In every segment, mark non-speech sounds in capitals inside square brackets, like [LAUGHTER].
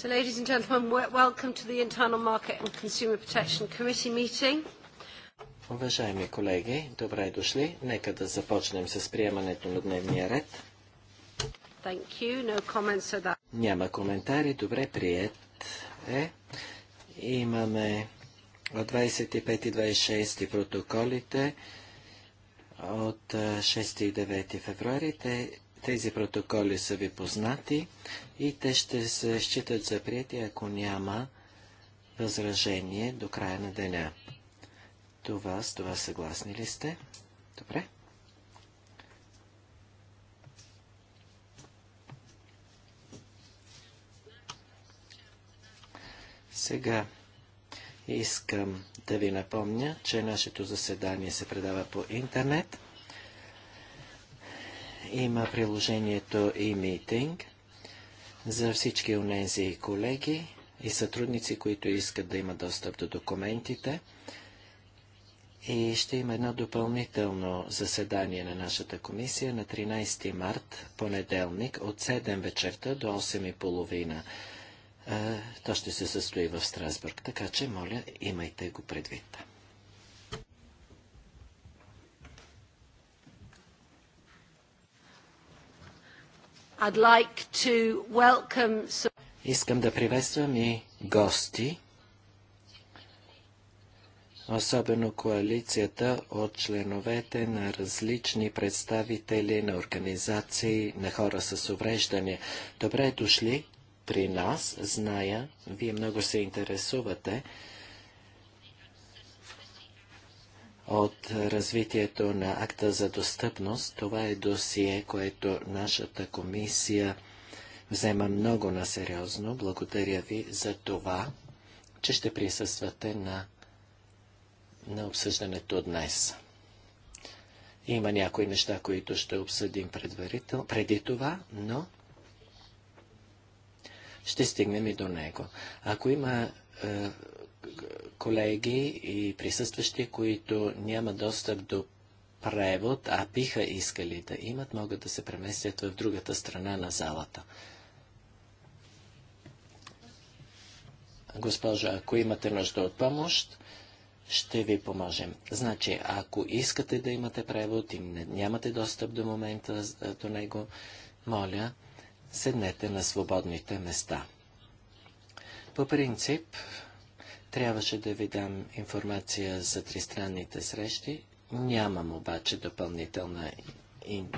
So, ladies and gentlemen, welcome to the Internal Market and Consumer Protection Committee meeting. Уважаеми колеги, добре дошли. Нека да започнем с приемането на дневния ред. Thank you. No comments, so that... Няма коментари. Добре, прият е. Имаме от 25 и 26 протоколите от 6 и 9 февруари. Те тези протоколи са ви познати и те ще се считат за прияти, ако няма възражение до края на деня. Това, с това съгласни ли сте? Добре. Сега искам да ви напомня, че нашето заседание се предава по интернет има приложението e-meeting за всички и колеги и сътрудници, които искат да имат достъп до документите. И ще има едно допълнително заседание на нашата комисия на 13 март, понеделник, от 7 вечерта до 8.30. Е, то ще се състои в Страсбург, така че, моля, имайте го предвид. Welcome... Искам да приветствам и гости, особено коалицията от членовете на различни представители на организации на хора с увреждания. Добре дошли при нас, зная, вие много се интересувате от развитието на акта за достъпност. Това е досие, което нашата комисия взема много на сериозно. Благодаря ви за това, че ще присъствате на, на обсъждането днес. Има някои неща, които ще обсъдим предварител, преди това, но ще стигнем и до него. Ако има е, колеги и присъстващи, които няма достъп до превод, а биха искали да имат, могат да се преместят в другата страна на залата. Госпожа, ако имате нужда от помощ, ще ви поможем. Значи, ако искате да имате превод и нямате достъп до момента до него, моля, седнете на свободните места. По принцип, Трябваше да ви дам информация за тристранните срещи. Нямам обаче допълнителна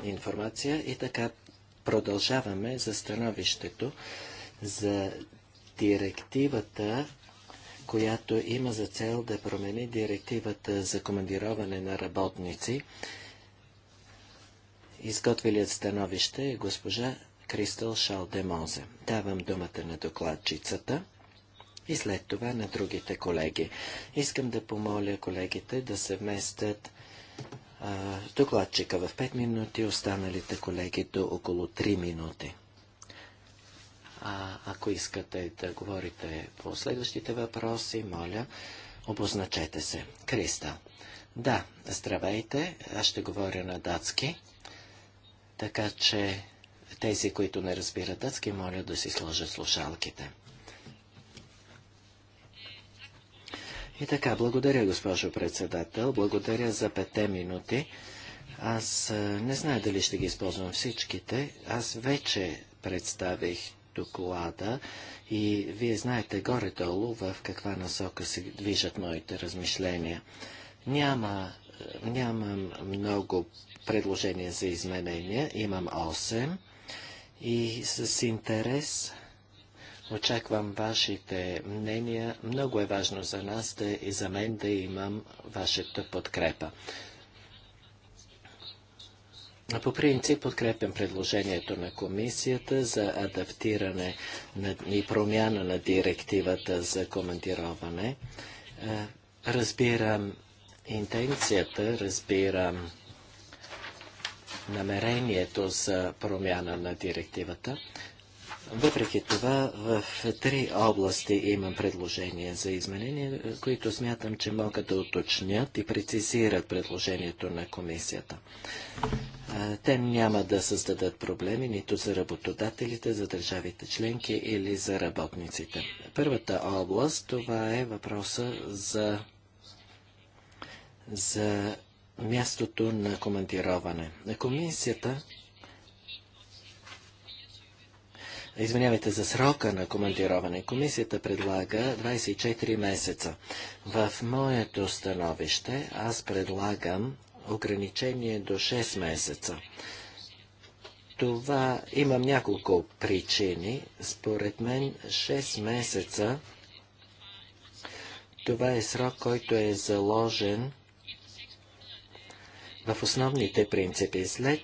информация и така продължаваме за становището за директивата, която има за цел да промени директивата за командироване на работници. Изготвилият становище е госпожа Кристал Шалдемозе. Давам думата на докладчицата и след това на другите колеги. Искам да помоля колегите да се вместят а, докладчика в 5 минути, останалите колеги до около 3 минути. А, ако искате да говорите по следващите въпроси, моля, обозначете се. Криста. Да, здравейте, аз ще говоря на датски, така че тези, които не разбират датски, моля да си сложат слушалките. И така, благодаря, госпожо председател. Благодаря за пете минути. Аз не знае дали ще ги използвам всичките. Аз вече представих доклада и вие знаете горе-долу в каква насока се движат моите размишления. Няма, нямам много предложения за изменения, имам 8 и с интерес Очаквам вашите мнения. Много е важно за нас да и за мен да имам вашата подкрепа. По принцип подкрепям предложението на комисията за адаптиране и промяна на директивата за командироване. Е, разбирам интенцията, разбирам намерението за промяна на директивата. Въпреки това, в три области имам предложения за изменения, които смятам, че могат да уточнят и прецизират предложението на комисията. Те няма да създадат проблеми нито за работодателите, за държавите членки или за работниците. Първата област, това е въпроса за, за мястото на командироване. Комисията извинявайте, за срока на командироване. Комисията предлага 24 месеца. В моето становище аз предлагам ограничение до 6 месеца. Това имам няколко причини. Според мен 6 месеца това е срок, който е заложен в основните принципи. След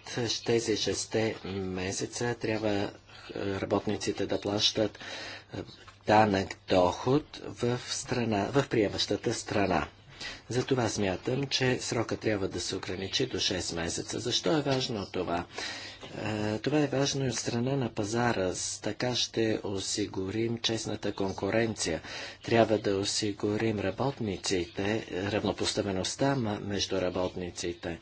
тези 6 месеца трябва работниците да плащат е, данък доход в, страна, в приемащата страна. Затова смятам, че срока трябва да се ограничи до 6 месеца. Защо е важно това? Е, това е важно и от страна на пазара. Така ще осигурим честната конкуренция. Трябва да осигурим работниците, равнопоставеността между работниците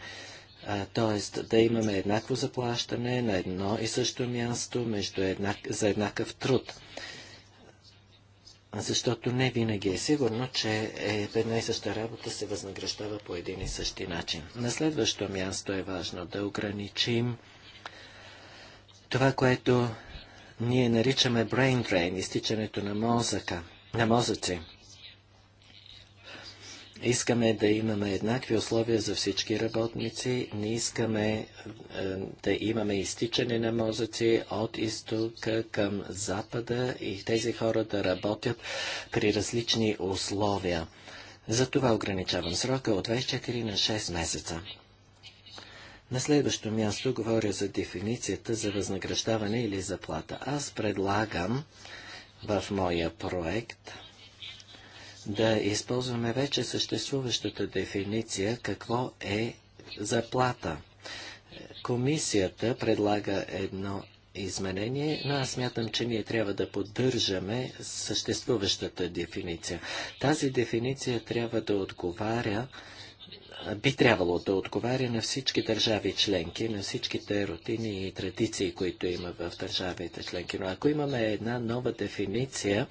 т.е. да имаме еднакво заплащане на едно и също място между еднак... за еднакъв труд. Защото не винаги е сигурно, че една и съща работа се възнаграждава по един и същи начин. На следващо място е важно да ограничим това, което ние наричаме brain drain, изтичането на мозъка, на мозъци. Искаме да имаме еднакви условия за всички работници, не искаме е, да имаме изтичане на мозъци от изтока към запада и тези хора да работят при различни условия. Затова ограничавам срока от 24 на 6 месеца. На следващо място говоря за дефиницията за възнаграждаване или заплата. Аз предлагам в моя проект – да използваме вече съществуващата дефиниция какво е заплата. Комисията предлага едно изменение, но аз мятам, че ние трябва да поддържаме съществуващата дефиниция. Тази дефиниция трябва да отговаря би трябвало да отговаря на всички държави членки, на всичките рутини и традиции, които има в държавите членки. Но ако имаме една нова дефиниция,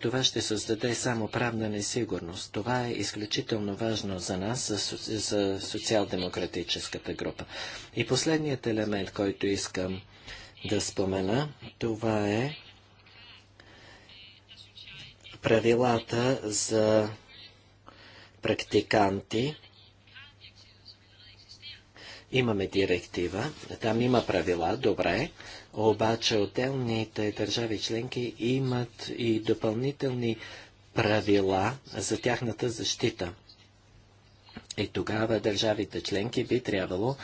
това ще създаде само правна несигурност. Това е изключително важно за нас, за, за социал-демократическата група. И последният елемент, който искам да спомена, това е правилата за практиканти, Имаме директива, там има правила, добре, обаче отделните държави членки имат и допълнителни правила за тяхната защита. И тогава държавите членки би трябвало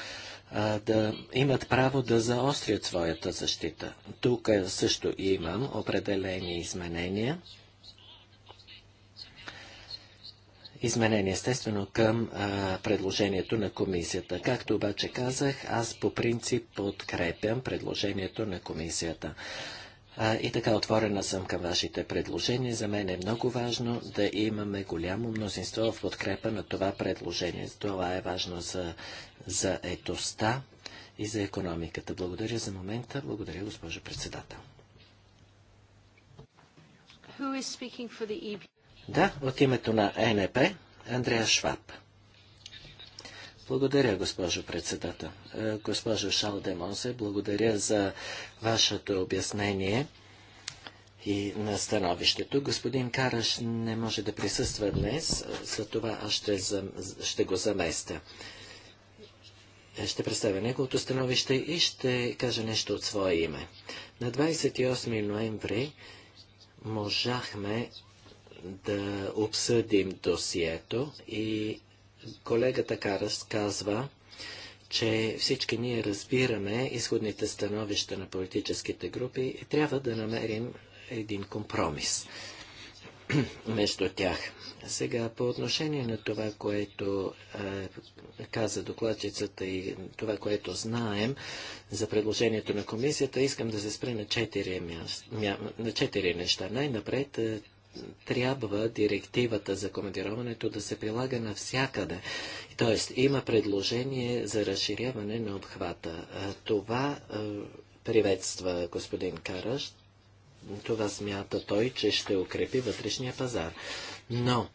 а, да имат право да заострят своята защита. Тук също имам определени изменения. изменение, естествено, към а, предложението на комисията. Както обаче казах, аз по принцип подкрепям предложението на комисията. А, и така отворена съм към вашите предложения. За мен е много важно да имаме голямо мнозинство в подкрепа на това предложение. Това е важно за, за етостта и за економиката. Благодаря за момента. Благодаря, госпожо председател. E да, от името на е НП Андрея Шваб. Благодаря, госпожо председател. Е, госпожо Шалдемонсе, благодаря за вашето обяснение и на становището. Господин Караш не може да присъства днес, за това аз ще, зам... ще го заместя. Е, ще представя неговото становище и ще кажа нещо от свое име. На 28 ноември можахме да обсъдим досието и колегата Карас казва, че всички ние разбираме изходните становища на политическите групи и трябва да намерим един компромис [CLEARS THROAT] между тях. Сега, по отношение на това, което е, каза докладчицата и това, което знаем за предложението на комисията, искам да се спре на четири, мя... на четири неща. Най-напред трябва директивата за командироването да се прилага навсякъде. Тоест, има предложение за разширяване на обхвата. Това приветства господин Караш. Това смята той, че ще укрепи вътрешния пазар. Но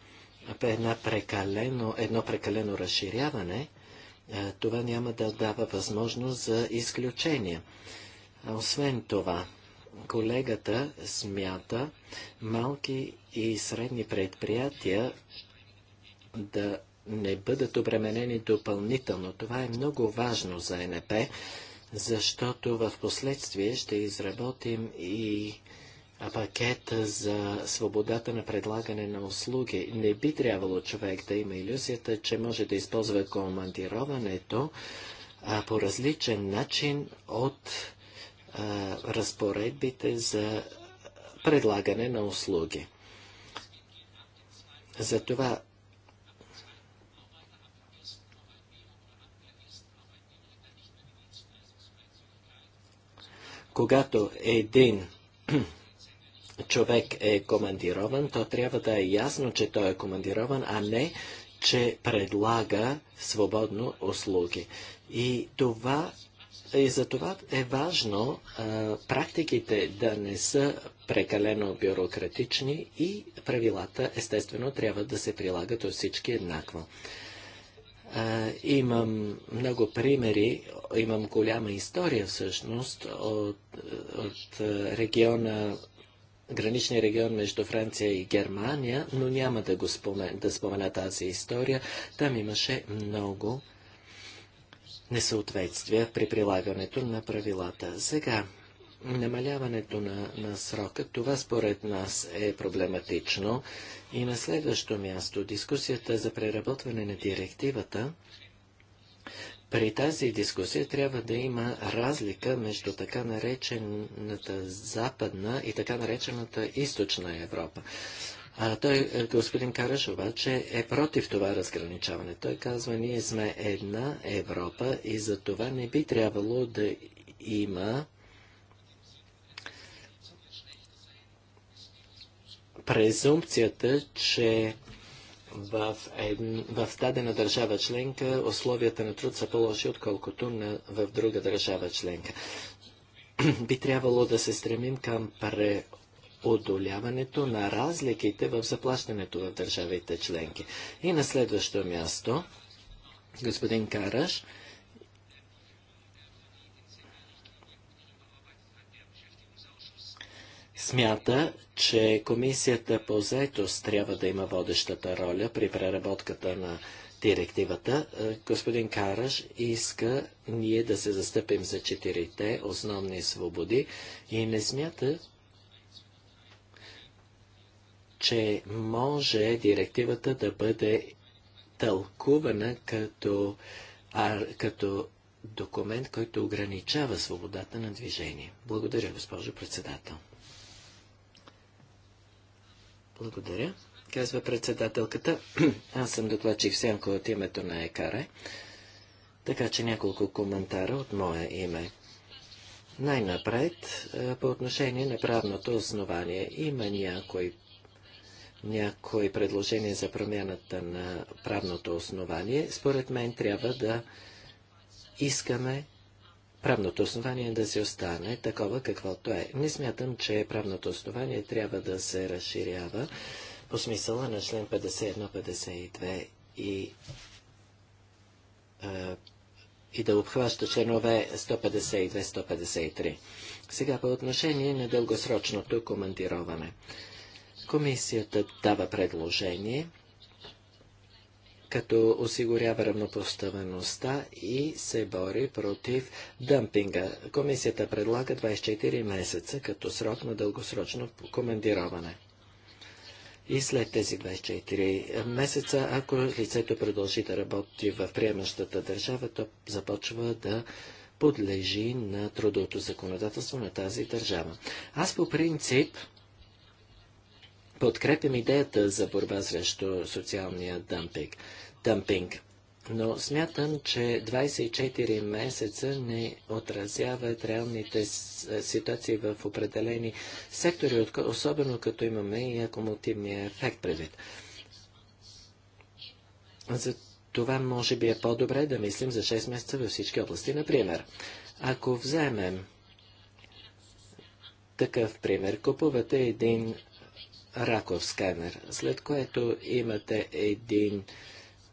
една прекалено, едно прекалено разширяване, това няма да дава възможност за изключения. Освен това, колегата смята малки и средни предприятия да не бъдат обременени допълнително. Това е много важно за НП, защото в последствие ще изработим и пакета за свободата на предлагане на услуги. Не би трябвало човек да има иллюзията, че може да използва командироването по различен начин от а, разпоредбите за предлагане на услуги. Затова когато един [CLEARS THROAT] човек е командирован, то трябва да е ясно, че той е командирован, а не, че предлага свободно услуги. И това и за това е важно а, практиките да не са прекалено бюрократични и правилата, естествено, трябва да се прилагат от всички еднакво. А, имам много примери, имам голяма история всъщност от, от региона, граничния регион между Франция и Германия, но няма да, го спомен, да спомена тази история. Там имаше много несъответствия при прилагането на правилата. Сега, намаляването на, на срока, това според нас е проблематично. И на следващо място, дискусията за преработване на директивата. При тази дискусия трябва да има разлика между така наречената западна и така наречената източна Европа. А той, е, господин Караш, обаче е против това разграничаване. Той казва, ние сме една Европа и за това не би трябвало да има презумпцията, че в, една, в дадена държава членка условията на труд са по-лоши, отколкото на, в друга държава членка. [CLEARS THROAT] би трябвало да се стремим към пре, одоляването на разликите в заплащането в държавите членки. И на следващо място, господин Караш, смята, че Комисията по заетост трябва да има водещата роля при преработката на директивата. Е, господин Караш иска ние да се застъпим за четирите основни свободи и не смята, че може директивата да бъде тълкувана като, а, като документ, който ограничава свободата на движение. Благодаря, госпожо председател. Благодаря, казва председателката. [CLEARS THROAT] Аз съм докладчик Сянко от името на ЕКАРЕ, така че няколко коментара от мое име. Най-напред, по отношение на правното основание, има някои някои предложения за промяната на правното основание, според мен трябва да искаме правното основание да си остане такова каквото е. Не смятам, че правното основание трябва да се разширява по смисъла на член 51, 52 и, и да обхваща членове 152, 153. Сега по отношение на дългосрочното командироване. Комисията дава предложение, като осигурява равнопоставеността и се бори против дъмпинга. Комисията предлага 24 месеца като срок на дългосрочно командироване. И след тези 24 месеца, ако лицето продължи да работи в приемащата държава, то започва да подлежи на трудовото законодателство на тази държава. Аз по принцип Подкрепям идеята за борба срещу социалния дъмпинг. дъмпинг. Но смятам, че 24 месеца не отразяват реалните е, ситуации в определени сектори, особено като имаме и акумулативния ефект предвид. За това може би е по-добре да мислим за 6 месеца във всички области. Например, ако вземем такъв пример, купувате един раков сканер, след което имате един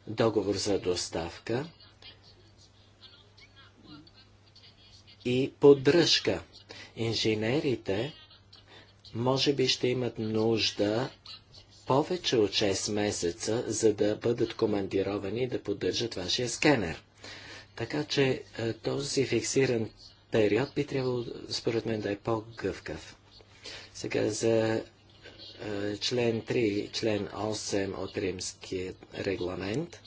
договор за доставка и поддръжка. Инженерите може би ще имат нужда повече от 6 месеца, за да бъдат командировани да поддържат вашия скенер. Така че е, този фиксиран период би трябвало, според мен, да е по-гъвкав. Сега за е, член 3, член 8 от римския регламент.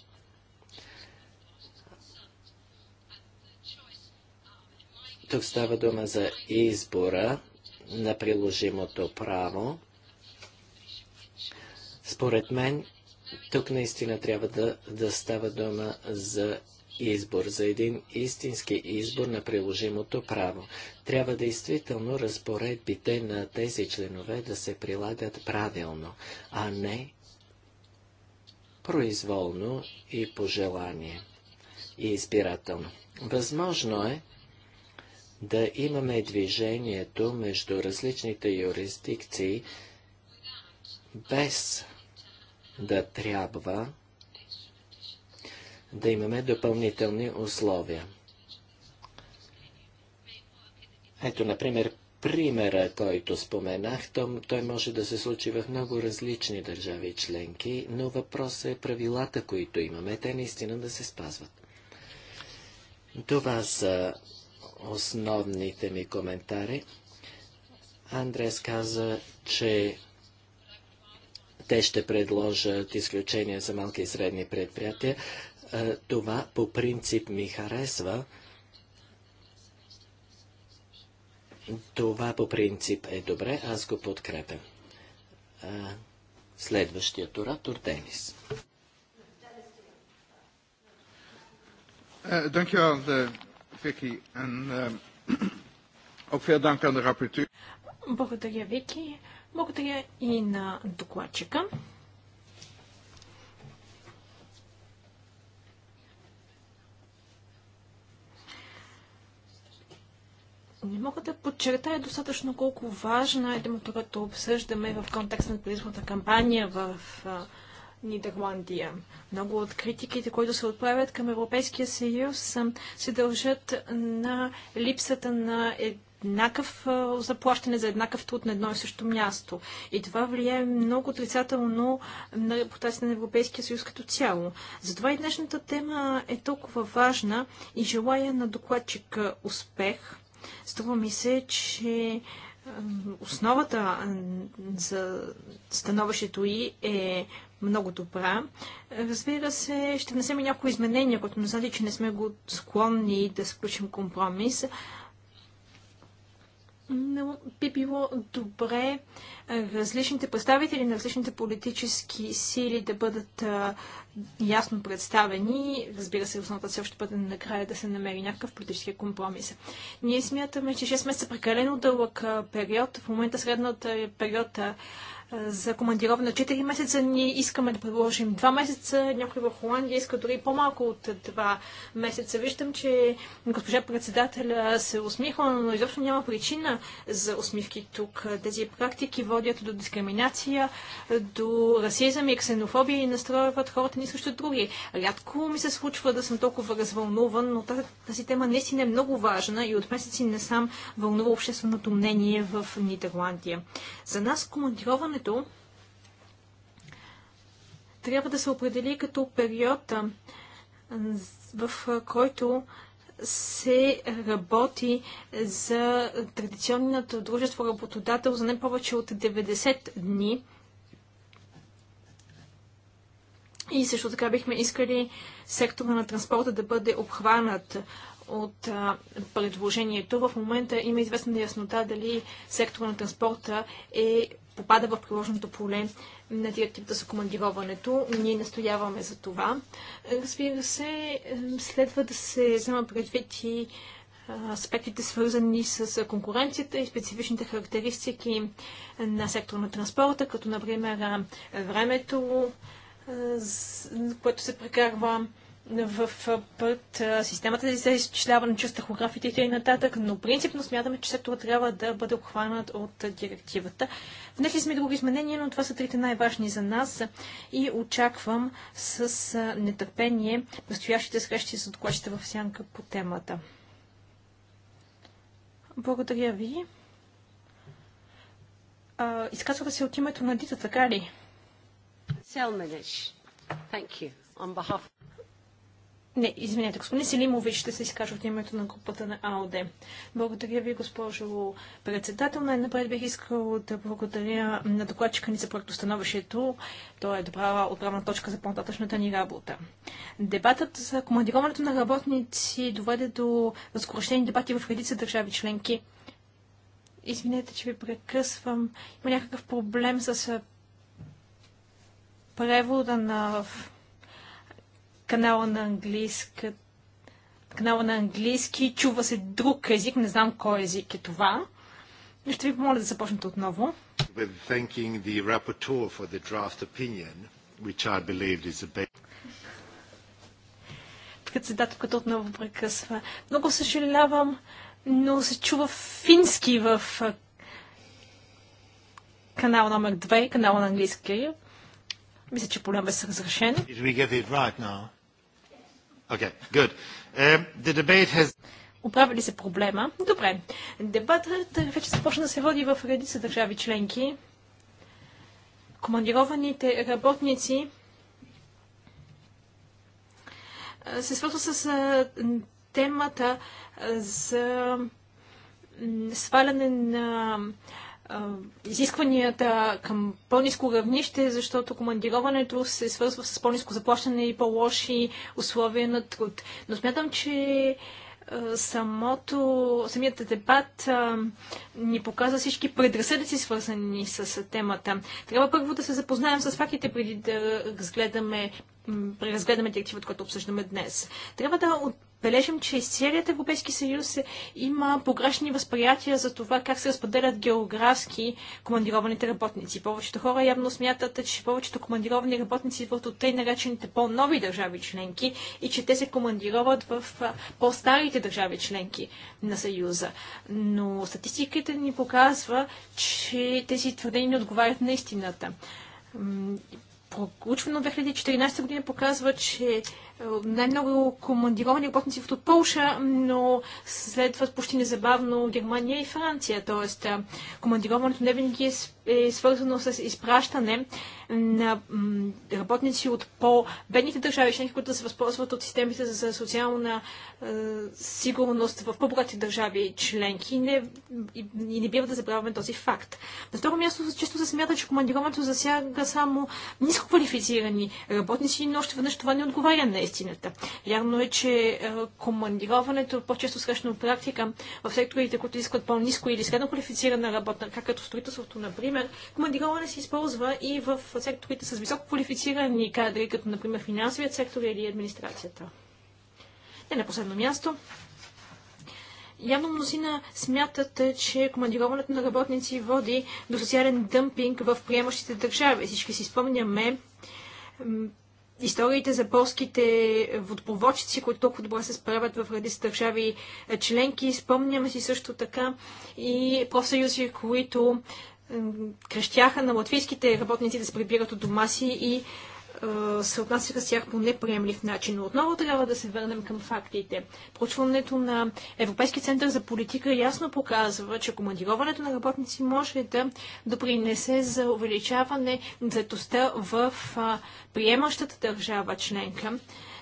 Тук става дума за избора на приложимото право. Според мен, тук наистина трябва да, да става дума за избор, за един истински избор на приложимото право. Трябва действително разпоредбите на тези членове да се прилагат правилно, а не произволно и пожелание и избирателно. Възможно е да имаме движението между различните юрисдикции без да трябва да имаме допълнителни условия. Ето, например, примера, който споменах, той може да се случи в много различни държави членки, но въпросът е правилата, които имаме, те наистина да се спазват. Това са основните ми коментари. Андрес каза, че те ще предложат изключения за малки и средни предприятия. Е, това по принцип ми харесва. Това по принцип е добре, аз го подкрепям. Е, следващият оратор Денис. Е, ehm, Благодаря, Вики. Благодаря и на докладчика. Не мога да подчертая достатъчно колко важна е темата, която обсъждаме в контекст на предизборната кампания в Нидерландия. Много от критиките, които се отправят към Европейския съюз, се дължат на липсата на еднакъв заплащане за еднакъв труд на едно и също място. И това влияе много отрицателно на репутацията на Европейския съюз като цяло. Затова и днешната тема е толкова важна и желая на докладчик успех – Струва ми се, че основата за становището и е много добра. Разбира се, ще внесем и някои изменения, които не знаете, че не сме го склонни да сключим компромис, но би било добре различните представители на различните политически сили да бъдат а, ясно представени. Разбира се, основата все още бъде накрая да се намери някакъв политически компромис. Ние смятаме, че 6 месеца е прекалено дълъг период. В момента средната е период за командировка на 4 месеца. Ние искаме да предложим 2 месеца. Някой в Холандия иска дори по-малко от 2 месеца. Виждам, че госпожа председателя се усмихва, но изобщо няма причина за усмивки тук. Тези практики водят до дискриминация, до расизъм и ксенофобия и настроят хората ни също други. Рядко ми се случва да съм толкова развълнуван, но тази, тема наистина е много важна и от месеци не сам вълнува общественото мнение в Нидерландия. За нас командироване времето трябва да се определи като период, в който се работи за традиционното дружество работодател за не повече от 90 дни. И също така бихме искали сектора на транспорта да бъде обхванат от предложението. В момента има известна яснота дали сектора на транспорта е попада в приложеното поле на директивата за командироването. Ние настояваме за това. Разбира се, следва да се взема предвид и аспектите свързани с конкуренцията и специфичните характеристики на сектора на транспорта, като например времето, което се прекарва в път системата за изчисляване чрез тахографите и т.н., но принципно смятаме, че сектора трябва да бъде обхванат от директивата. Внесли сме други изменения, но това са трите най-важни за нас и очаквам с нетърпение настоящите срещи с докладчите в сянка по темата. Благодаря ви. Изказвате се от името на Дита, така ли? Селменеш. Thank you. On behalf не, извинете, господин Селимович ще се изкаже от името на групата на АОД. Благодаря ви, госпожо председател. Най-напред бих искал да благодаря на докладчика ни за проектостановището. Той е добра отправна точка за по-нататъчната ни работа. Дебатът за командироването на работници доведе до разкорещени дебати в редица държави членки. Извинете, че ви прекъсвам. Има някакъв проблем с превода на канала на английска канала на английски, чува се друг език, не знам кой език е това. И ще ви помоля да започнете отново. Така a... Председателката отново прекъсва. Много съжалявам, но се чува фински в канал номер 2, канал на английски. Мисля, че проблемът е разрешен. Did we get it right now? Okay, good. Um, the debate has... Оправи ли се проблема? Добре. Дебатът вече започна да се води в редица държави членки. Командированите работници се свързва с темата за сваляне на изискванията към по-низко равнище, защото командироването се свързва с по-низко заплащане и по-лоши условия на труд. Но смятам, че самото, самият дебат а, ни показва всички предразсъдъци, свързани с, с темата. Трябва първо да се запознаем с фактите, преди да разгледаме преразгледаме директивата, която обсъждаме днес. Трябва да отбележим, че целият Европейски съюз има погрешни възприятия за това как се разпределят географски командированите работници. Повечето хора явно смятат, че повечето командировани работници идват от тъй наречените по-нови държави членки и че те се командироват в по-старите държави членки на Съюза. Но статистиката ни показва, че тези твърдения не отговарят на истината Проучване от 2014 година показва, че най-много командировани работници от Полша, но следват почти незабавно Германия и Франция. Тоест, командироването не винаги е, е, свързано с изпращане на работници от по-бедните държави, членки, които се възползват от системите за социална е, сигурност в по-богати държави членки. Не, и, и не бива да забравяме този факт. На второ място, често се смята, че командироването засяга само нискоквалифицирани работници, но още веднъж това не отговаря на истината. Вярно е, че е, командироването е по-често срещано практика в секторите, които искат по-низко или средно квалифицирана работна ръка, като строителството, например. Командироване се използва и в секторите с високо квалифицирани кадри, като например финансовият сектор или администрацията. Не на последно място, Явно мнозина смятат, че командироването на работници води до социален дъмпинг в приемащите държави. Всички си спомняме историите за полските водопроводчици, които толкова добре се справят в ради държави е, членки. Спомняме си също така и профсъюзи, които крещяха на латвийските работници да се прибират от дома си и се отнасяха с тях по неприемлив начин. Но отново трябва да се върнем към фактите. Проучването на Европейския център за политика ясно показва, че командироването на работници може да допринесе за увеличаване заетостта в приемащата държава членка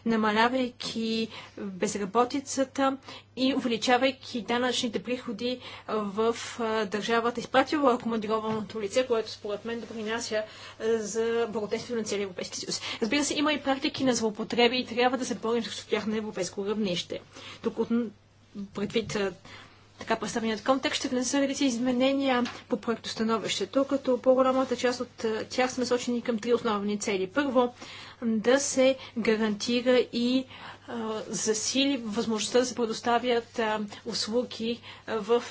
намалявайки безработицата и увеличавайки данъчните приходи в държавата, изпратила командированото лице, което според мен допринася за благодействието на целия Европейски съюз. Разбира се, има и практики на злоупотреби и трябва да се борим с тях на европейско равнище. Тук от, предвид така представеният контекст ще внеса редица изменения по проектостановището, като по-голямата част от тях сме сочени към три основни цели. Първо, да се гарантира и засили възможността да се предоставят услуги в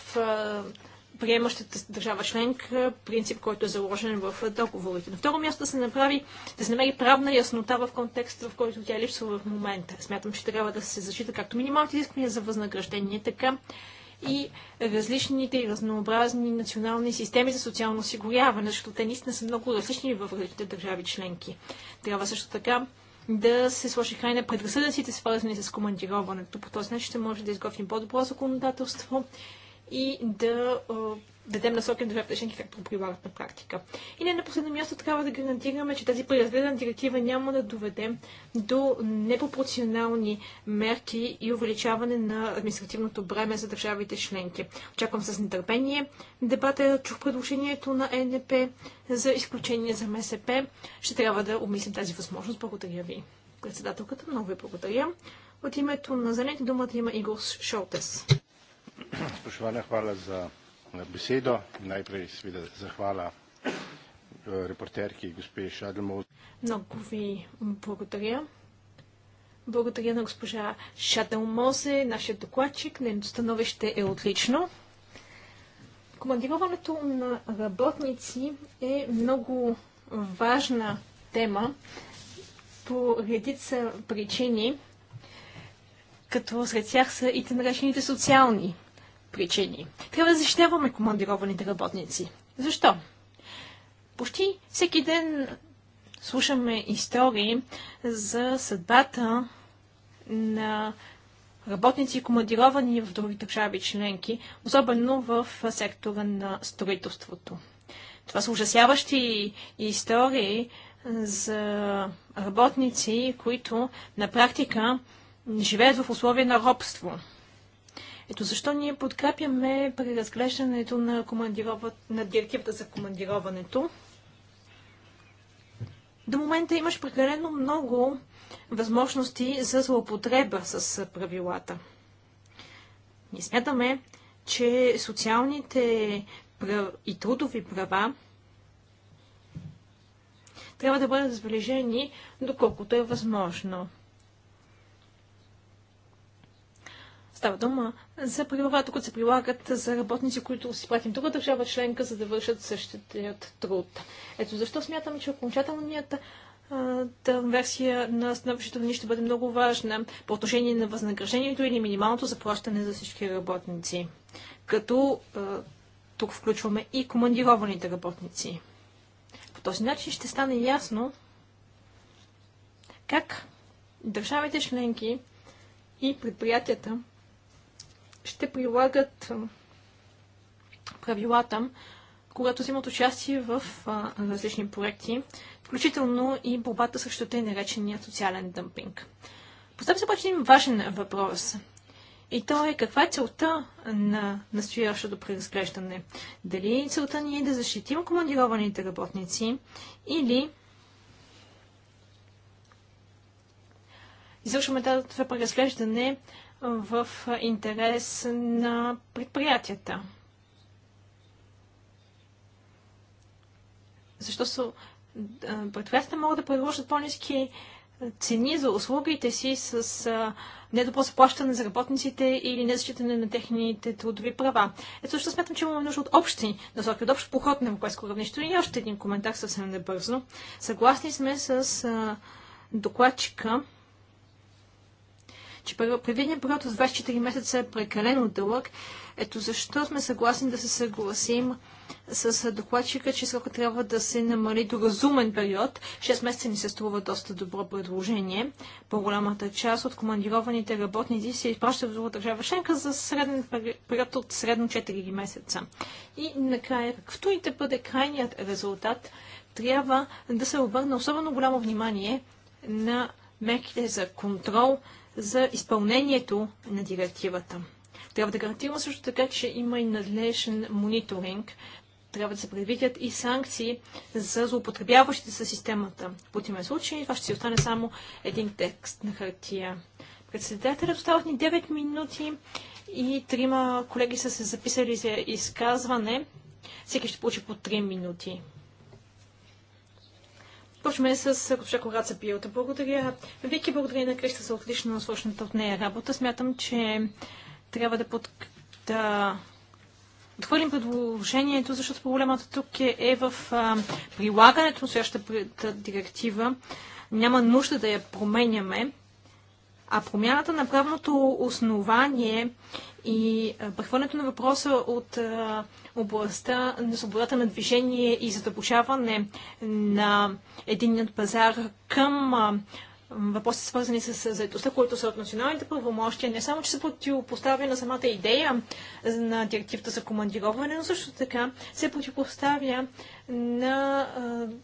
приемащата държава членка, принцип, който е заложен в договорите. На второ място да се направи, да се намери правна яснота в контекста, в който тя липсва в момента. Смятам, че трябва да се защита както минималните изисквания за възнаграждение, така и различните и разнообразни национални системи за социално осигуряване, защото те наистина са много различни в различните държави членки. Трябва също така да се сложи край на предразсъдъците, свързани с командироването. По този начин ще може да изготвим по-добро законодателство и да дадем насоки на държавите членки как го прилагат на практика. И не на последно място трябва да гарантираме, че тази преразгледана директива няма да доведе до непропорционални мерки и увеличаване на административното бреме за държавите членки. Очаквам с нетърпение дебата. Чух предложението на НДП за изключение за МСП. Ще трябва да обмислим тази възможност. Благодаря ви. Председателката, много ви благодаря. От името на Занете думата има Игор Шолтес. Спошване, хвала за besedo. Najprej seveda zahvala eh, reporterki gospe Šadlmov. Много ви благодаря. Благодаря на госпожа Шадълмозе, нашия докладчик. Нейното становище е отлично. Командироването на работници е много важна тема по редица причини, като сред тях са и те наречените социални причини. Трябва да защитаваме командированите работници. Защо? Почти всеки ден слушаме истории за съдбата на работници, командировани в други държави членки, особено в сектора на строителството. Това са ужасяващи истории за работници, които на практика живеят в условия на робство. Ето защо ние подкрепяме преразглеждането на, командирова... на директивата за командироването. До момента имаш прекалено много възможности за злоупотреба с правилата. Ние смятаме, че социалните прав... и трудови права трябва да бъдат забележени, доколкото е възможно. Става дума за правилата, които се прилагат за работници, които си пратим друга държава членка, за да вършат същия труд. Ето защо смятам, че окончателният версия на становището ни ще бъде много важна по отношение на възнаграждението или минималното заплащане за всички работници. Като а, тук включваме и командированите работници. По този начин ще стане ясно как държавите членки и предприятията ще прилагат правилата, когато взимат участие в различни проекти, включително и борбата срещу тъй наречения социален дъмпинг. Поставя се обаче един важен въпрос. И то е каква е целта на настоящото преразглеждане? Дали целта ни е да защитим командированите работници или извършваме това преразглеждане в интерес на предприятията. Защото предприятията могат да предложат по-низки цени за услугите си с недобро заплащане за работниците или незащитане на техните трудови права. Ето също смятам, че имаме нужда от общи насоки, от общ поход на европейско равнище. И още един коментар съвсем небързо. Съгласни сме с докладчика, че предвидният период от 24 месеца е прекалено дълъг. Ето защо сме съгласни да се съгласим с докладчика, че срока трябва да се намали до разумен период. 6 месеца ни се струва доста добро предложение. По-голямата част от командированите работници се изпращат в друга държава Шенка за среден период от средно 4 месеца. И накрая, какво и да бъде крайният резултат, трябва да се обърне особено голямо внимание на мерките за контрол, за изпълнението на директивата. Трябва да гарантираме също така, че има и надлежен мониторинг. Трябва да се предвидят и санкции за злоупотребяващите с системата. В противен случай това ще си остане само един текст на хартия. Председателят остават ни 9 минути и трима колеги са се записали за изказване. Всеки ще получи по 3 минути. Почваме с госпожа Кораца Пилта. Благодаря. Вики, благодаря на Креща за отлично насочната от нея работа. Смятам, че трябва да, под... да отхвърлим предложението, защото проблемът тук е, е в а, прилагането на следващата директива. Няма нужда да я променяме. А промяната на правното основание и е, прехвърлянето на въпроса от е, областта на свободата на движение и задълбочаване на единният пазар към а, е, въпроси, свързани с заедостта, които са от националните правомощия, не само, че се противопоставя на самата идея на директивата за командироване, но също така се противопоставя на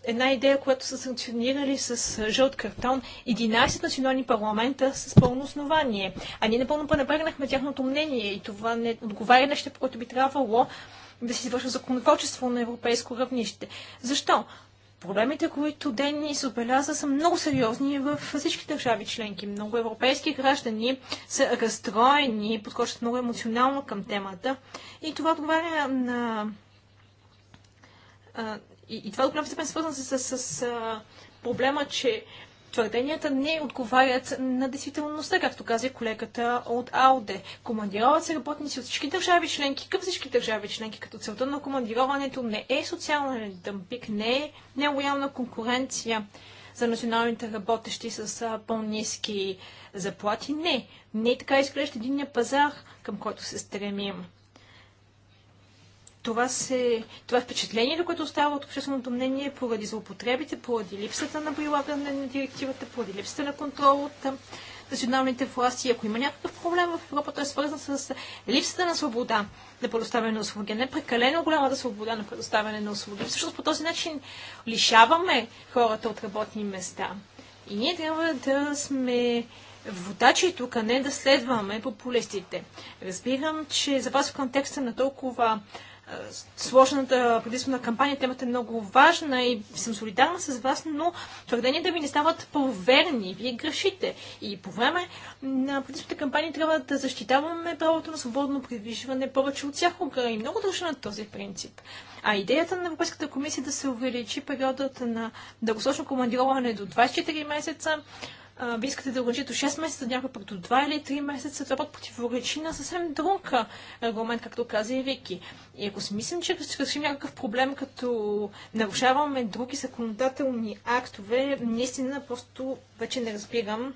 една идея, която са санкционирали с жълт картон 11 национални парламента с пълно основание. А ние напълно пренебрегнахме тяхното мнение и това не отговаря нещо, което би трябвало да се извършва законотворчество на европейско равнище. Защо? Проблемите, които Денис обеляза, са много сериозни в всички държави членки. Много европейски граждани са разстроени, подхождат много емоционално към темата. И това отговаря на... И, и това е до голям степен свързано с, с, с проблема, че твърденията не отговарят на действителността, както каза колегата от АОДЕ. Командироват се работници от всички държави членки, към всички държави членки, като целта на командироването не е социален дъмпик, не е нелоялна конкуренция за националните работещи с по-низки заплати. Не, не е така изглежда единния пазар, към който се стремим това, се, това впечатление, което остава от общественото мнение е поради злоупотребите, поради липсата на прилагане на директивата, поради липсата на контрол от националните власти. Ако има някакъв проблем в Европа, той е свързан с липсата на свобода на предоставяне на услуги. Не прекалено голямата свобода на предоставяне на услуги. Всъщност по този начин лишаваме хората от работни места. И ние трябва да сме водачи тук, а не да следваме популистите. Разбирам, че за вас в контекста на толкова сложната предизборна кампания. Темата е много важна и съм солидарна с вас, но твърденията ви не стават поверни, Вие грешите. И по време на предизборната кампания трябва да защитаваме правото на свободно придвижване повече от всякога. И много дължа на този принцип. А идеята на Европейската комисия е да се увеличи периодът на дългосрочно командироване до 24 месеца вие искате да ограничите до 6 месеца, някой пък до 2 или 3 месеца, това пък противоречи на съвсем друг регламент, както каза и Вики. И ако си мислим, че ще решим някакъв проблем, като нарушаваме други законодателни актове, наистина просто вече не разбирам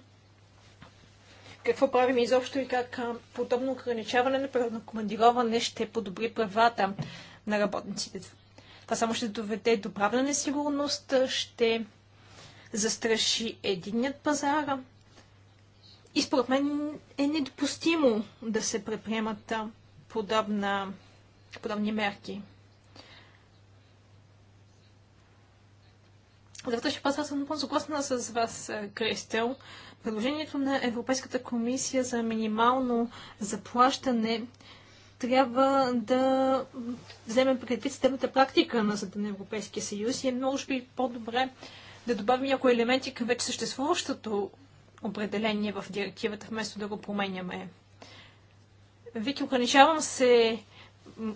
какво правим изобщо и как подобно ограничаване на природно командироване ще подобри правата на работниците. Това само ще доведе до правна несигурност, ще застраши единният пазар. И според мен е недопустимо да се предприемат подобна, подобни мерки. За вътрешния пазар съм напълно съгласна с вас, Кристел. Предложението на Европейската комисия за минимално заплащане трябва да вземем предвид системната практика на Съда на Европейския съюз и е много би по-добре да добавим някои елементи към вече съществуващото определение в директивата, вместо да го променяме. Вики, ограничавам се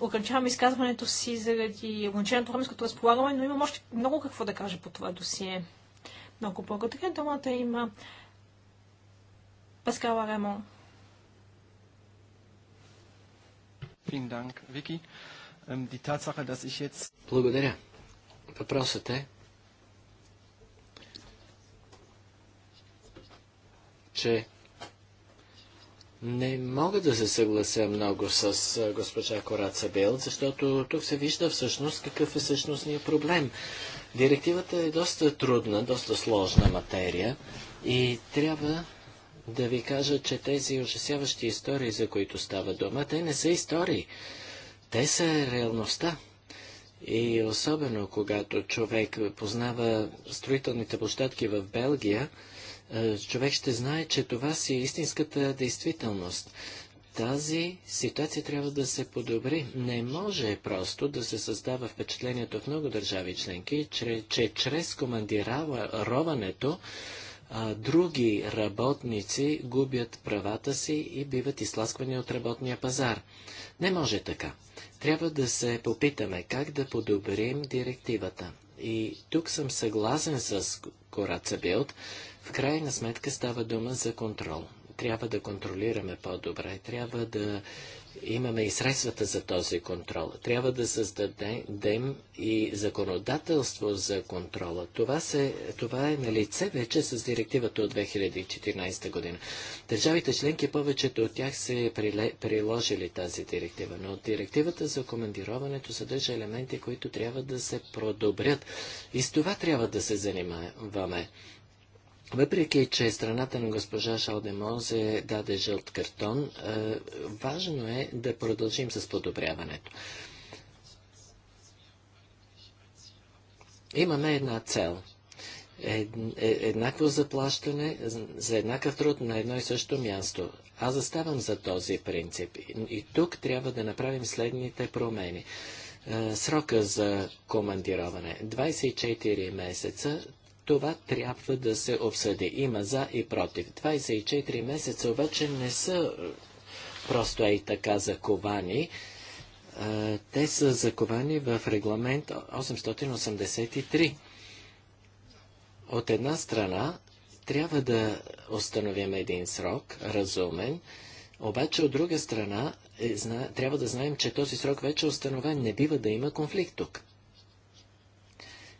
ограничавам изказването си заради ограниченото време, с което разполагаме, но имам още много какво да кажа по това досие. Много благодаря. Думата има Паскала Ремон. Ähm, благодаря. Въпросът е, че не мога да се съглася много с госпожа Кораца Бел, защото тук се вижда всъщност какъв е същностният проблем. Директивата е доста трудна, доста сложна материя и трябва да ви кажа, че тези ужасяващи истории, за които става дума, те не са истории. Те са реалността. И особено когато човек познава строителните площадки в Белгия, е, човек ще знае, че това си е истинската действителност. Тази ситуация трябва да се подобри. Не може просто да се създава впечатлението в много държави членки, че, че чрез командироването други работници губят правата си и биват изласквани от работния пазар. Не може така. Трябва да се попитаме как да подобрим директивата. И тук съм съгласен с Кораца Билд, в крайна сметка става дума за контрол. Трябва да контролираме по-добре, трябва да имаме и средствата за този контрол. Трябва да създадем и законодателство за контрола. Това, се, това е на лице вече с директивата от 2014 година. Държавите членки, повечето от тях се приле, приложили тази директива, но директивата за командироването съдържа елементи, които трябва да се продобрят. И с това трябва да се занимаваме. Въпреки, че страната на госпожа Шалдемонзе даде жълт картон, е, важно е да продължим с подобряването. Имаме една цел. Ед, е, еднакво заплащане за еднакъв труд на едно и също място. Аз заставам за този принцип. И тук трябва да направим следните промени е, срока за командироване. 24 месеца това трябва да се обсъди. Има за и против. 24 месеца обаче не са е, просто ей така заковани. Е, те са заковани в регламент 883. От една страна, трябва да установим един срок, разумен, обаче от друга страна, е, трябва да знаем, че този срок вече е установен. Не бива да има конфликт тук.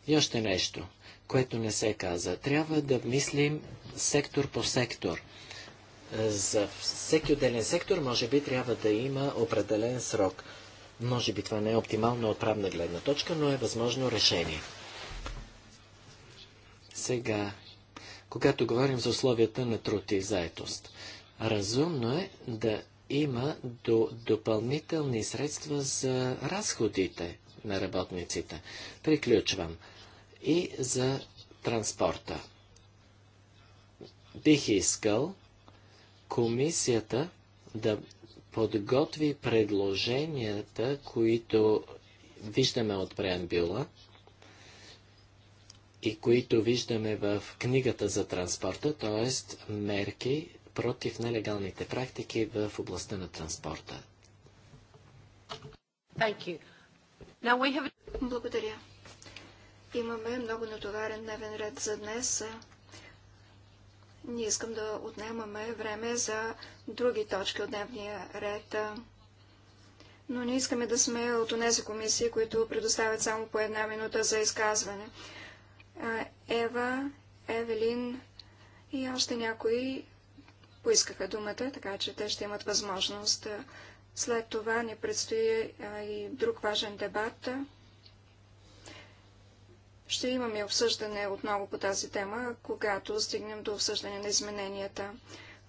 И още нещо което не се каза. Трябва да мислим сектор по сектор. За всеки отделен сектор може би трябва да има определен срок. Може би това не е оптимално от правна гледна точка, но е възможно решение. Сега, когато говорим за условията на труд и заетост, разумно е да има до допълнителни средства за разходите на работниците. Приключвам и за транспорта. Бих искал комисията да подготви предложенията, които виждаме от преамбюла и които виждаме в книгата за транспорта, т.е. мерки против нелегалните практики в областта на транспорта. Have... Благодаря. Имаме много натоварен дневен ред за днес. Не искам да отнемаме време за други точки от дневния ред. Но не искаме да сме от тези комисии, които предоставят само по една минута за изказване. Ева, Евелин и още някои поискаха думата, така че те ще имат възможност. След това ни предстои и друг важен дебат. Ще имаме обсъждане отново по тази тема, когато стигнем до обсъждане на измененията.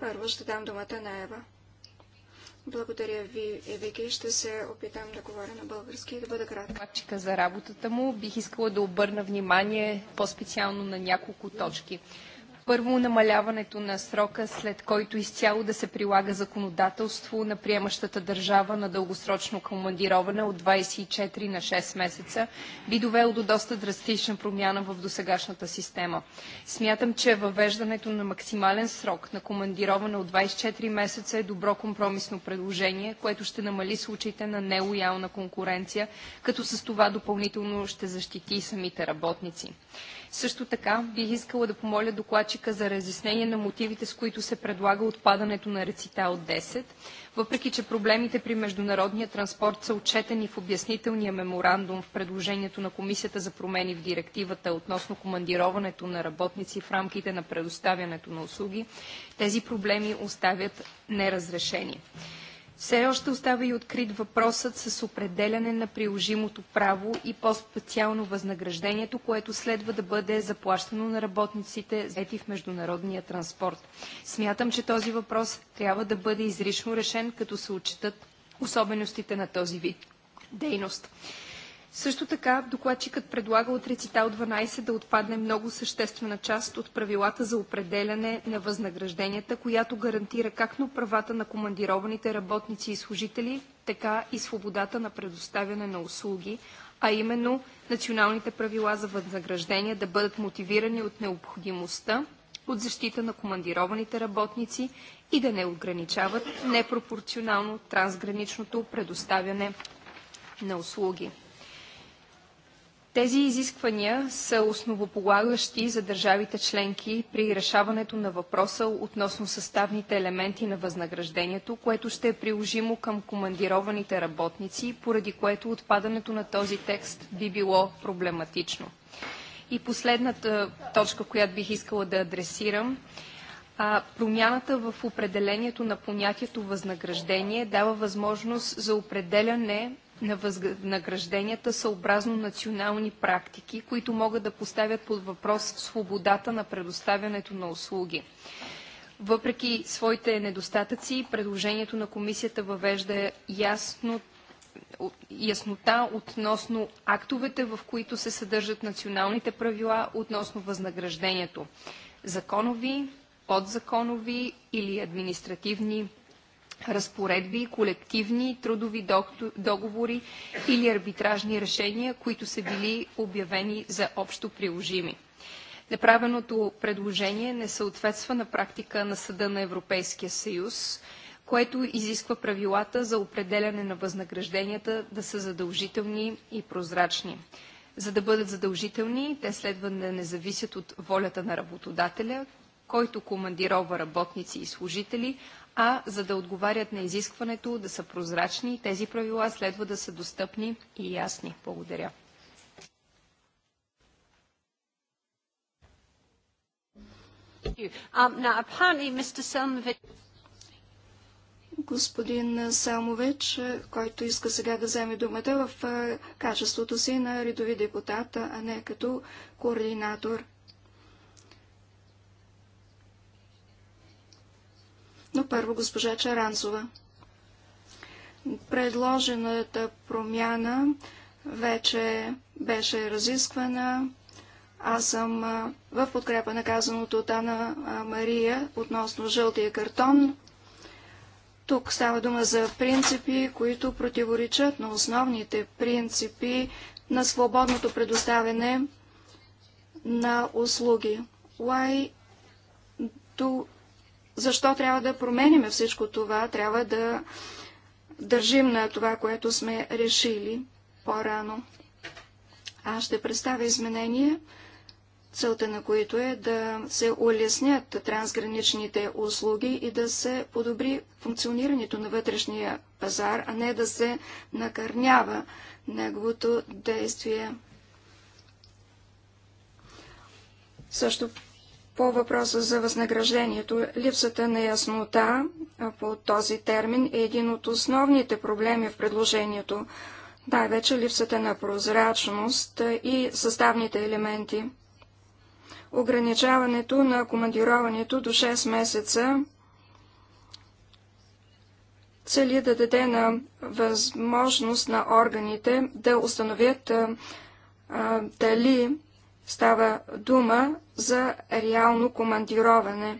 Първо ще дам думата на Ева. Благодаря ви, Евики. Ще се опитам да говоря на български и да бъда кратка. за работата му бих искала да обърна внимание по-специално на няколко точки. Първо, намаляването на срока, след който изцяло да се прилага законодателство на приемащата държава на дългосрочно командироване от 24 на 6 месеца, би довело до доста драстична промяна в досегашната система. Смятам, че въвеждането на максимален срок на командироване от 24 месеца е добро компромисно предложение, което ще намали случаите на нелоялна конкуренция, като с това допълнително ще защити и самите работници. Също така бих искала да помоля докладчика за разяснение на мотивите, с които се предлага отпадането на рецита от 10, въпреки че проблемите при международния транспорт са отчетени в обяснителния меморандум в предложението на Комисията за промени в директивата относно командироването на работници в рамките на предоставянето на услуги, тези проблеми оставят неразрешени. Все още остава и открит въпросът с определяне на приложимото право и по-специално възнаграждението, което следва да бъде заплащано на работниците, заети в международния транспорт. Смятам, че този въпрос трябва да бъде изрично решен, като се отчитат особеностите на този вид дейност. Също така докладчикът предлага от рецитал 12 да отпадне много съществена част от правилата за определяне на възнагражденията, която гарантира както правата на командированите работници и служители, така и свободата на предоставяне на услуги, а именно националните правила за възнаграждение да бъдат мотивирани от необходимостта от защита на командированите работници и да не ограничават непропорционално трансграничното предоставяне на услуги. Тези изисквания са основополагащи за държавите членки при решаването на въпроса относно съставните елементи на възнаграждението, което ще е приложимо към командированите работници, поради което отпадането на този текст би било проблематично. И последната точка, която бих искала да адресирам, а, промяната в определението на понятието възнаграждение дава възможност за определяне на възнагражденията съобразно национални практики, които могат да поставят под въпрос свободата на предоставянето на услуги. Въпреки своите недостатъци, предложението на комисията въвежда ясно яснота относно актовете, в които се съдържат националните правила относно възнаграждението – законови, подзаконови или административни разпоредби, колективни трудови договори или арбитражни решения, които са били обявени за общо приложими. Направеното предложение не съответства на практика на Съда на Европейския съюз, което изисква правилата за определяне на възнагражденията да са задължителни и прозрачни. За да бъдат задължителни, те следва да не зависят от волята на работодателя, който командирова работници и служители, а за да отговарят на изискването да са прозрачни, тези правила следва да са достъпни и ясни. Благодаря. Um, Господин Самович, който иска сега да вземе думата в качеството си на редови депутат, а не като координатор – но първо госпожа Чаранцова. Предложената промяна вече беше разисквана. Аз съм в подкрепа на казаното от Ана Мария относно жълтия картон. Тук става дума за принципи, които противоречат на основните принципи на свободното предоставяне на услуги. Why do защо трябва да променяме всичко това, трябва да държим на това, което сме решили по-рано. Аз ще представя изменения, целта на които е да се улеснят трансграничните услуги и да се подобри функционирането на вътрешния пазар, а не да се накърнява неговото действие. Също по въпроса за възнаграждението, липсата на яснота по този термин е един от основните проблеми в предложението, най-вече липсата на прозрачност и съставните елементи. Ограничаването на командироването до 6 месеца цели да даде на възможност на органите да установят а, дали Става дума за реално командироване.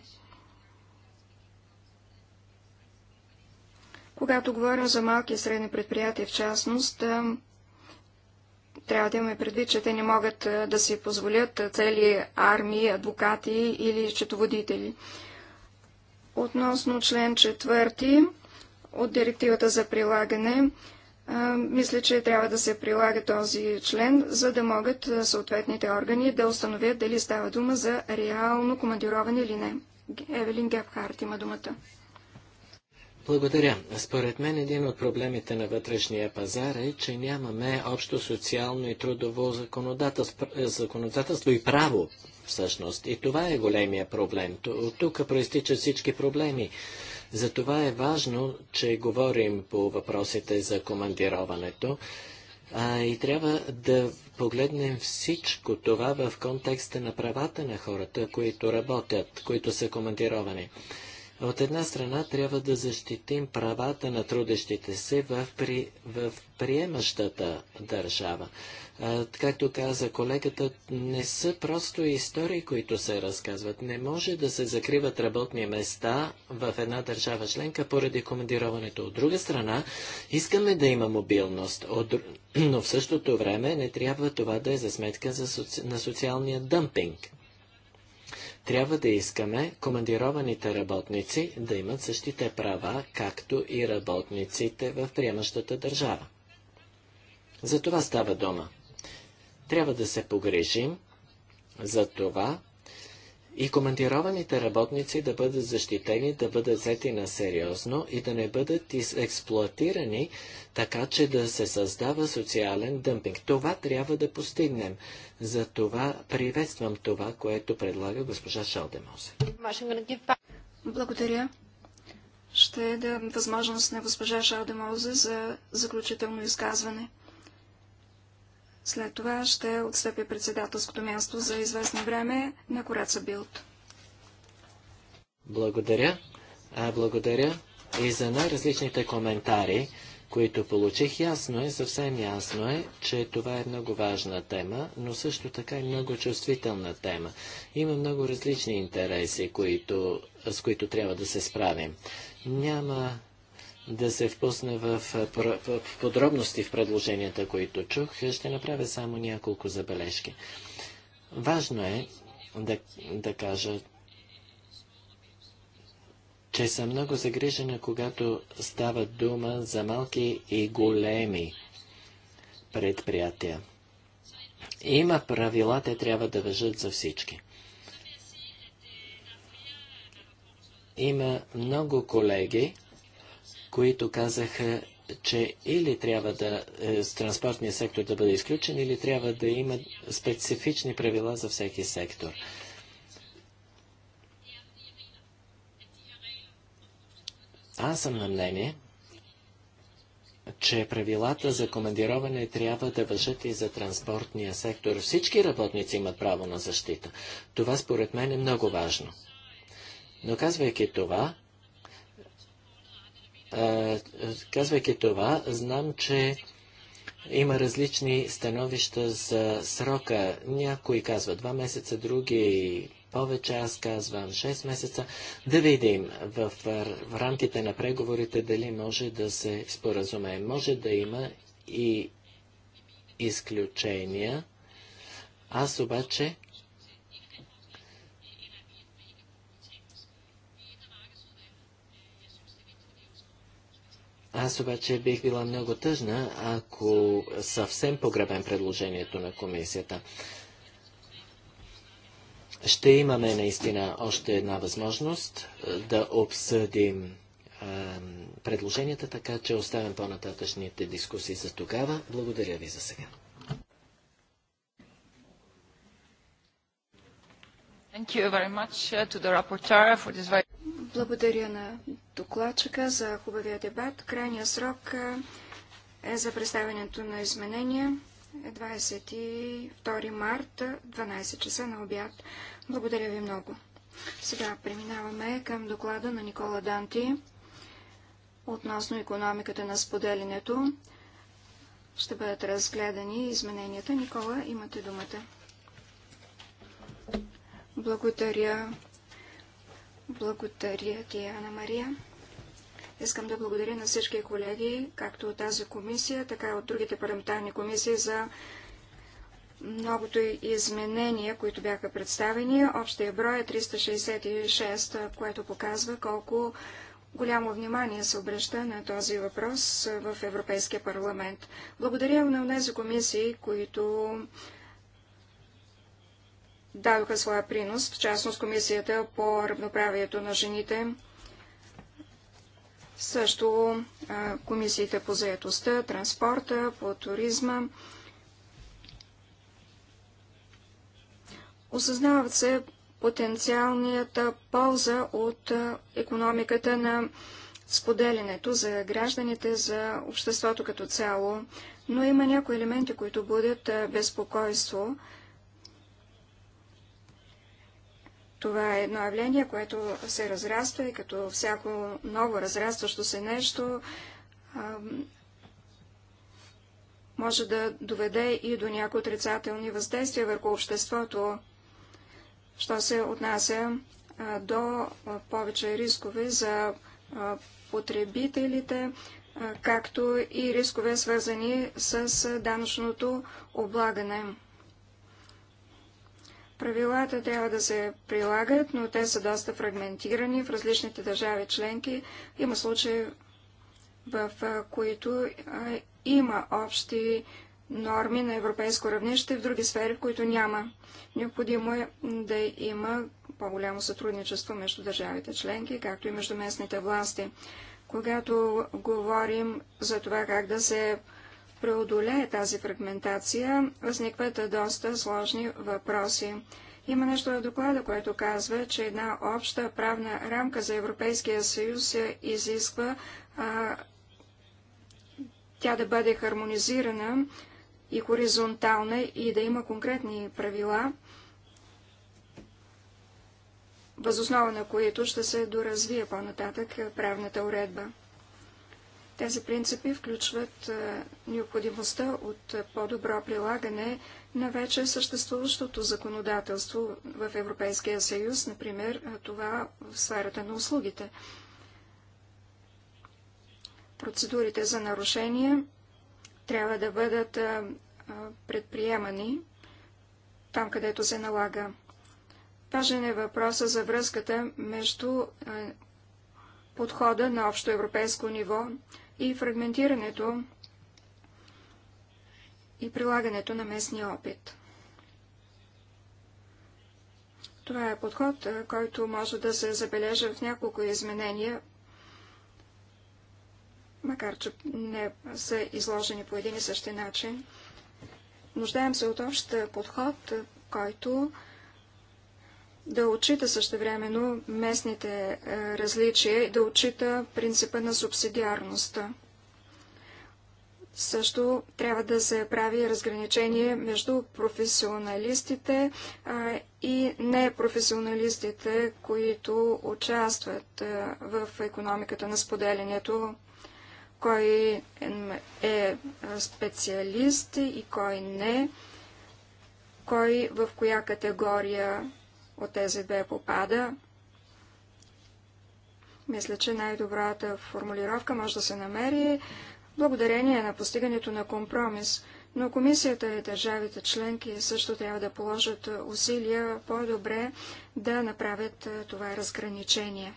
Когато говорим за малки и средни предприятия, в частност, трябва да имаме предвид, че те не могат да си позволят цели армии, адвокати или счетоводители. Относно член четвърти от директивата за прилагане, мисля, че трябва да се прилага този член, за да могат съответните органи да установят дали става дума за реално командироване или не. Евелин Гепхарт има думата. Благодаря. Според мен един от проблемите на вътрешния пазар е, че нямаме общо социално и трудово законодателство, е, законодателство и право всъщност. И това е големия проблем. От тук проистичат всички проблеми. Затова е важно, че говорим по въпросите за командироването а, и трябва да погледнем всичко това в контекста на правата на хората, които работят, които са командировани. От една страна трябва да защитим правата на трудещите се в, при, в приемащата държава както каза колегата, не са просто истории, които се разказват. Не може да се закриват работни места в една държава членка поради командироването. От друга страна, искаме да има мобилност, от... [CLEARS THROAT] но в същото време не трябва това да е за сметка за соци... на социалния дъмпинг. Трябва да искаме командированите работници да имат същите права, както и работниците в приемащата държава. За това става дома. Трябва да се погрежим за това и командированите работници да бъдат защитени, да бъдат взети на сериозно и да не бъдат експлуатирани, така че да се създава социален дъмпинг. Това трябва да постигнем. За това приветствам това, което предлага госпожа Шалдемозе. Благодаря. Ще дам възможност на госпожа Шалдемозе за заключително изказване. След това ще отстъпя председателското място за известно време на Кораца Билт. Благодаря. А, благодаря и за най-различните коментари, които получих. Ясно е, съвсем ясно е, че това е много важна тема, но също така и много чувствителна тема. Има много различни интереси, които, с които трябва да се справим. Няма да се впусна в подробности в предложенията, които чух. Ще направя само няколко забележки. Важно е да, да кажа, че съм много загрижена, когато става дума за малки и големи предприятия. Има правила, те трябва да въжат за всички. Има много колеги, които казаха, че или трябва да е, транспортния сектор да бъде изключен, или трябва да има специфични правила за всеки сектор. Аз съм на мнение, че правилата за командироване трябва да въжат и за транспортния сектор. Всички работници имат право на защита. Това според мен е много важно. Но казвайки това, Казвайки това, знам, че има различни становища за срока. Някои казват 2 месеца, други повече, аз казвам 6 месеца. Да видим в, в, в рамките на преговорите дали може да се споразумее. Може да има и изключения. Аз обаче Аз обаче бих била много тъжна, ако съвсем погребем предложението на комисията. Ще имаме наистина още една възможност е, да обсъдим е, предложенията, така че оставям по-нататъчните дискусии за тогава. Благодаря ви за сега. Uh, Благодаря на докладчика за хубавия дебат. Крайният срок е, е за представянето на изменения 22 марта, 12 часа на обяд. Благодаря ви много. Сега преминаваме към доклада на Никола Данти относно економиката на споделянето. Ще бъдат разгледани измененията. Никола, имате думата. Благодаря. Благодаря ти, Ана Мария. Искам да благодаря на всички колеги, както от тази комисия, така и от другите парламентарни комисии за многото изменения, които бяха представени. Общия брой е 366, което показва колко голямо внимание се обръща на този въпрос в Европейския парламент. Благодаря на тези комисии, които дадоха своя принос, в частност Комисията по равноправието на жените, също комисиите по заедостта, транспорта, по туризма. Осъзнават се потенциалната полза от економиката на споделянето за гражданите, за обществото като цяло, но има някои елементи, които будят безпокойство, Това е едно явление, което се разраства и като всяко ново разрастващо се нещо може да доведе и до някои отрицателни въздействия върху обществото, що се отнася до повече рискове за потребителите, както и рискове свързани с данъчното облагане. Правилата трябва да се прилагат, но те са доста фрагментирани в различните държави членки. Има случаи, в които има общи норми на европейско равнище, в други сфери, в които няма. Необходимо е да има по-голямо сътрудничество между държавите членки, както и между местните власти. Когато говорим за това как да се преодолее тази фрагментация, възникват доста сложни въпроси. Има нещо в доклада, което казва, че една обща правна рамка за Европейския съюз изисква а, тя да бъде хармонизирана и хоризонтална и да има конкретни правила, възоснова на които ще се доразвие по-нататък правната уредба. Тези принципи включват е, необходимостта от е, по-добро прилагане на вече съществуващото законодателство в Европейския съюз, например е, това в сферата на услугите. Процедурите за нарушения трябва да бъдат предприемани там, където се налага. Важен е въпроса за връзката между подхода на общо европейско ниво и фрагментирането и прилагането на местния опит. Това е подход, който може да се забележа в няколко изменения, макар че не са изложени по един и същи начин. Нуждаем се от общ подход, който да отчита същевременно местните е, различия и да отчита принципа на субсидиарността. Също трябва да се прави разграничение между професионалистите а, и непрофесионалистите, които участват а, е, в економиката на споделянето, кой е, е специалист и кой не, кой в коя категория от тези две попада. Мисля, че най-добрата формулировка може да се намери благодарение на постигането на компромис, но комисията и държавите членки също трябва да положат усилия по-добре да направят е, това разграничение.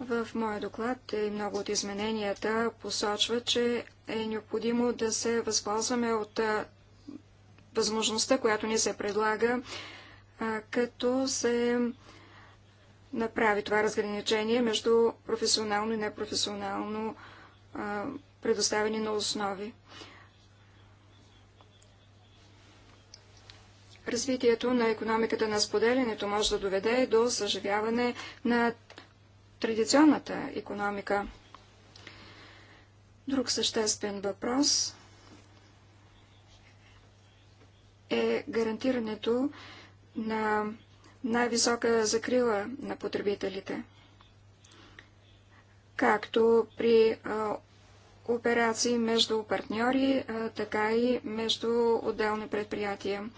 В моя доклад и много от измененията посочват, че е необходимо да се възползваме от е, възможността, която ни се предлага като се направи това разграничение между професионално и непрофесионално предоставени на основи. Развитието на економиката на споделянето може да доведе до съживяване на традиционната економика. Друг съществен въпрос е гарантирането на най-висока закрила на потребителите, както при а, операции между партньори, а, така и между отделни предприятия.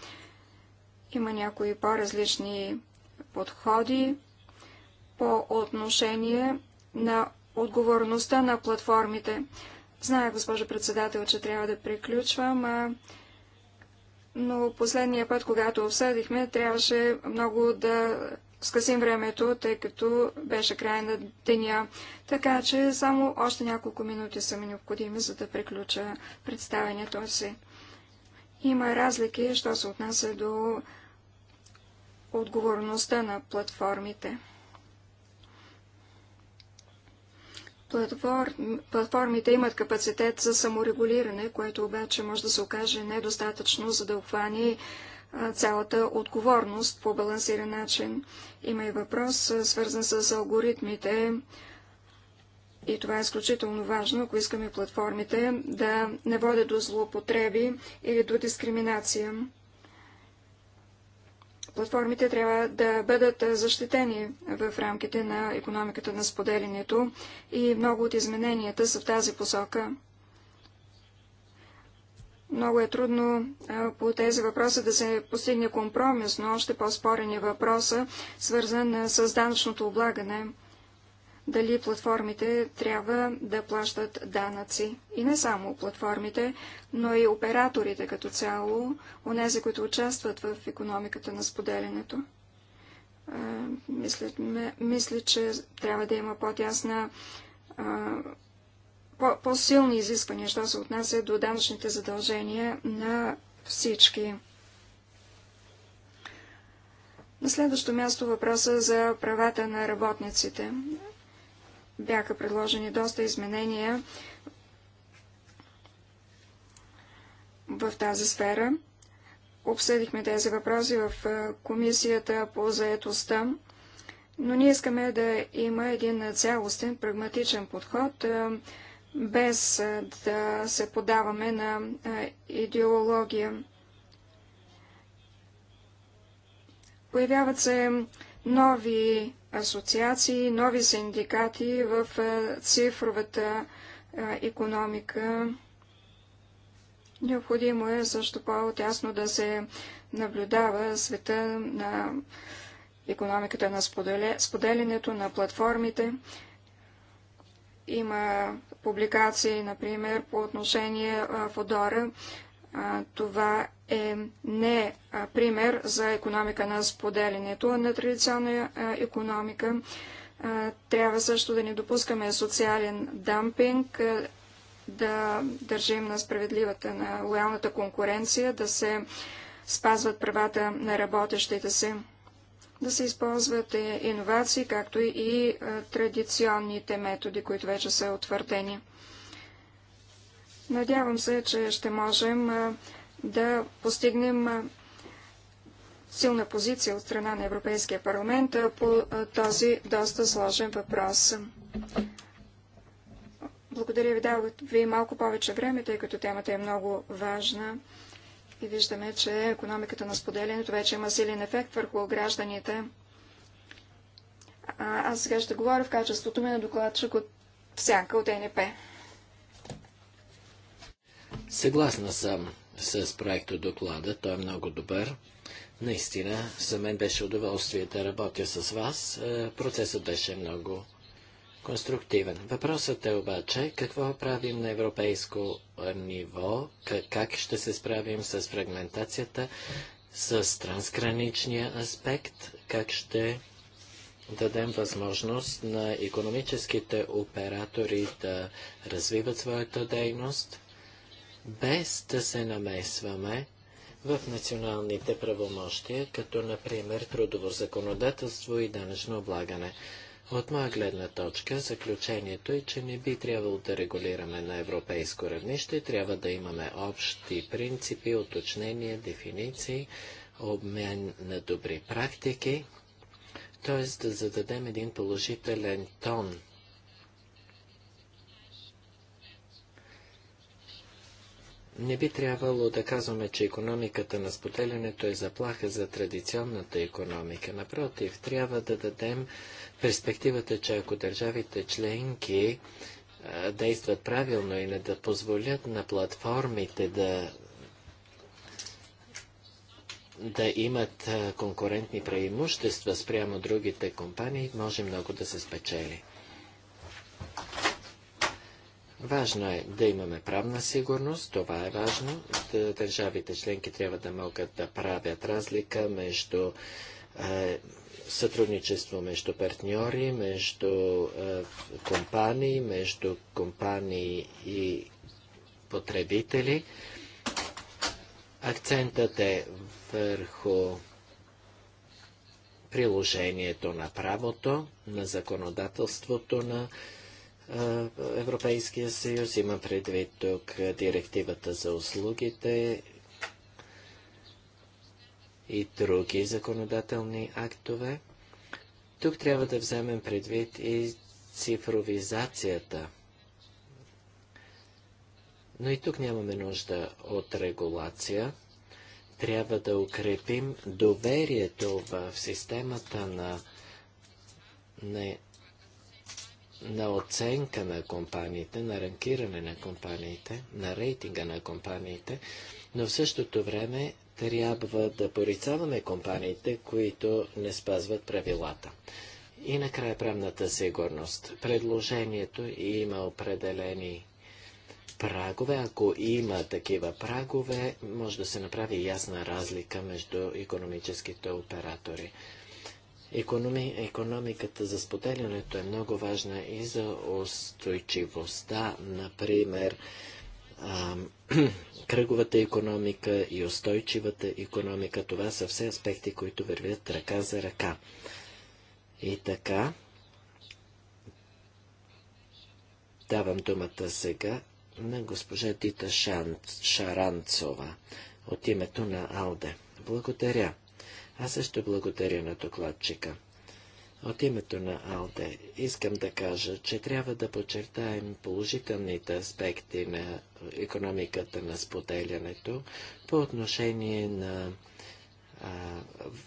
Има някои по-различни подходи по отношение на отговорността на платформите. Зная, госпожо председател, че трябва да приключвам. А, но последния път, когато обсъдихме, трябваше много да скъсим времето, тъй като беше край на деня. Така че само още няколко минути са ми необходими, за да приключа представението си. Има разлики, що се отнася до отговорността на платформите. платформите имат капацитет за саморегулиране, което обаче може да се окаже недостатъчно, за да обхване цялата отговорност по балансиран начин. Има и въпрос, свързан с алгоритмите. И това е изключително важно, ако искаме платформите да не водят до злоупотреби или до дискриминация платформите трябва да бъдат защитени в рамките на економиката на споделянето и много от измененията са в тази посока. Много е трудно по тези въпроси да се постигне компромис, но още по-спорен е въпроса, свързан с данъчното облагане дали платформите трябва да плащат данъци. И не само платформите, но и операторите като цяло, онези, които участват в економиката на споделянето. Мисля, мисля, че трябва да има по-тясна, по-силни изисквания, що се отнася до данъчните задължения на всички. На следващо място въпроса за правата на работниците бяха предложени доста изменения в тази сфера. Обсъдихме тези въпроси в Комисията по заетостта, но ние искаме да има един цялостен, прагматичен подход, без да се подаваме на идеология. Появяват се нови асоциации, нови синдикати в е, цифровата економика. Необходимо е също по-тясно да се наблюдава света на економиката на споделянето на платформите. Има публикации, например, по отношение е, Фодора. Това е не пример за економика на споделянето, на традиционна економика. Трябва също да не допускаме социален дампинг, да държим на справедливата, на лоялната конкуренция, да се спазват правата на работещите се, да се използват е, иновации, както и традиционните методи, които вече са утвърдени. Надявам се, че ще можем да постигнем силна позиция от страна на Европейския парламент по този доста сложен въпрос. Благодаря ви, дава ви малко повече време, тъй като темата е много важна. И виждаме, че економиката на споделянето вече има силен ефект върху гражданите. А, аз сега ще говоря в качеството ми на докладчик от Сянка от НП. Съгласна съм с проекта доклада. Той е много добър. Наистина, за мен беше удоволствие да работя с вас. Е, процесът беше много конструктивен. Въпросът е обаче какво правим на европейско ниво, как ще се справим с фрагментацията, с трансграничния аспект, как ще дадем възможност на економическите оператори да развиват своята дейност без да се намесваме в националните правомощия, като например трудово законодателство и данъчно облагане. От моя гледна точка, заключението е, че не би трябвало да регулираме на европейско равнище, трябва да имаме общи принципи, уточнения, дефиниции, обмен на добри практики, т.е. да зададем един положителен тон Не би трябвало да казваме, че економиката на споделянето е заплаха за традиционната економика. Напротив, трябва да дадем перспективата, че ако държавите членки действат правилно и не да позволят на платформите да да имат конкурентни преимущества спрямо другите компании, може много да се спечели. Важно е да имаме правна сигурност, това е важно. Държавите членки трябва да могат да правят разлика между е, сътрудничество между партньори, между е, компании, между компании и потребители. Акцентът е върху приложението на правото, на законодателството на е, Европейския съюз. Има предвид тук директивата за услугите и други законодателни актове. Тук трябва да вземем предвид и цифровизацията. Но и тук нямаме нужда от регулация. Трябва да укрепим доверието в системата на, на на оценка на компаниите, на ранкиране на компаниите, на рейтинга на компаниите, но в същото време трябва да порицаваме компаниите, които не спазват правилата. И накрая правната сигурност. Предложението има определени прагове. Ако има такива прагове, може да се направи ясна разлика между економическите оператори. Економи, економиката за споделянето е много важна и за устойчивостта, например, а, [CLEARS THROAT] кръговата економика и устойчивата економика. Това са все аспекти, които вървят ръка за ръка. И така, давам думата сега на госпожа Дита Шаранцова от името на Алде. Благодаря. Аз също благодаря на докладчика. От името на АЛДЕ искам да кажа, че трябва да подчертаем положителните аспекти на економиката на споделянето по отношение на а,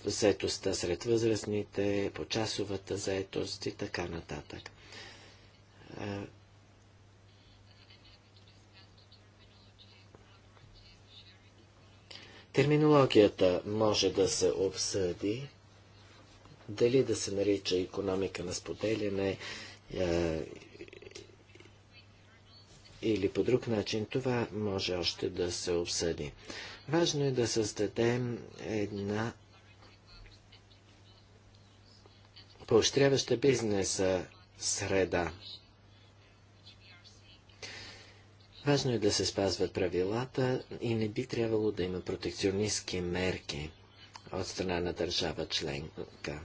заетостта сред възрастните, по часовата заетост и така нататък. А, Терминологията може да се обсъди, дали да се нарича економика на споделяне е, или по друг начин, това може още да се обсъди. Важно е да създадем една поощряваща бизнеса среда. Важно е да се спазват правилата и не би трябвало да има протекционистки мерки от страна на държава членка.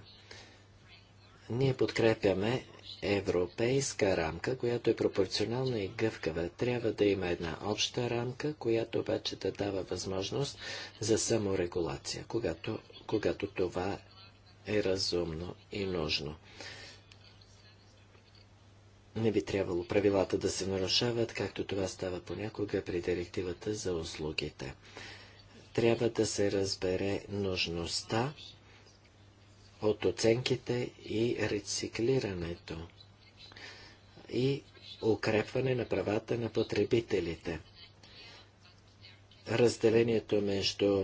Ние подкрепяме европейска рамка, която е пропорционална и гъвкава. Трябва да има една обща рамка, която обаче да дава възможност за саморегулация, когато, когато това е разумно и нужно не би трябвало правилата да се нарушават, както това става понякога при директивата за услугите. Трябва да се разбере нужността от оценките и рециклирането и укрепване на правата на потребителите. Разделението между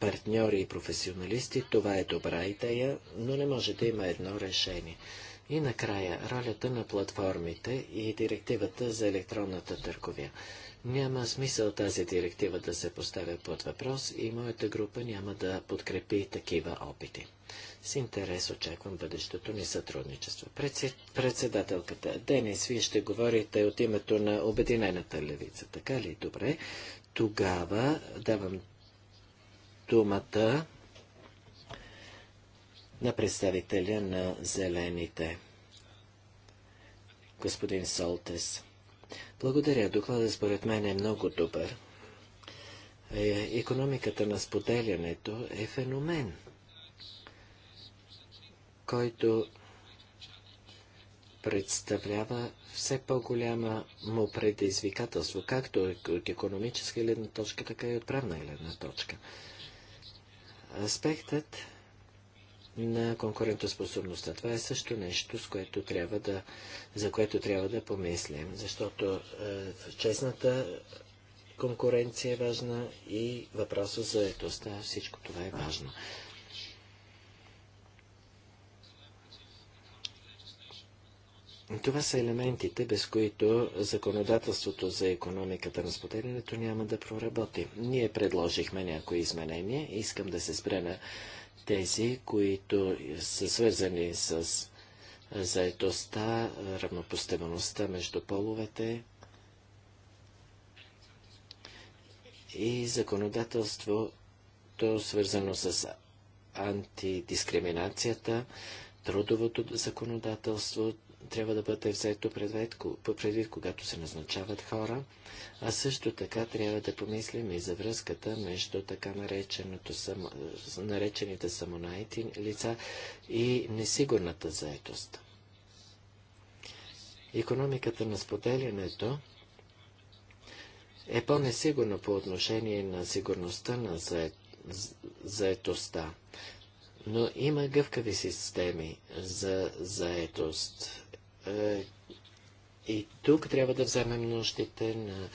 партньори и професионалисти, това е добра идея, но не може да има едно решение. И накрая, ролята на платформите и директивата за електронната търговия. Няма смисъл тази директива да се поставя под въпрос и моята група няма да подкрепи такива опити. С интерес очаквам бъдещето ни сътрудничество. Председателката Денис, вие ще говорите от името на Обединената левица, така ли? Добре. Тогава давам думата на представителя на Зелените, господин Солтес. Благодаря. Докладът според мен е много добър. Е, економиката на споделянето е феномен, който представлява все по-голяма му предизвикателство, както от економическа гледна точка, така и от правна гледна точка. Аспектът на конкурентоспособността. Това е също нещо, с което трябва да, за което трябва да помислим, защото е, честната конкуренция е важна и въпроса за етостта. всичко това е важно. Това са елементите, без които законодателството за економиката на споделянето няма да проработи. Ние предложихме някои изменения. Искам да се спре на тези, които са свързани с заедостта, равнопоставеността между половете и законодателството, свързано с антидискриминацията, трудовото законодателство, трябва да бъде взето предвид, предвид, когато се назначават хора, а също така трябва да помислим и за връзката между така само, наречените самонайти лица и несигурната заетост. Економиката на споделянето е по-несигурна по отношение на сигурността на заетостта но има гъвкави системи за заетост. И тук трябва да вземем нуждите на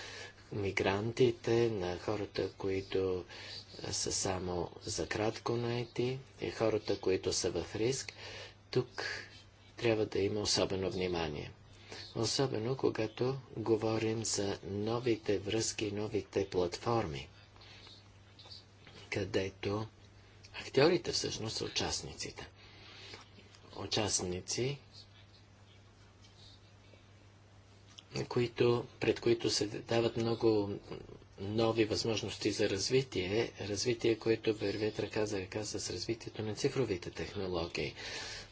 мигрантите, на хората, които са само за кратко наети и хората, които са в риск. Тук трябва да има особено внимание. Особено когато говорим за новите връзки, новите платформи, където актьорите всъщност са участниците. Участници които, пред които се дават много нови възможности за развитие, развитие, което вървят ръка за ръка с развитието на цифровите технологии.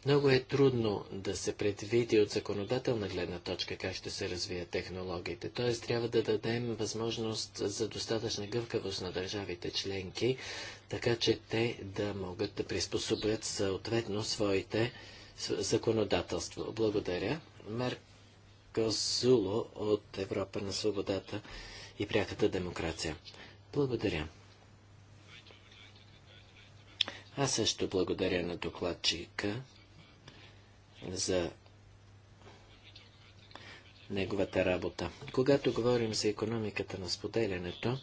Много е трудно да се предвиди от законодателна гледна точка как ще се развият технологиите. Т.е. трябва да дадем възможност за достатъчна гъвкавост на държавите членки, така че те да могат да приспособят съответно своите законодателство. Благодаря. Марк Козуло от Европа на свободата и пряката демокрация. Благодаря. Аз също благодаря на докладчика за неговата работа. Когато говорим за економиката на споделянето,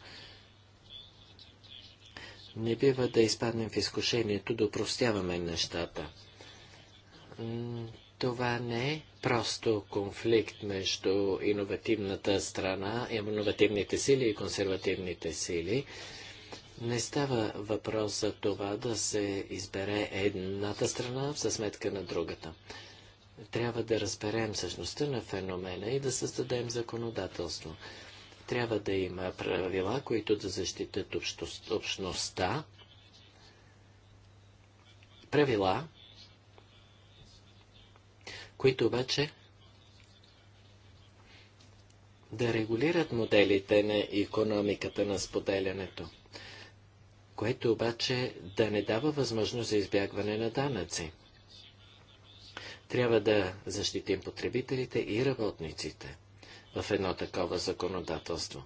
не бива да изпаднем в изкушението да упростяваме нещата това не е просто конфликт между иновативната страна, иновативните сили и консервативните сили. Не става въпрос за това да се избере едната страна за сметка на другата. Трябва да разберем същността на феномена и да създадем законодателство. Трябва да има правила, които да защитат общност, общността, правила, които обаче да регулират моделите на економиката на споделянето, което обаче да не дава възможност за избягване на данъци. Трябва да защитим потребителите и работниците в едно такова законодателство.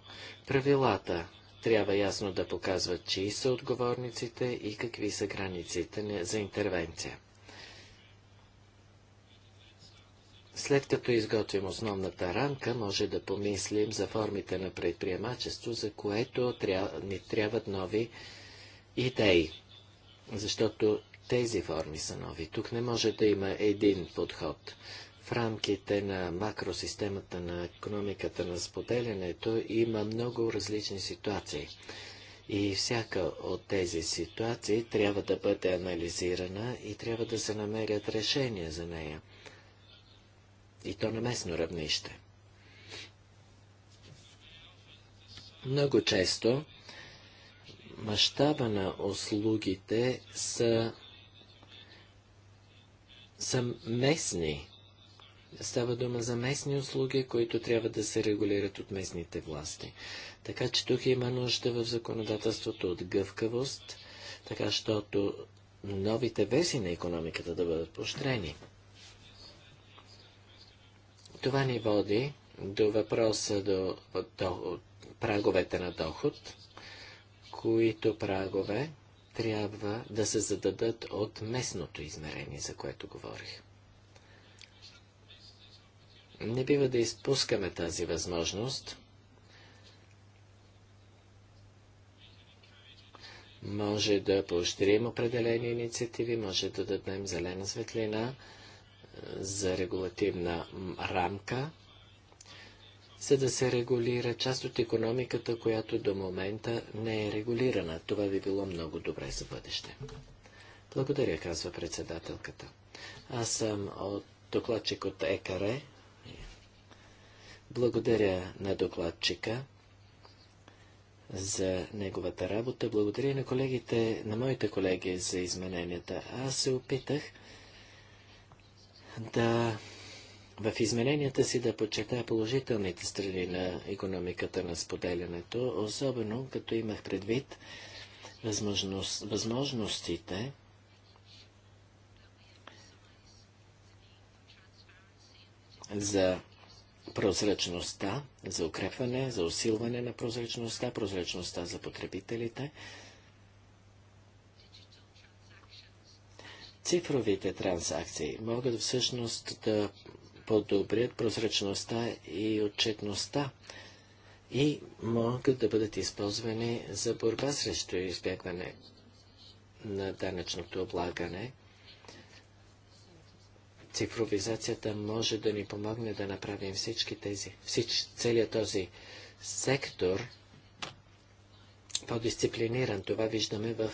Правилата трябва ясно да показват, чии са отговорниците и какви са границите за интервенция. След като изготвим основната рамка, може да помислим за формите на предприемачество, за което ни трябват нови идеи. Защото тези форми са нови. Тук не може да има един подход. В рамките на макросистемата на економиката на споделянето има много различни ситуации. И всяка от тези ситуации трябва да бъде анализирана и трябва да се намерят решения за нея. И то на местно равнище. Много често мащаба на услугите са, са местни. Става дума за местни услуги, които трябва да се регулират от местните власти. Така че тук има нужда в законодателството от гъвкавост, така щото новите вези на економиката да бъдат поощрени. Това ни води до въпроса до, до праговете на доход, които прагове трябва да се зададат от местното измерение, за което говорих. Не бива да изпускаме тази възможност. Може да поощрим определени инициативи, може да дадем зелена светлина за регулативна рамка, за да се регулира част от економиката, която до момента не е регулирана. Това би било много добре за бъдеще. Благодаря, казва председателката. Аз съм от докладчик от ЕКАРЕ. Благодаря на докладчика за неговата работа. Благодаря на колегите, на моите колеги за измененията. Аз се опитах да в измененията си да подчертая положителните страни на економиката на споделянето, особено като имах предвид възможност, възможностите за прозрачността, за укрепване, за усилване на прозрачността, прозрачността за потребителите – Цифровите транзакции могат всъщност да подобрят прозрачността и отчетността и могат да бъдат използвани за борба срещу избягване на данъчното облагане. Цифровизацията може да ни помогне да направим всички тези, всич, целият този сектор по-дисциплиниран. Това виждаме в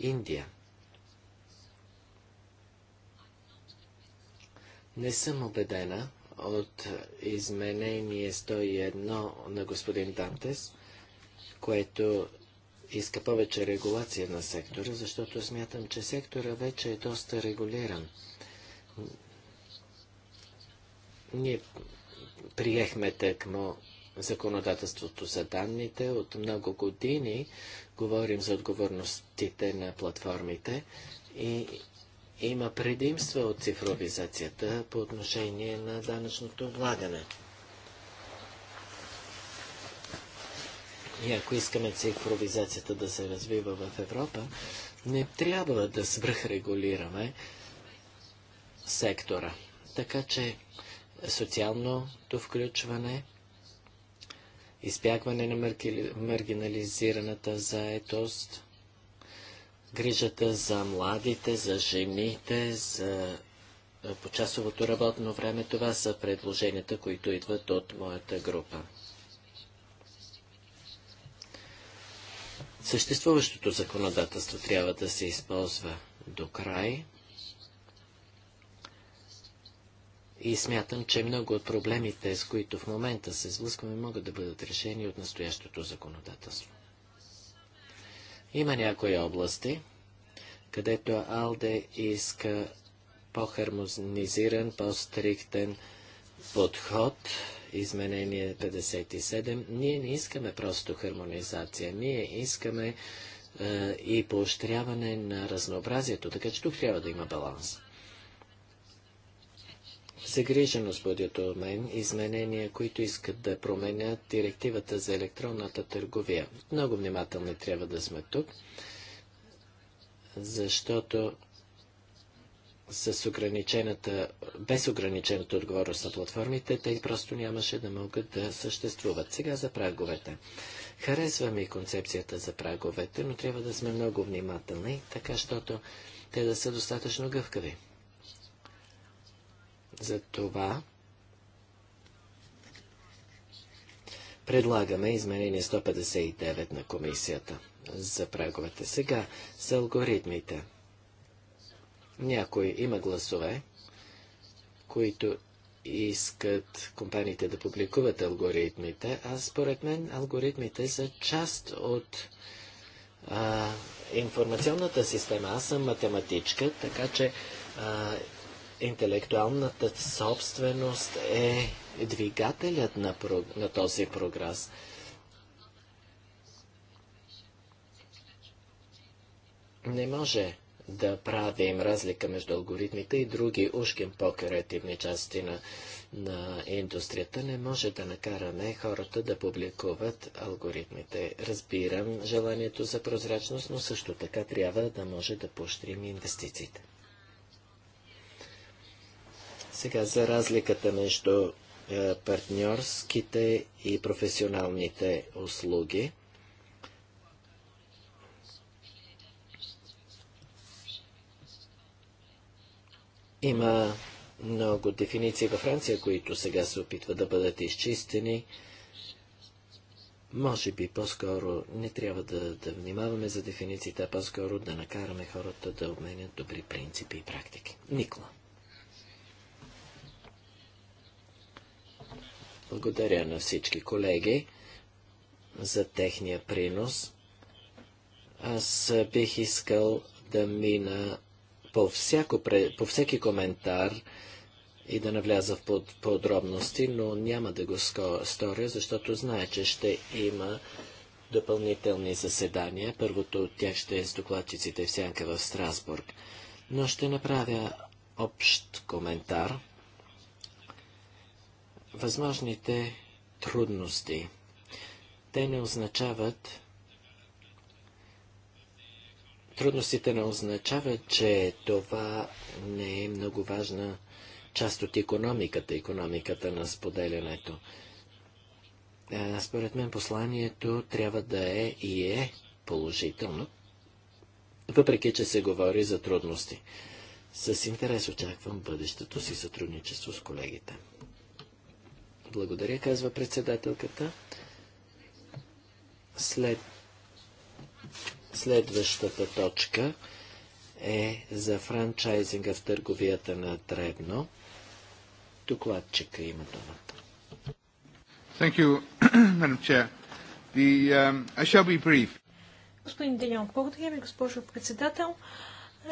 Индия. Не съм убедена от изменение 101 на господин Дантес, което иска повече регулация на сектора, защото смятам, че сектора вече е доста регулиран. Ние приехме тъкмо законодателството за данните. От много години говорим за отговорностите на платформите и има предимства от цифровизацията по отношение на данъчното облагане. И ако искаме цифровизацията да се развива в Европа, не трябва да свръхрегулираме сектора. Така че социалното включване, избягване на маргинализираната заетост – грижата за младите, за жените, за е, почасовото работно време. Това са предложенията, които идват от моята група. Съществуващото законодателство трябва да се използва до край. И смятам, че много от проблемите, с които в момента се сблъскваме, могат да бъдат решени от настоящото законодателство. Има някои области, където Алде иска по-хармонизиран, по-стриктен подход, изменение 57. Ние не искаме просто хармонизация, ние искаме е, и поощряване на разнообразието, така че тук трябва да има баланс загриженост будят от мен изменения, които искат да променят директивата за електронната търговия. Много внимателни трябва да сме тук, защото с ограничената, без ограничената отговорност на платформите, те просто нямаше да могат да съществуват. Сега за праговете. Харесва ми концепцията за праговете, но трябва да сме много внимателни, така защото те да са достатъчно гъвкави. За това предлагаме изменение 159 на комисията за праговете. Сега с алгоритмите. Някой има гласове, които искат компаниите да публикуват алгоритмите, а според мен алгоритмите са част от а, информационната система. Аз съм математичка, така че а, интелектуалната собственост е двигателят на, на този прогрес. Не може да правим разлика между алгоритмите и други ушкин по-креативни части на, на индустрията. Не може да накараме хората да публикуват алгоритмите. Разбирам желанието за прозрачност, но също така трябва да може да поощрим инвестициите. Сега за разликата между е, партньорските и професионалните услуги. Има много дефиниции във Франция, които сега се опитват да бъдат изчистени. Може би по-скоро не трябва да, да внимаваме за дефинициите, а по-скоро да накараме хората да обменят добри принципи и практики. Никола. Благодаря на всички колеги за техния принос. Аз бих искал да мина по, всяко, по всеки коментар и да навляза в под, подробности, но няма да го сторя, защото знае, че ще има допълнителни заседания. Първото от тях ще е с докладчиците в Сянка в Страсбург. Но ще направя общ коментар възможните трудности. Те не означават, трудностите не означават, че това не е много важна част от економиката, економиката на споделянето. Е, според мен посланието трябва да е и е положително, въпреки че се говори за трудности. С интерес очаквам бъдещето си сътрудничество с колегите. Благодаря, казва председателката. След... Следващата точка е за франчайзинга в търговията на Дребно. Докладчика има думата. Thank you, [CLEARS THROAT] Madam Chair. The, um, I shall be brief. Господин Делион, благодаря ви, госпожо председател.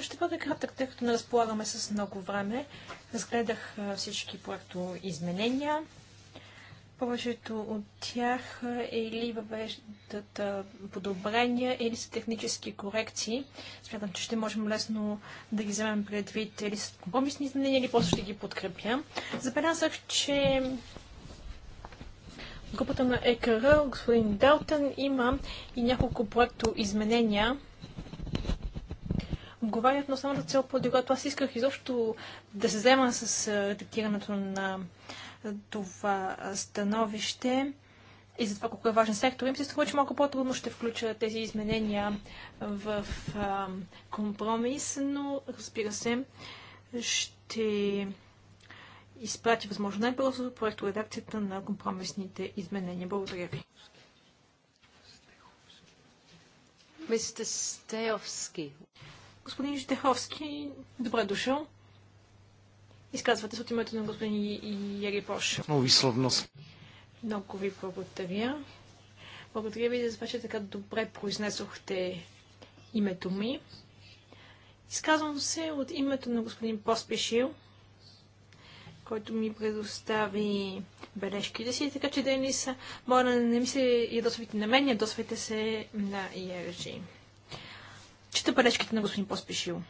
Ще бъда кратък, тъй като не разполагаме с много време. Разгледах всички проекто изменения повечето от тях или въвеждат подобрения, или са технически корекции. Смятам, че ще можем лесно да ги вземем предвид или с компромисни изменения, или просто ще ги подкрепя. Забелязах, че групата на ЕКР, господин Далтън, има и няколко проекто изменения, отговарят на основната цел, поради която аз исках изобщо да се взема с редактирането на това становище и за това колко е важен сектор, им се струва, че малко по-трудно ще включа тези изменения в а, компромис, но разбира се, ще изпрати възможно най-бързо проекто редакцията на компромисните изменения. Благодаря ви. Мистер Стеовски. Господин Штеховски, добре дошъл. Изказвате се от името на господин Ярипош. Много висловност. Много ви благодаря. Благодаря ви за това, че така добре произнесохте името ми. Изказвам се от името на господин Поспешил, който ми предостави бележките си, така че Дениса, моля да не ми се ядосвайте на мен, ядосвайте се на ЕРЖ. Чета бележките на господин Поспешил.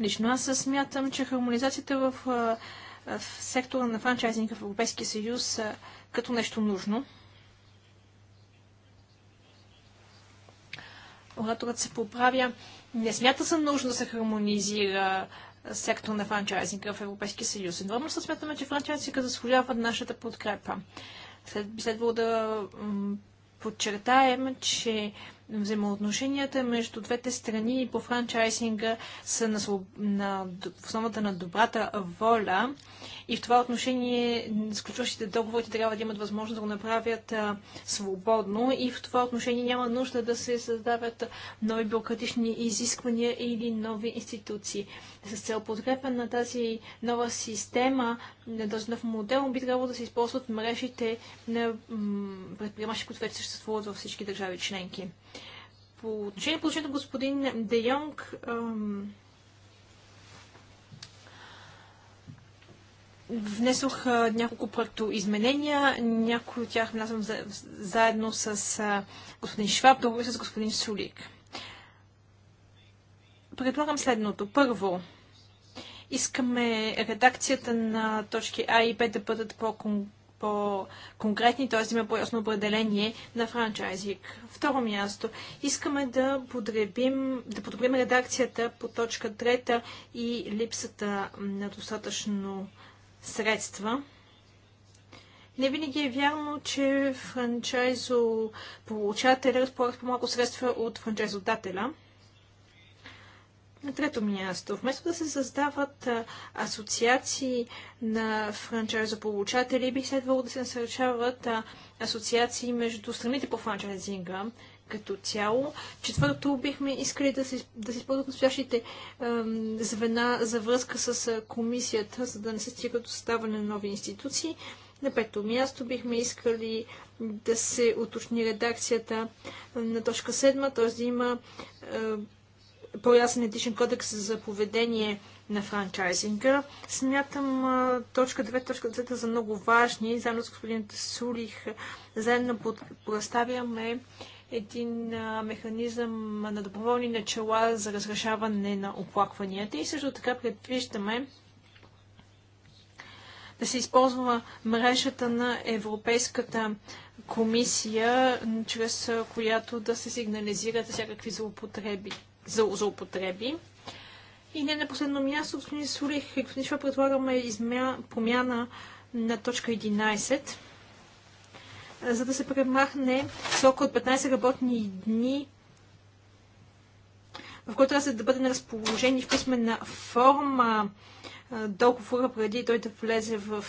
Лично аз смятам, че хармонизацията в, в сектора на франчайзинга в Европейския съюз като нещо нужно. Ораторът се поправя. Не смята се нужно да се хармонизира сектор на франчайзинга в Европейския съюз. Едновременно се смятаме, че франчайзинга заслужава нашата подкрепа. След, би следвало да подчертаем, че взаимоотношенията между двете страни по франчайзинга са на, на, в основата на добрата воля и в това отношение сключващите договорите трябва да имат възможност да го направят а, свободно и в това отношение няма нужда да се създават нови бюрократични изисквания или нови институции. С цел подкрепа на тази нова система, на този нов модел, би трябвало да се използват мрежите на предприемачи, които вече съществуват във всички държави членки. По отношение на положението господин Де Йонг, внесох няколко проекто изменения. Някои от тях внасям заедно с господин Шваб, друго с господин Сулик. Предлагам следното. Първо, искаме редакцията на точки А и Б да бъдат по-конкретни по-конкретни, т.е. има по-ясно определение на франчайзик. Второ място, искаме да подребим, да подобрим редакцията по точка трета и липсата на достатъчно средства. Не винаги е вярно, че франчайзополучателя разполага по-малко средства от франчайзодателя. На трето място, вместо да се създават а, асоциации на франчайзополучатели, би следвало да се насърчават а, асоциации между страните по франчайзинга като цяло. Четвърто, бихме искали да се, да се използват настоящите звена за връзка с а, комисията, за да не се стига до създаване на нови институции. На пето място бихме искали да се уточни редакцията на точка 7, т.е. да има по-ясен етичен кодекс за поведение на франчайзинга. Смятам точка 2, точка 10 за много важни. Заедно с господин Сулих, заедно поставяме един механизъм на доброволни начала за разрешаване на оплакванията и също така предвиждаме да се използва мрежата на Европейската комисия, чрез която да се сигнализират всякакви злоупотреби за употреби. И не на последно място, господин Сурих, господин Шва, предлагаме измя... промяна на точка 11, за да се премахне срок от 15 работни дни, в който трябва да бъде на разположение в писмена форма договора, преди той да влезе в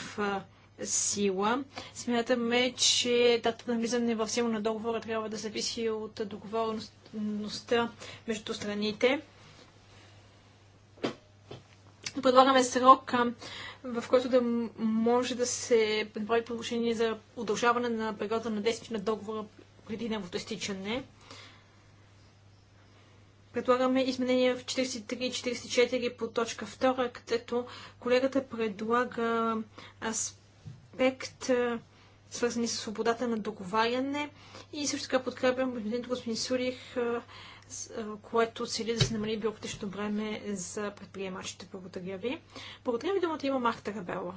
сила. Смятаме, че датата на влизане в сила на договора трябва да зависи от договореност солидарността между страните. Предлагаме срок, в който да може да се направи предложение за удължаване на периода на действие на договора преди неговото изтичане. Предлагаме изменения в 43 и 44 по точка 2, където колегата предлага аспект, свързани с свободата на договаряне. И също така подкрепям предложението господин Сурих, което цели да се намали бюрократично време за предприемачите. Благодаря ви. Благодаря ви думата има Марта Рабела.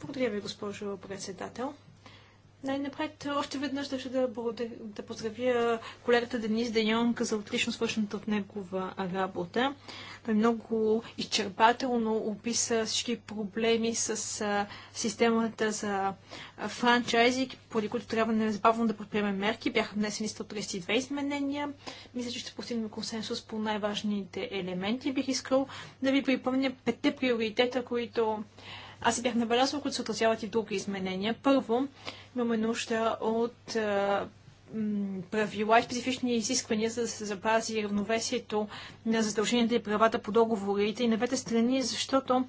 Благодаря ви, госпожо председател. Най-напред още веднъж ще да, да поздравя колегата Денис Деньонг за отлично свършената от негова работа. Той много изчерпателно описа всички проблеми с а, системата за франчайзи, поради които трябва незабавно да предприемем мерки. Бяха внесени 132 изменения. Мисля, че ще постигнем консенсус по най-важните елементи. Бих искал да ви припомня петте приоритета, които аз си бях набелязал, които се отразяват и в други изменения. Първо, имаме нужда от правила и специфични изисквания, за да се запази равновесието на задълженията и правата по договорите и на двете страни, защото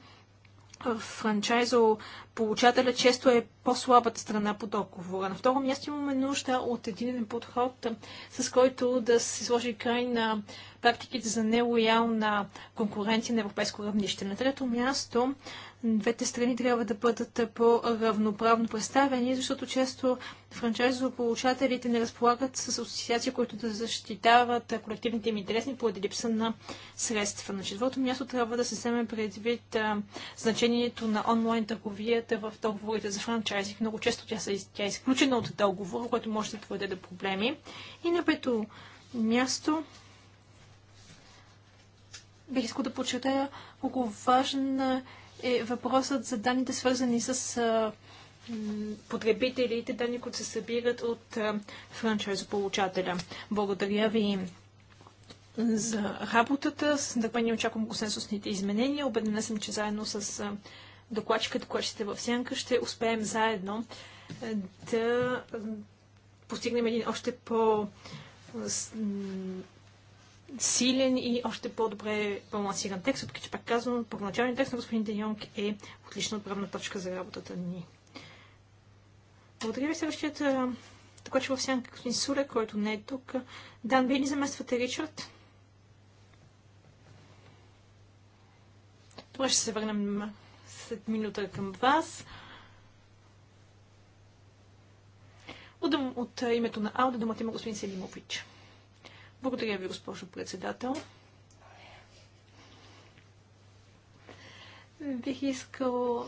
франчайзо получателя често е по-слабата страна по договора. На второ място имаме нужда от един подход, с който да се сложи край на практиките за нелоялна конкуренция на европейско равнище. На трето място двете страни трябва да бъдат по-равноправно представени, защото често франчайзополучателите не разполагат с асоциации, които да защитават колективните им интереси поради липса на средства. На четвърто място трябва да се вземе предвид а, значението на онлайн търговията в договорите за франчайзи. Много често тя, са, тя е изключена от договора, което може да доведе до проблеми. И на пето място бих искал да подчертая колко важна е е въпросът за данните, свързани с потребителите, данни, които се събират от получателя. Благодаря ви за работата. С нетърпение очаквам консенсусните изменения. Обеднена съм, че заедно с докладчиката, която ще в сянка, ще успеем заедно да постигнем един още по силен и още по-добре балансиран текст, въпреки че пак казвам, първоначалният текст на господин Деньонг е отлична отправна точка за работата ни. Благодаря ви следващият така че в сянка господин Суре, който не е тук. Дан, вие ли замествате Ричард? Добре, ще се върнем след минута към вас. От, от името на Ауди думата има господин Селимович. Благодаря ви, госпожо председател. Бих искал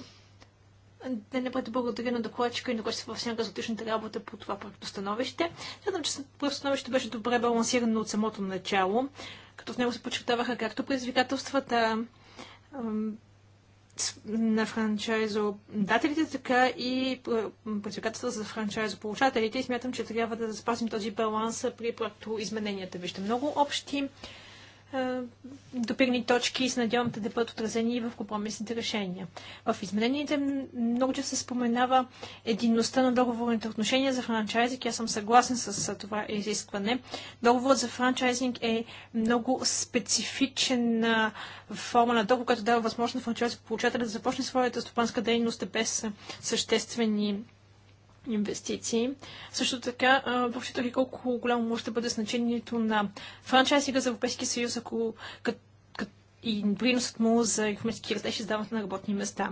да не бъде благодаря на докладчика и на който се във сянка за работа по това проектостановище. Смятам, че проектостановището беше добре балансирано от самото начало, като в него се подчертаваха както предизвикателствата, на франчайзодателите, така и предизвикателства за франчайзополучателите и смятам, че трябва да запазим този баланс при проекто измененията. Вижте, много общи допирни точки и се надявам да бъдат отразени и в компромисните решения. В измененията много често се споменава единността на договорните отношения за франчайзинг. Аз съм съгласен с това изискване. Договорът за франчайзинг е много специфичен форма на договор, който дава възможност на франчайзинг получателя да започне своята стопанска дейност без съществени инвестиции. Също така, въобще тук, колко голямо може да бъде значението на франчайзинга за Европейския съюз, ако и приносът му за економически растеж и на работни места.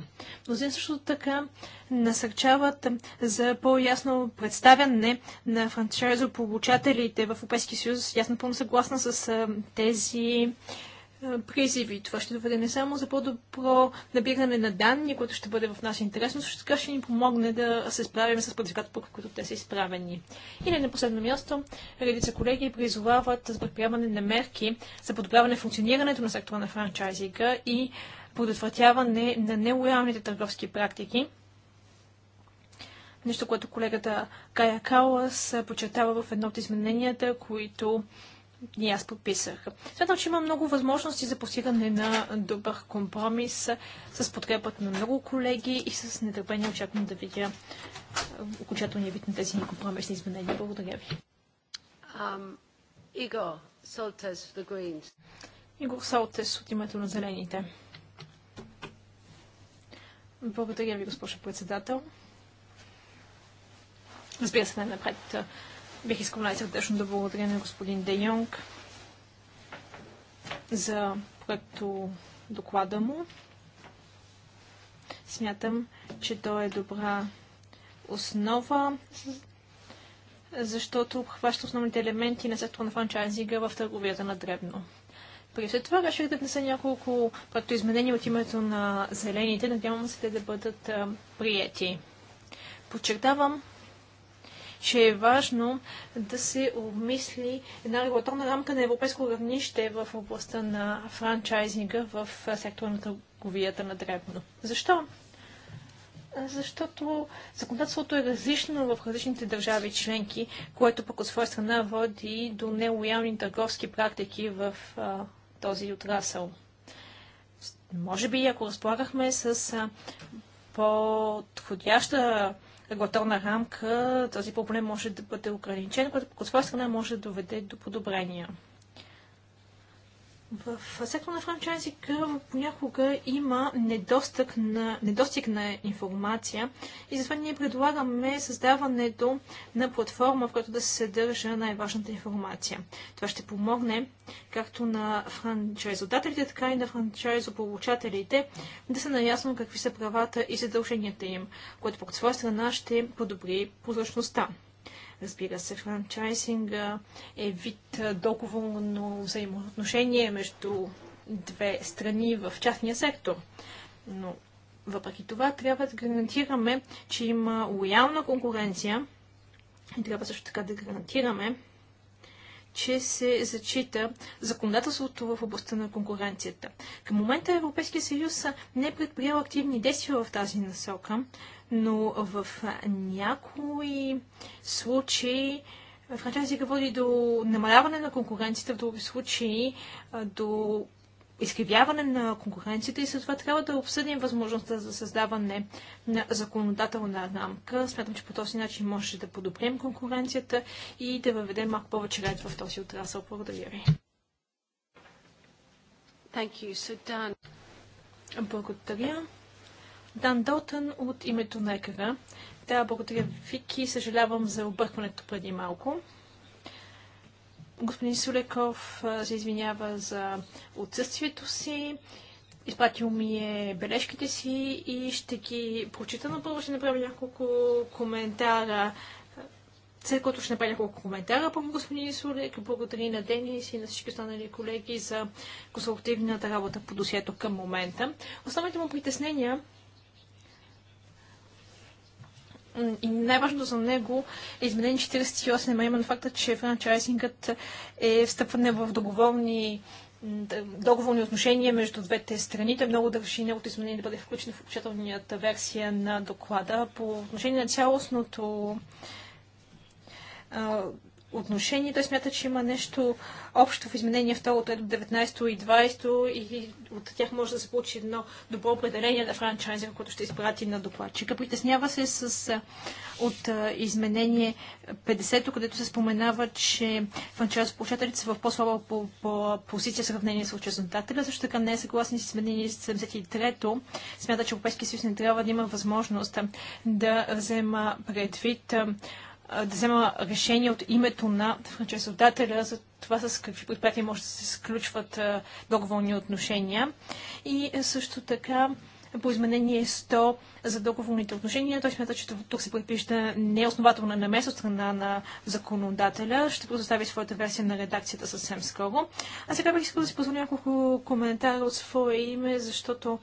Мнозин също така насърчават за по-ясно представяне на франчайзополучателите в Европейския съюз. Ясно пълно съгласна с тези призиви. Това ще доведе не само за по-добро набиране на данни, което ще бъде в наш интерес, но също така ще ни помогне да се справим с предизвикателствата, които те са изправени. И не на последно място, редица колеги призовават за предприемане на мерки за подобряване функционирането на сектора на франчайзинга и предотвратяване на нелоялните търговски практики. Нещо, което колегата Кая Калас подчертава в едно от измененията, които и аз подписах. Смятам, че има много възможности за постигане на добър компромис с подкрепата на много колеги и с нетърпение очаквам да видя окончателния вид на тези компромисни изменения. Благодаря ви. Игор Солтес, от името на Зелените. Благодаря ви, госпожо председател. Разбира се, най-напред Бих искал най-сърдечно да благодаря на господин Де Йонг за проекто доклада му. Смятам, че той е добра основа, защото обхваща основните елементи на сектора на франчайзинга в търговията на Дребно. При след това реших да внеса няколко изменения от името на зелените. Надявам се те да бъдат а, приети. Подчертавам че е важно да се обмисли една регулаторна рамка на европейско равнище в областта на франчайзинга в сектора на търговията на дребно. Защо? защото законодателството е различно в различните държави членки, което пък от своя страна води до нелоялни търговски практики в а, този отрасъл. Може би, ако разполагахме с подходяща регулаторна рамка този проблем може да бъде ограничен, което по своя страна може да доведе до подобрения. В сектора на франчайзинга понякога има недостиг на, недостиг на информация и затова ние предлагаме създаването на платформа, в която да се съдържа най-важната информация. Това ще помогне както на франчайзодателите, така и на франчайзополучателите да са наясно какви са правата и задълженията им, което по своя страна ще подобри прозрачността. Разбира се, франчайзинга е вид договорно взаимоотношение между две страни в частния сектор. Но въпреки това трябва да гарантираме, че има лоялна конкуренция и трябва също така да гарантираме, че се зачита законодателството в областта на конкуренцията. Към момента Европейския съюз не е предприял активни действия в тази насока, но в някои случаи франчайзинга води до намаляване на конкуренцията, в други случаи до изкривяване на конкуренцията и след това трябва да обсъдим възможността за създаване на законодателна рамка. Смятам, че по този начин може да подобрим конкуренцията и да въведем малко повече ред в този отрасъл. Благодаря ви. Thank you. So, Dan... Благодаря. Дан Долтън от името на ЕКВ. Да, благодаря Вики. Съжалявам за объркването преди малко. Господин Сулеков се извинява за отсъствието си. Изпратил ми е бележките си и ще ги прочита, на първо ще направя няколко коментара след което ще направя няколко коментара по господин Сулек. Благодаря на Денис и на всички останали колеги за консултативната работа по досието към момента. Основните му притеснения и най-важното за него е изменение 48, а именно факта, че франчайзингът е встъпване в договорни договорни отношения между двете страни. Той много държи неговото изменение да бъде включено в окончателната версия на доклада. По отношение на цялостното отношение. Той смята, че има нещо общо в изменение е 3, 19 и 20 и от тях може да се получи едно добро определение на франчайзер, което ще изпрати на докладчика. Притеснява се с, от изменение 50, то където се споменава, че франчайз получателите са в по-слаба по, по позиция в сравнение с учредителя. Също така не е съгласен с изменение 73-то. Смята, че Европейския съюз не трябва да има възможност да взема предвид да взема решение от името на франчайзодателя за това с какви предприятия може да се сключват договорни отношения. И също така по изменение 100 за договорните отношения. Той смята, че тук се предпишда неоснователна намеса от страна на законодателя. Ще предостави своята версия на редакцията съвсем скоро. А сега бих искал да си позволя няколко коментара от свое име, защото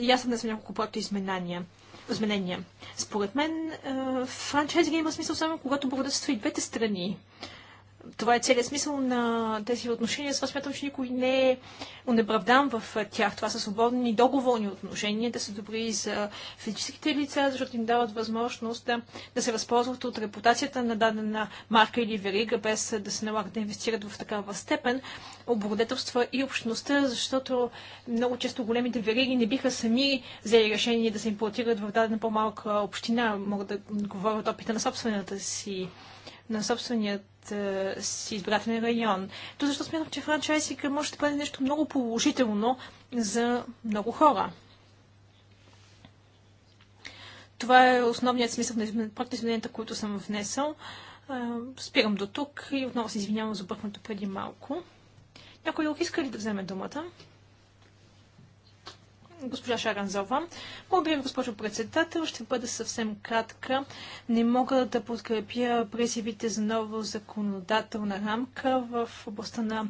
ясно аз съм няколко проекта изменания изменения. Според мен, е, франчайзинг има смисъл само когато благодатства и двете страни това е целият смисъл на тези отношения. Аз смятам, че никой не е унеправдан в тях. Това са свободни договорни отношения. Те да са добри за физическите лица, защото им дават възможност да, да се възползват от репутацията на дадена марка или верига, без да се налагат да инвестират в такава степен. Обородетелства и общността, защото много често големите вериги не биха сами взели решение да се имплантират в дадена по-малка община. Мога да говоря от опита на собствената си на собственият е, си избирателен район. То защо смятам, че франчайзика може да бъде нещо много положително за много хора. Това е основният смисъл на измененията, които съм внесъл. спирам до тук и отново се извинявам за бъркното преди малко. Някой друг иска ли да вземе думата? госпожа Шаранзова. Благодаря ви, госпожо председател. Ще бъда съвсем кратка. Не мога да подкрепя призивите за нова законодателна рамка в областта на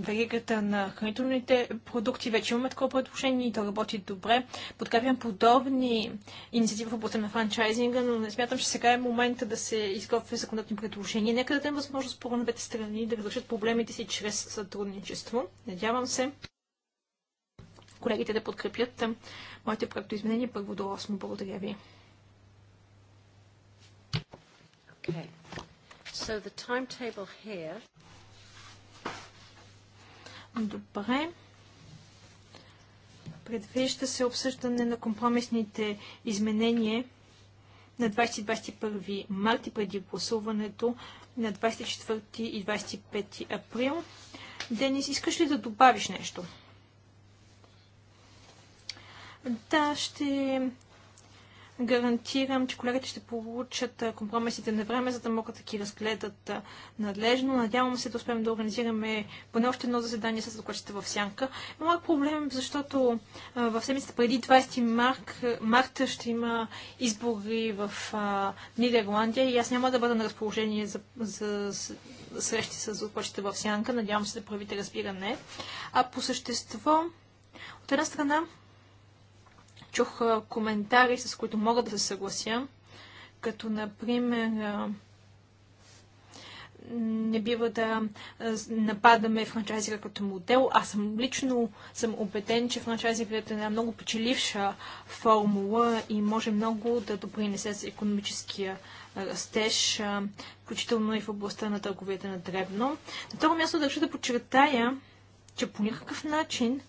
веригата на хранителните продукти. Вече имаме такова предложение и то работи добре. Подкрепям подобни инициативи в областта на франчайзинга, но не смятам, че сега е момента да се изготвя законодателни предложения. Нека да дадем възможност по двете страни да разрешат проблемите си чрез сътрудничество. Надявам се колегите да подкрепят моите проектоизменения първо до 8. Благодаря ви. Okay. So the timetable here... Добре. Предвижда се обсъждане на компромисните изменения на 20-21 и преди гласуването на 24 и 25 април. Денис, искаш ли да добавиш нещо? Да, ще гарантирам, че колегите ще получат компромисите на време, за да могат да ги разгледат надлежно. Надявам се да успеем да организираме поне още едно заседание с докладчета в Сянка. Моят проблем, защото в седмицата преди 20 марк, марта ще има избори в Нидерландия и аз няма да бъда на разположение за, за, за срещи с докладчета в Сянка. Надявам се да правите разбиране. А по същество, от една страна, Чух коментари, с които мога да се съглася, като например не бива да нападаме франчайзера като модел. Аз съм лично съм убеден, че франчайзингът е една много печеливша формула и може много да допринесе за економическия растеж, включително и в областта на търговията на дребно. На второ място държа да подчертая, че по някакъв начин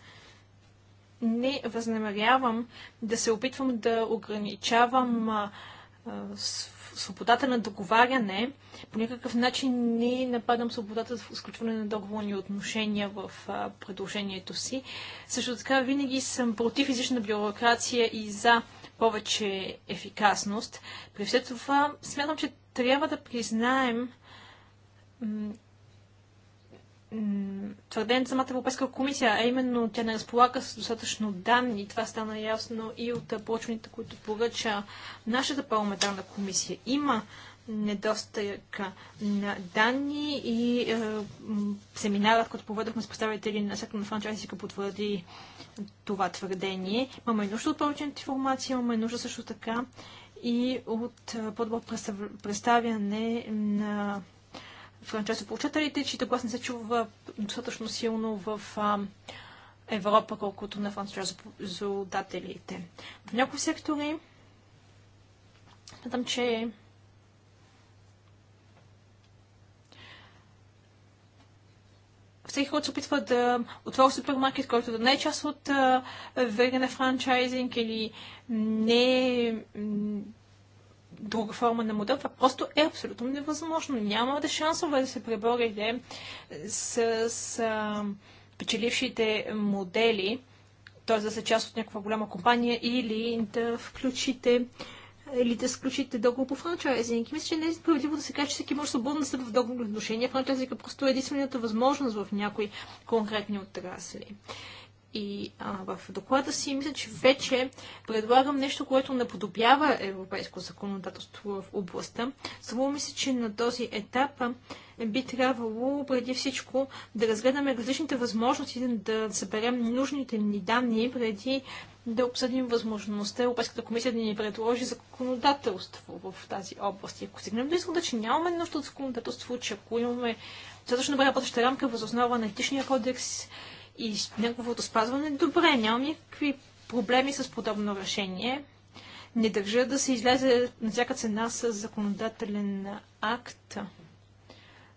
не възнамерявам да се опитвам да ограничавам а, а, свободата на договаряне. По никакъв начин не нападам свободата за изключване на договорни отношения в а, предложението си. Също така винаги съм против излишна бюрокрация и за повече ефикасност. При все това смятам, че трябва да признаем твърден самата Европейска комисия, а именно тя не разполага с достатъчно данни. Това стана ясно и от почвените, които поръча нашата парламентарна комисия. Има недостиг на данни и е, семинарът, който проведохме с представители на сектор на франчайзика, потвърди това твърдение. Имаме нужда от повече информация, имаме нужда също така и от е, по-добро представяне на на част от получателите, чието глас не се чува достатъчно силно в а, Европа, колкото на французодателите. В някои сектори смятам, че всеки, който се опитва да отвори супермаркет, който да не е част от вегане франчайзинг или не е друга форма на модел. Това просто е абсолютно невъзможно. Няма да шансове да се преборите с, с а, печелившите модели, т.е. да са част от някаква голяма компания или да включите или да сключите договор по франчайзинг. Мисля, че не е справедливо да се каже, че всеки може свободно да стъпва в договорни отношения. Франчайзинг е просто единствената възможност в някои конкретни отрасли. И а, в доклада си мисля, че вече предлагам нещо, което наподобява европейско законодателство в областта. Само мисля, че на този етап би трябвало преди всичко да разгледаме различните възможности да съберем нужните ни данни преди да обсъдим възможността Европейската комисия да ни предложи законодателство в тази област. И ако стигнем до изхода, че нямаме нужда от законодателство, че ако имаме достатъчно добра работеща рамка възоснова на етичния кодекс и неговото спазване, е добре, нямам никакви проблеми с подобно решение. Не държа да се излезе на всяка цена с законодателен акт,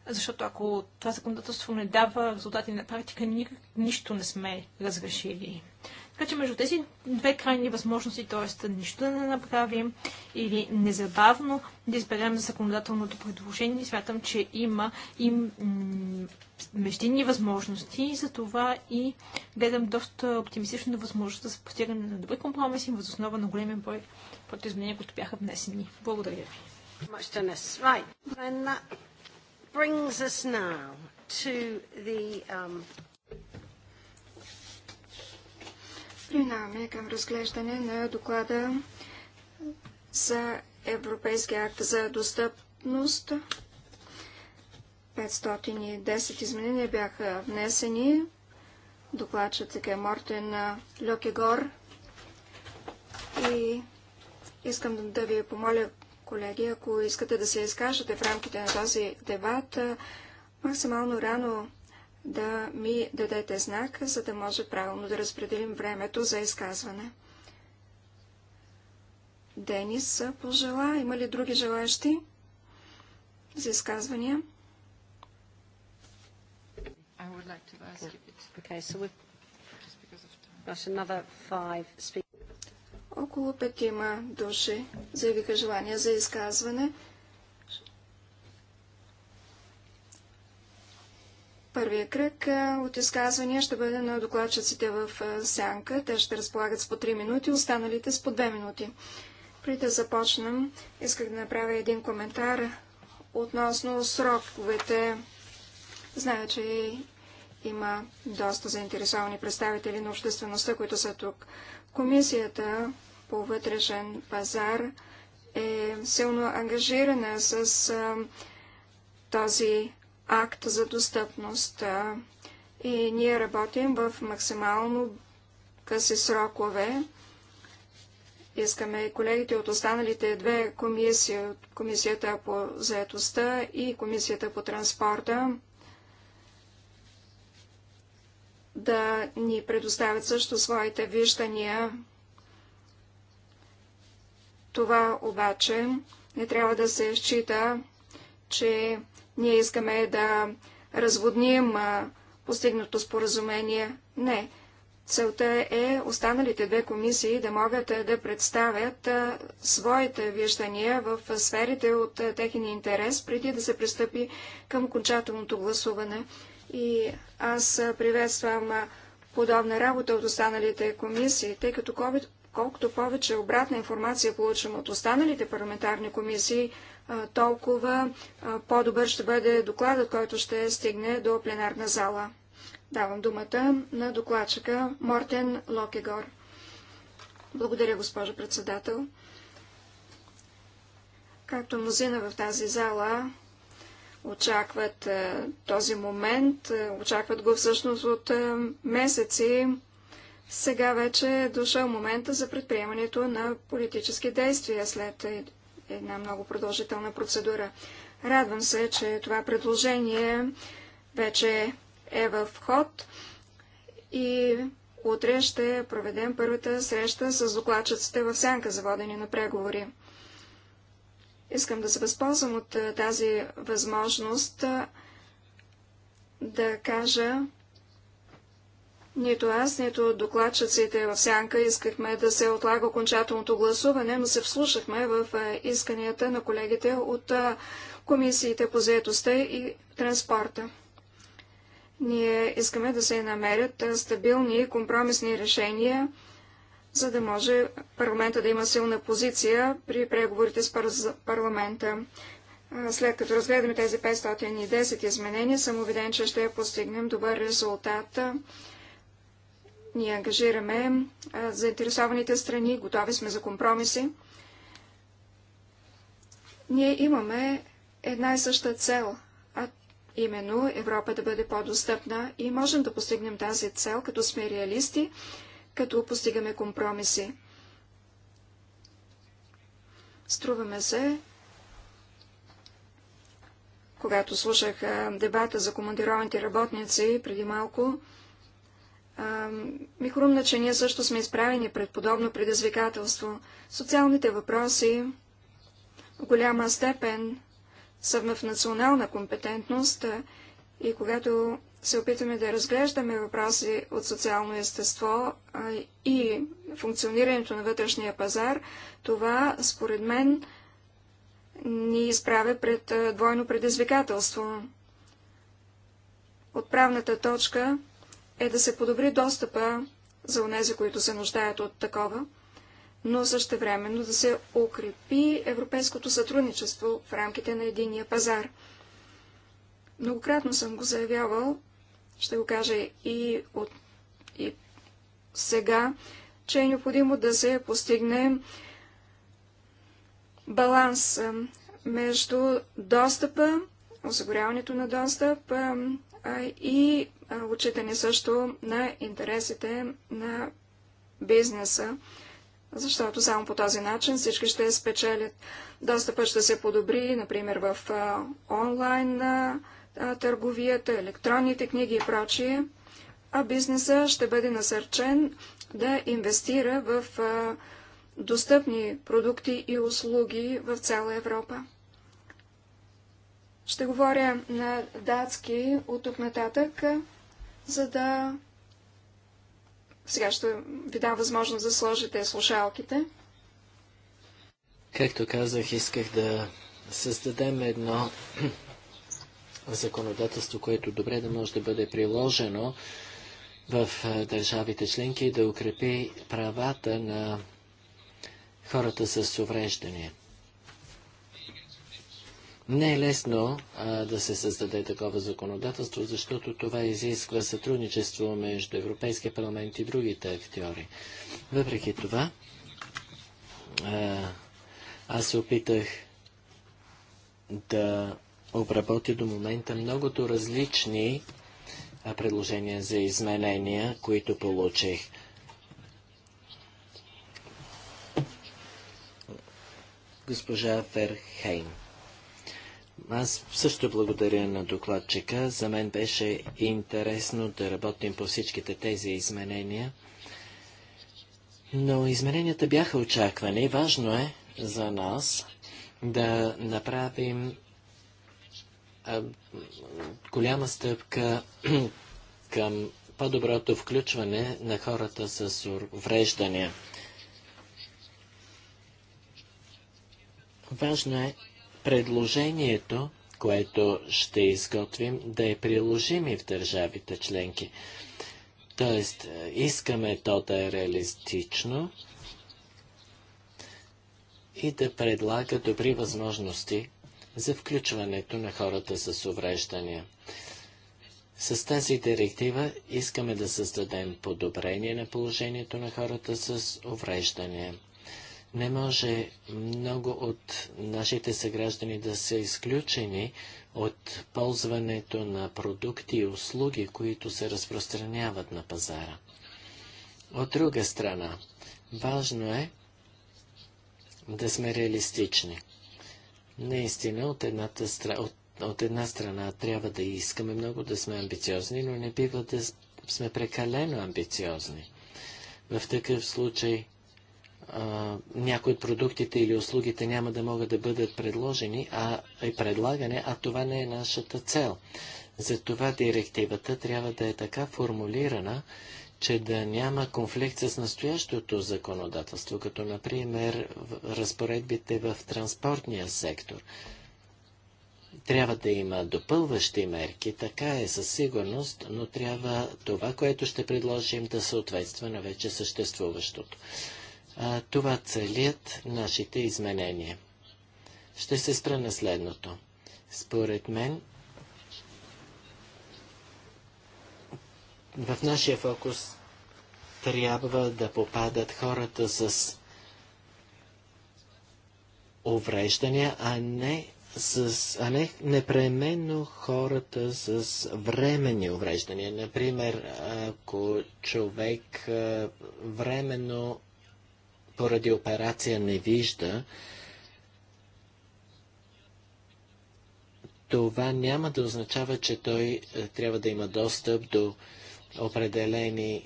защото ако това законодателство не дава резултати на практика, никак, нищо не сме разрешили. Така че между тези две крайни възможности, т.е. нищо да не направим или незабавно да изберем законодателното предложение, смятам, че има и междинни възможности, за това и гледам доста оптимистично на възможността за постигане на добри компромиси въз основа на големия брой изменения, които бяха внесени. Благодаря ви. brings us now to the um, Преминаваме към разглеждане на доклада за Европейския акт за достъпност. 510 изменения бяха внесени. Докладчът е Мортен Льокегор. И искам да ви помоля, колеги, ако искате да се изкажете в рамките на този дебат, максимално рано да ми дадете знак, за да може правилно да разпределим времето за изказване. Денис пожела. Има ли други желащи за изказвания? Около петима души заявиха желание за изказване. Първия кръг от изказвания ще бъде на докладчиците в сянка. Те ще разполагат с по 3 минути, останалите с по 2 минути. Преди да започнем, исках да направя един коментар относно сроковете. Зная, че има доста заинтересовани представители на обществеността, които са тук. Комисията по вътрешен пазар е силно ангажирана с този акт за достъпност. И ние работим в максимално къси срокове. Искаме и колегите от останалите две комисии, от Комисията по заетостта и Комисията по транспорта, да ни предоставят също своите виждания. Това обаче не трябва да се счита, че ние искаме да разводним постигнато споразумение. Не. Целта е останалите две комисии да могат да представят а, своите виждания в сферите от техния интерес, преди да се пристъпи към окончателното гласуване. И аз приветствам а, подобна работа от останалите комисии, тъй като COVID, колкото повече обратна информация получим от останалите парламентарни комисии, толкова по-добър ще бъде докладът, който ще стигне до пленарна зала. Давам думата на докладчика Мортен Локегор. Благодаря, госпожо председател. Както мнозина в тази зала очакват този момент, очакват го всъщност от месеци, сега вече е дошъл момента за предприемането на политически действия след една много продължителна процедура. Радвам се, че това предложение вече е в ход и утре ще проведем първата среща с докладчиците в сянка за водене на преговори. Искам да се възползвам от тази възможност да кажа, нито аз, нито докладчиците в сянка искахме да се отлага окончателното гласуване, но се вслушахме в исканията на колегите от комисиите по заедостта и транспорта. Ние искаме да се намерят стабилни и компромисни решения, за да може парламента да има силна позиция при преговорите с парламента. След като разгледаме тези 510 изменения, съм убеден, че ще постигнем добър резултат. Ние ангажираме заинтересованите страни, готови сме за компромиси. Ние имаме една и съща цел, а именно Европа да бъде по-достъпна и можем да постигнем тази цел, като сме реалисти, като постигаме компромиси. Струваме се, когато слушах дебата за командированите работници преди малко, микрумна, че ние също сме изправени пред подобно предизвикателство. Социалните въпроси в голяма степен са в национална компетентност и когато се опитваме да разглеждаме въпроси от социално естество и функционирането на вътрешния пазар, това според мен ни изправя пред двойно предизвикателство. Отправната точка е да се подобри достъпа за онези, които се нуждаят от такова, но същевременно да се укрепи европейското сътрудничество в рамките на единия пазар. Многократно съм го заявявал, ще го кажа и, от, и сега, че е необходимо да се постигне баланс между достъпа, осигуряването на достъп и отчитане също на интересите на бизнеса, защото само по този начин всички ще спечелят. Достъпът ще се подобри, например, в онлайн търговията, електронните книги и прочие, а бизнеса ще бъде насърчен да инвестира в достъпни продукти и услуги в цяла Европа. Ще говоря на датски от тук нататък, за да... Сега ще ви дам възможност да сложите слушалките. Както казах, исках да създадем едно законодателство, което добре да може да бъде приложено в държавите членки и да укрепи правата на хората с увреждания. Не е лесно а, да се създаде такова законодателство, защото това изисква сътрудничество между Европейския парламент и другите актьори. Въпреки това, а, аз се опитах да обработя до момента многото различни а, предложения за изменения, които получих. Госпожа Ферхейн. Аз също благодаря на докладчика. За мен беше интересно да работим по всичките тези изменения. Но измененията бяха очаквани. Важно е за нас да направим голяма стъпка [CLEARS THROAT] към по-доброто включване на хората с увреждания. Важно е предложението, което ще изготвим, да е приложими в държавите членки. Тоест, е, искаме то да е реалистично и да предлага добри възможности за включването на хората с увреждания. С тази директива искаме да създадем подобрение на положението на хората с увреждания. Не може много от нашите съграждани да са изключени от ползването на продукти и услуги, които се разпространяват на пазара. От друга страна, важно е да сме реалистични. Наистина, от, едната стра... от, от една страна трябва да искаме много да сме амбициозни, но не бива да сме прекалено амбициозни. В такъв случай а, някои от продуктите или услугите няма да могат да бъдат предложени а, и предлагане, а това не е нашата цел. Затова директивата трябва да е така формулирана, че да няма конфликт с настоящото законодателство, като например разпоредбите в транспортния сектор. Трябва да има допълващи мерки, така е със сигурност, но трябва това, което ще предложим, да съответства на вече съществуващото. Това целият нашите изменения. Ще се спра на следното. Според мен, в нашия фокус трябва да попадат хората с увреждания, а не, с, а не непременно хората с временни увреждания. Например, ако човек временно поради операция не вижда, това няма да означава, че той е, трябва да има достъп до определени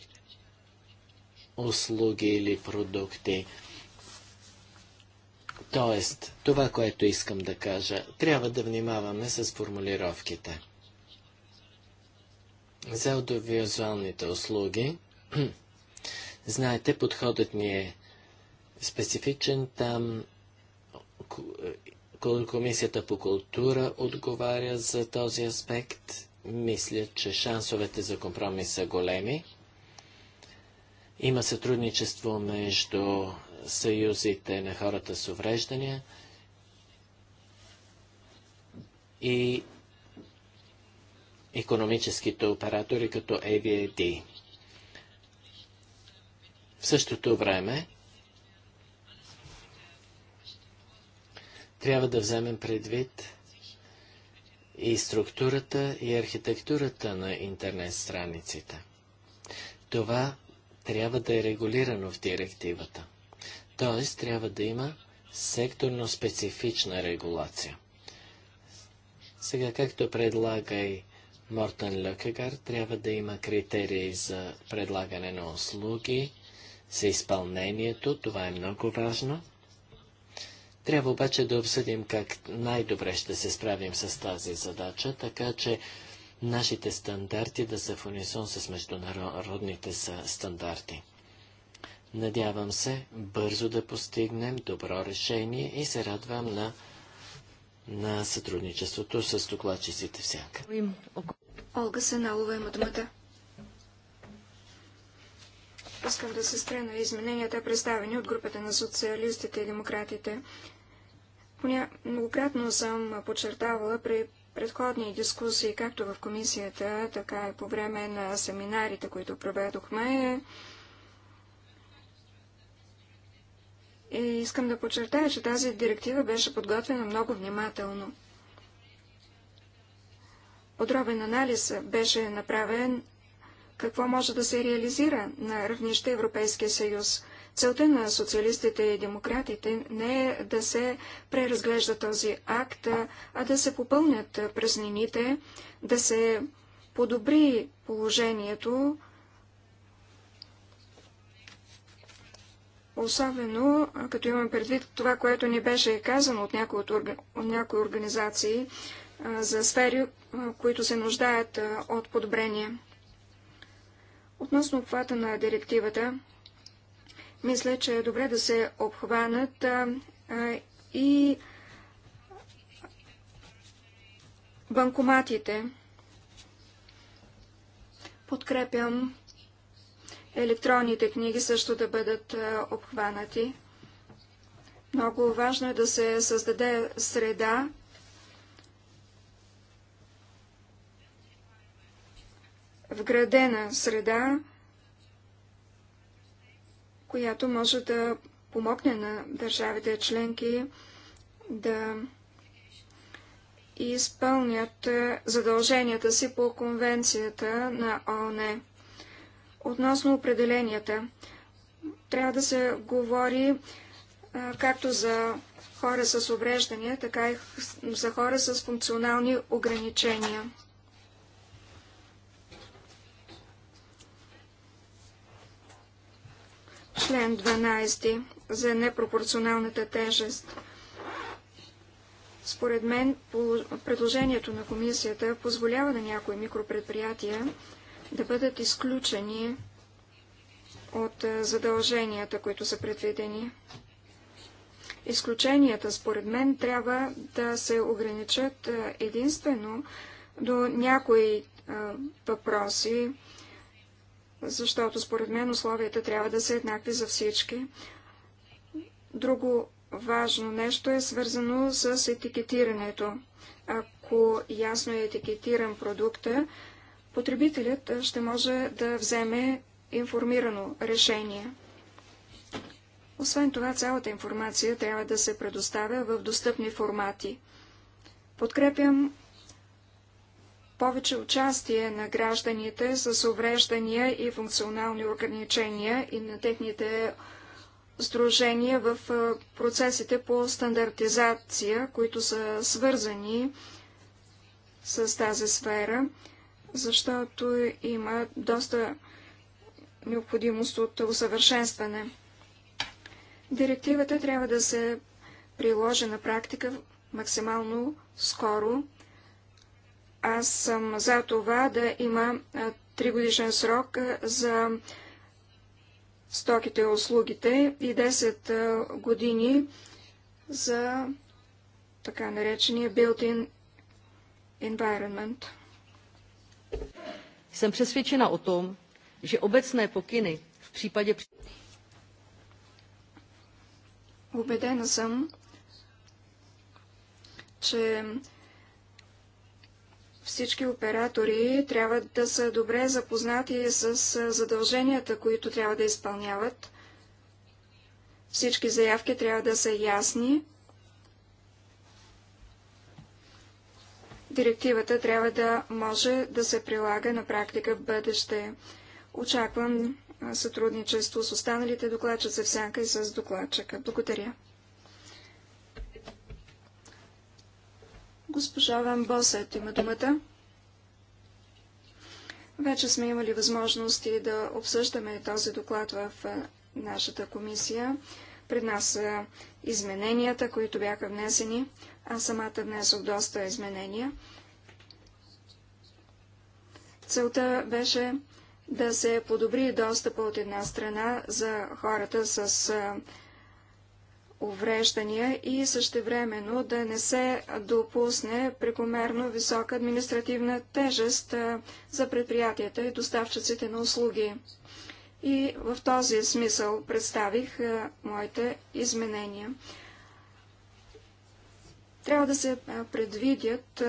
услуги или продукти. Тоест, това, което искам да кажа, трябва да внимаваме с формулировките. За аудиовизуалните услуги, [CLEARS THROAT] знаете, подходът ни е специфичен там. Комисията по култура отговаря за този аспект. Мисля, че шансовете за компромис са големи. Има сътрудничество между съюзите на хората с увреждания и економическите оператори като ABAD. В същото време Трябва да вземем предвид и структурата и архитектурата на интернет страниците. Това трябва да е регулирано в директивата. Тоест, трябва да има секторно специфична регулация. Сега, както предлага и Мортън Лъкегар, трябва да има критерии за предлагане на услуги, за изпълнението, това е много важно – трябва обаче да обсъдим как най-добре ще се справим с тази задача, така че нашите стандарти да са в унисон с международните са стандарти. Надявам се бързо да постигнем добро решение и се радвам на, на сътрудничеството с докладчиците всяка. Олга Сеналова има думата. Искам да се спре на измененията, представени от групата на социалистите и демократите. Поня... Многократно съм подчертавала при предходни дискусии, както в комисията, така и по време на семинарите, които проведохме. И искам да подчертая, че тази директива беше подготвена много внимателно. Подробен анализ беше направен какво може да се реализира на равнище Европейския съюз. Целта на социалистите и демократите не е да се преразглежда този акт, а да се попълнят празнините, да се подобри положението, особено като имам предвид това, което ни беше казано от някои, от орга... от някои организации за сфери, които се нуждаят от подобрение. Относно обхвата на директивата, мисля, че е добре да се обхванат а, а, и банкоматите. Подкрепям електронните книги също да бъдат а, обхванати. Много важно е да се създаде среда, вградена среда, която може да помогне на държавите членки да изпълнят е, задълженията си по конвенцията на ООН. Относно определенията, трябва да се говори е, както за хора с увреждания, така и за хора с функционални ограничения. Член 12 за непропорционалната тежест. Според мен предложението на комисията позволява на някои микропредприятия да бъдат изключени от задълженията, които са предвидени. Изключенията, според мен, трябва да се ограничат единствено до някои въпроси, защото според мен условията трябва да са еднакви за всички. Друго важно нещо е свързано с етикетирането. Ако ясно е етикетиран продукта, потребителят ще може да вземе информирано решение. Освен това, цялата информация трябва да се предоставя в достъпни формати. Подкрепям повече участие на гражданите с увреждания и функционални ограничения и на техните сдружения в процесите по стандартизация, които са свързани с тази сфера, защото има доста необходимост от усъвършенстване. Директивата трябва да се приложи на практика максимално скоро, аз съм за това да има тригодишен срок за стоките и услугите и 10 години за така наречения built-in environment. Jsem přesvědčena o tom, že obecné pokyny v případě... Убедена съм, че всички оператори трябва да са добре запознати с задълженията, които трябва да изпълняват. Всички заявки трябва да са ясни. Директивата трябва да може да се прилага на практика в бъдеще. Очаквам сътрудничество с останалите докладчици в сянка и с докладчика. Благодаря. Госпожа Ван Босет има думата. Вече сме имали възможности да обсъждаме този доклад в нашата комисия. Пред нас са измененията, които бяха внесени. Аз самата внесох доста изменения. Целта беше да се подобри достъпа от една страна за хората с увреждания и същевременно да не се допусне прекомерно висока административна тежест за предприятията и доставчиците на услуги. И в този смисъл представих моите изменения. Трябва да се предвидят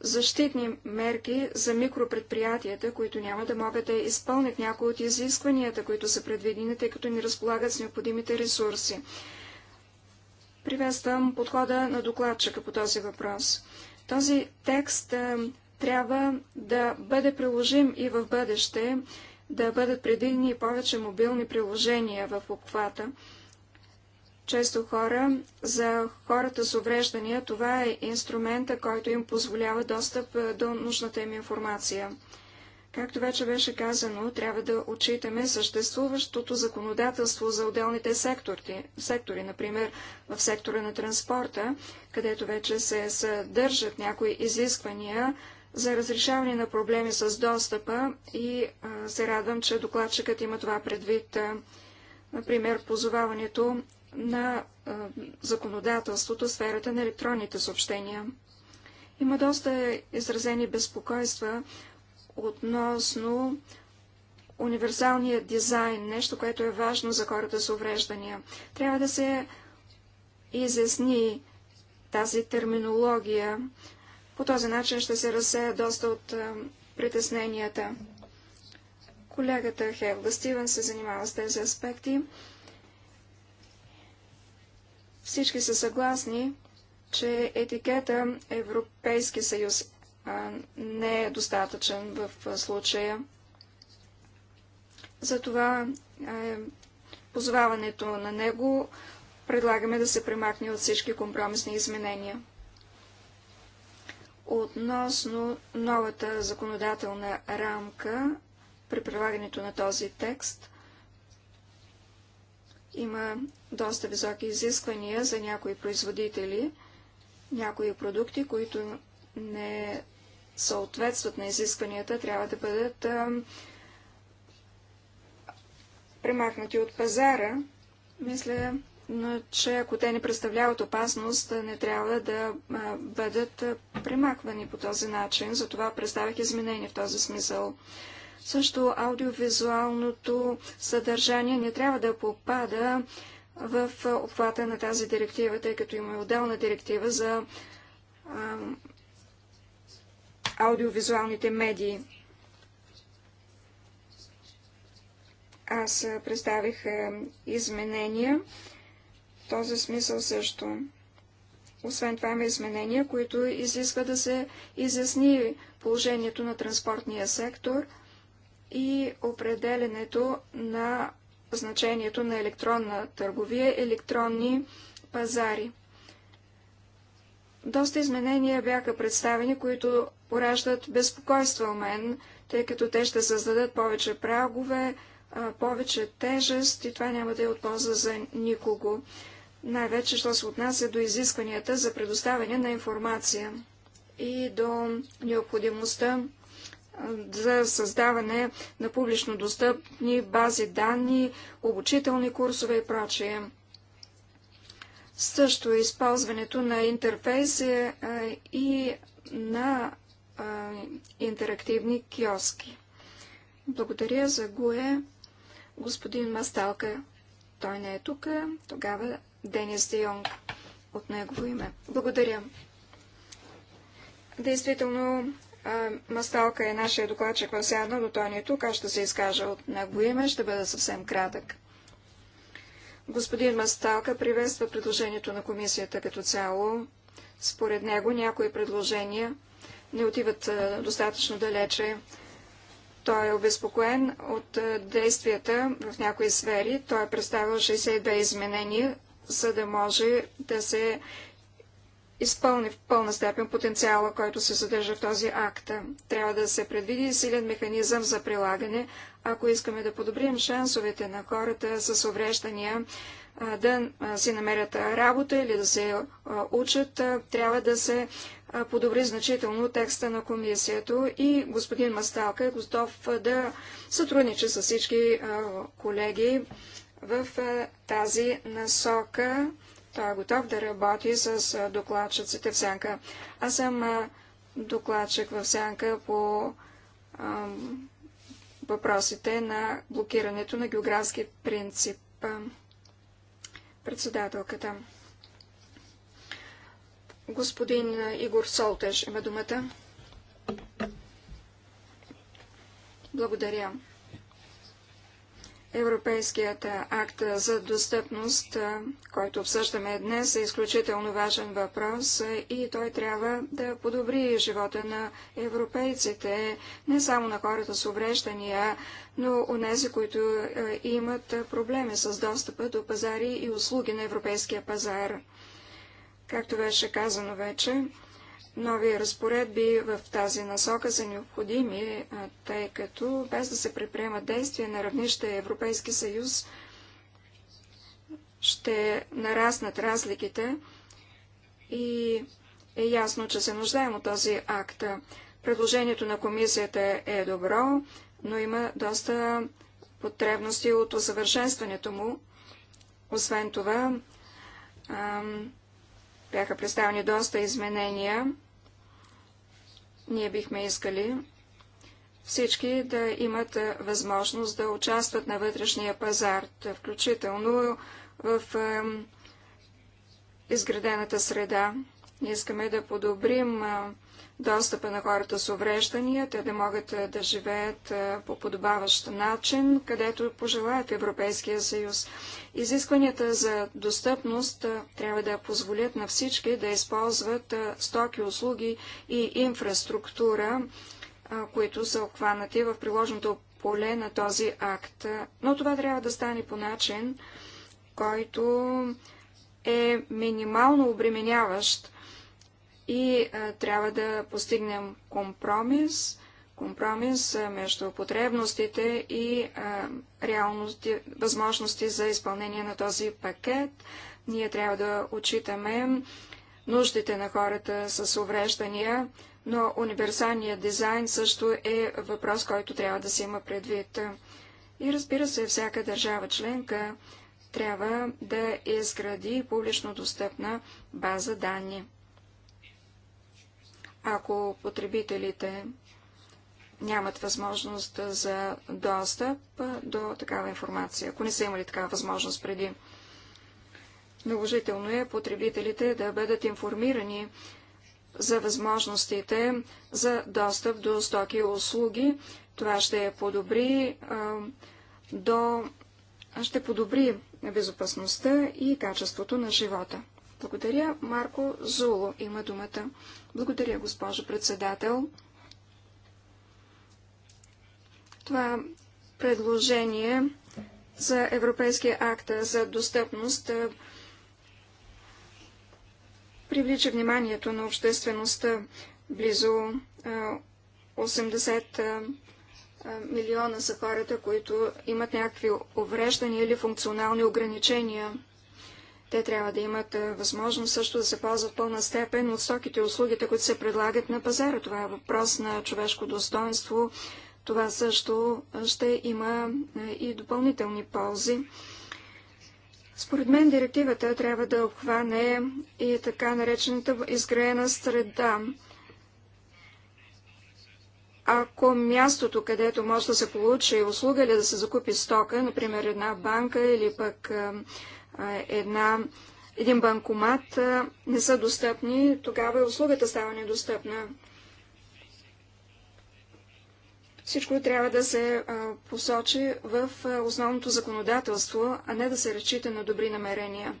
защитни мерки за микропредприятията, които няма да могат да изпълнят някои от изискванията, които са предвидени, тъй като не разполагат с необходимите ресурси. Приветствам подхода на докладчика по този въпрос. Този текст е, трябва да бъде приложим и в бъдеще, да бъдат предвидени повече мобилни приложения в обхвата. Често хора, за хората с увреждания, това е инструмента, който им позволява достъп е, до нужната им информация. Както вече беше казано, трябва да отчитаме съществуващото законодателство за отделните сектори, сектори например в сектора на транспорта, където вече се съдържат някои изисквания за разрешаване на проблеми с достъпа и а, се радвам, че докладчикът има това предвид, а, например, позоваването на а, законодателството в сферата на електронните съобщения. Има доста изразени безпокойства относно универсалния дизайн, нещо, което е важно за хората с увреждания. Трябва да се изясни тази терминология. По този начин ще се разсея доста от притесненията. Колегата Хелга Стивен се занимава с тези аспекти. Всички са съгласни, че етикета Европейски съюз не е достатъчен в случая. Затова позоваването на него предлагаме да се премахне от всички компромисни изменения. Относно новата законодателна рамка при прилагането на този текст, има доста високи изисквания за някои производители, някои продукти, които не съответстват на изискванията, трябва да бъдат а, премахнати от пазара. Мисля, но че ако те не представляват опасност, не трябва да а, бъдат премахвани по този начин. Затова представях изменение в този смисъл. Също аудиовизуалното съдържание не трябва да попада в обхвата на тази директива, тъй като има отделна директива за аудиовизуалните медии. Аз представих изменения в този смисъл също. Освен това има изменения, които изисква да се изясни положението на транспортния сектор и определенето на значението на електронна търговия, електронни пазари. Доста изменения бяха представени, които пораждат безпокойство у мен, тъй като те ще създадат повече прагове, повече тежест и това няма да е от полза за никого. Най-вече, що се отнася до изискванията за предоставяне на информация и до необходимостта за създаване на публично достъпни бази данни, обучителни курсове и прочие. Също използването на интерфейси и на а, интерактивни киоски. Благодаря за Гуе, господин Масталка. Той не е тук, тогава Денис Де Йонг от негово име. Благодаря. Действително, Масталка е нашия докладчик в но той не е тук. Аз ще се изкажа от негово име, ще бъда съвсем кратък. Господин Масталка приветства предложението на комисията като цяло. Според него някои предложения не отиват достатъчно далече. Той е обезпокоен от действията в някои сфери. Той е представил 62 изменения, за да може да се изпълни в пълна степен потенциала, който се съдържа в този акт. Трябва да се предвиди силен механизъм за прилагане, ако искаме да подобрим шансовете на хората с увреждания да си намерят работа или да се учат, трябва да се подобри значително текста на комисията и господин Масталка е готов да сътрудничи с всички колеги в тази насока. Той е готов да работи с докладчиците в сянка. Аз съм докладчик в сянка по въпросите на блокирането на географски принцип. Председателката. Господин Игор Солтеж има думата. Благодаря. Европейският акт за достъпност, който обсъждаме днес, е изключително важен въпрос и той трябва да подобри живота на европейците, не само на хората с увреждания, но у нези, които е, имат проблеми с достъпа до пазари и услуги на европейския пазар. Както беше казано вече, нови разпоредби в тази насока са необходими, тъй като без да се предприемат действия на равнище Европейски съюз, ще нараснат разликите и е ясно, че се нуждаем от този акт. Предложението на комисията е добро, но има доста потребности от усъвършенстването му. Освен това, ам, бяха представени доста изменения. Ние бихме искали всички да имат възможност да участват на вътрешния пазар, включително в изградената среда. Ние искаме да подобрим достъпа на хората с увреждания, те да могат е, да живеят е, по подобаващ начин, където пожелаят в Европейския съюз. Изискванията за достъпност е, трябва да позволят на всички да използват стоки, услуги и инфраструктура, които са обхванати в приложното поле на този акт. Но това трябва да стане по начин, който е минимално обременяващ и а, е, трябва да постигнем компромис, компромис е, между потребностите и а, е, реалности, възможности за изпълнение на този пакет. Ние трябва да отчитаме нуждите на хората с увреждания, но универсалният дизайн също е въпрос, който трябва да се има предвид. И разбира се, всяка държава членка трябва да изгради публично достъпна база данни ако потребителите нямат възможност за достъп до такава информация, ако не са имали такава възможност преди. Наложително е потребителите да бъдат информирани за възможностите за достъп до стоки и услуги. Това ще подобри, до... ще подобри безопасността и качеството на живота. Благодаря. Марко Зуло има думата. Благодаря, госпожо председател. Това предложение за Европейския акт за достъпност привлича вниманието на обществеността. Близо 80 милиона са хората, които имат някакви увреждания или функционални ограничения. Те трябва да имат възможност също да се ползват в пълна степен от стоките и услугите, които се предлагат на пазара. Това е въпрос на човешко достоинство. Това също ще има и допълнителни ползи. Според мен директивата трябва да обхване и така наречената изграена среда. Ако мястото, където може да се получи услуга или да се закупи стока, например една банка или пък една, един банкомат не са достъпни, тогава и услугата става недостъпна. Всичко трябва да се посочи в основното законодателство, а не да се речите на добри намерения.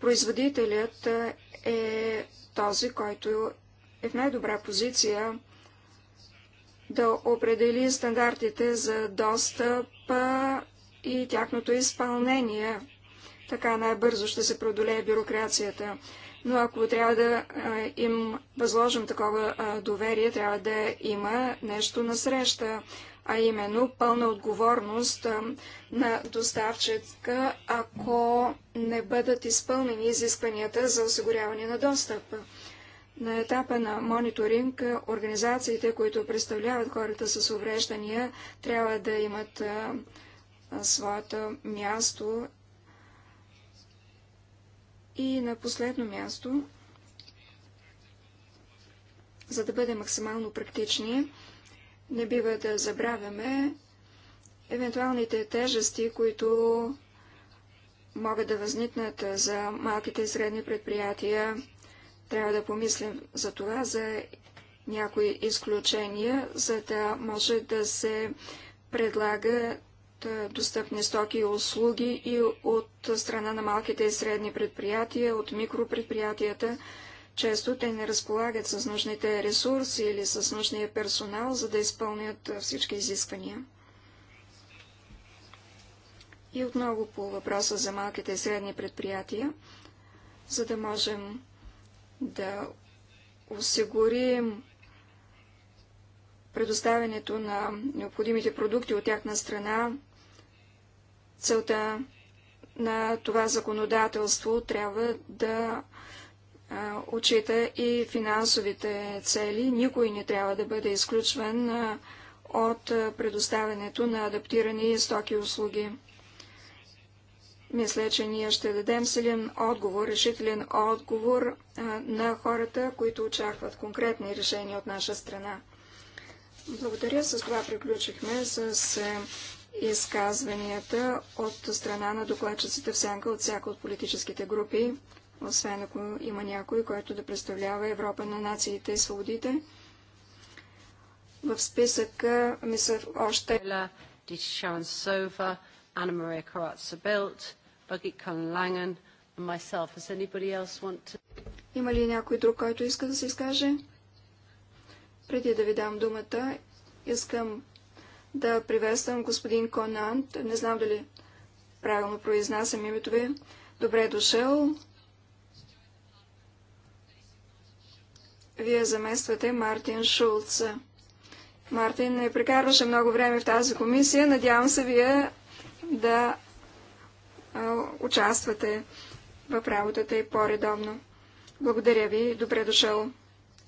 Производителят е този, който е в най-добра позиция да определи стандартите за достъп и тяхното изпълнение. Така най-бързо ще се продолее бюрокрацията. Но ако трябва да им възложим такова доверие, трябва да има нещо на среща, а именно пълна отговорност на доставчетка, ако не бъдат изпълнени изискванията за осигуряване на достъп. На етапа на мониторинг организациите, които представляват хората с увреждания, трябва да имат своето място. И на последно място, за да бъдем максимално практични, не бива да забравяме евентуалните тежести, които могат да възникнат за малките и средни предприятия. Трябва да помислим за това, за някои изключения, за да може да се предлага е, достъпни стоки и услуги и от страна на малките и средни предприятия, от микропредприятията. Често те не разполагат с нужните ресурси или с нужния персонал, за да изпълнят е, всички изисквания. И отново по въпроса за малките и средни предприятия, за да можем да осигурим предоставянето на необходимите продукти от тяхна страна, Целта на това законодателство трябва да а, отчита и финансовите цели. Никой не трябва да бъде изключван а, от а, предоставянето на адаптирани стоки и услуги. Мисля, че ние ще дадем силен отговор, решителен отговор на хората, които очакват конкретни решения от наша страна. Благодаря. С това приключихме с изказванията от страна на докладчиците в сянка от всяка от политическите групи, освен ако има някой, който да представлява Европа на нациите и свободите. В списъка ми са още... Anna Maria Langen and myself. Does anybody else want to... Има ли някой друг, който иска да се изкаже? Преди да ви дам думата, искам да приветствам господин Конант. Не знам дали правилно произнасям името ви. Добре е дошъл. Вие замествате Мартин Шулц. Мартин не прекарваше много време в тази комисия. Надявам се вие да участвате в работата и по-редовно. Благодаря ви. Добре дошъл.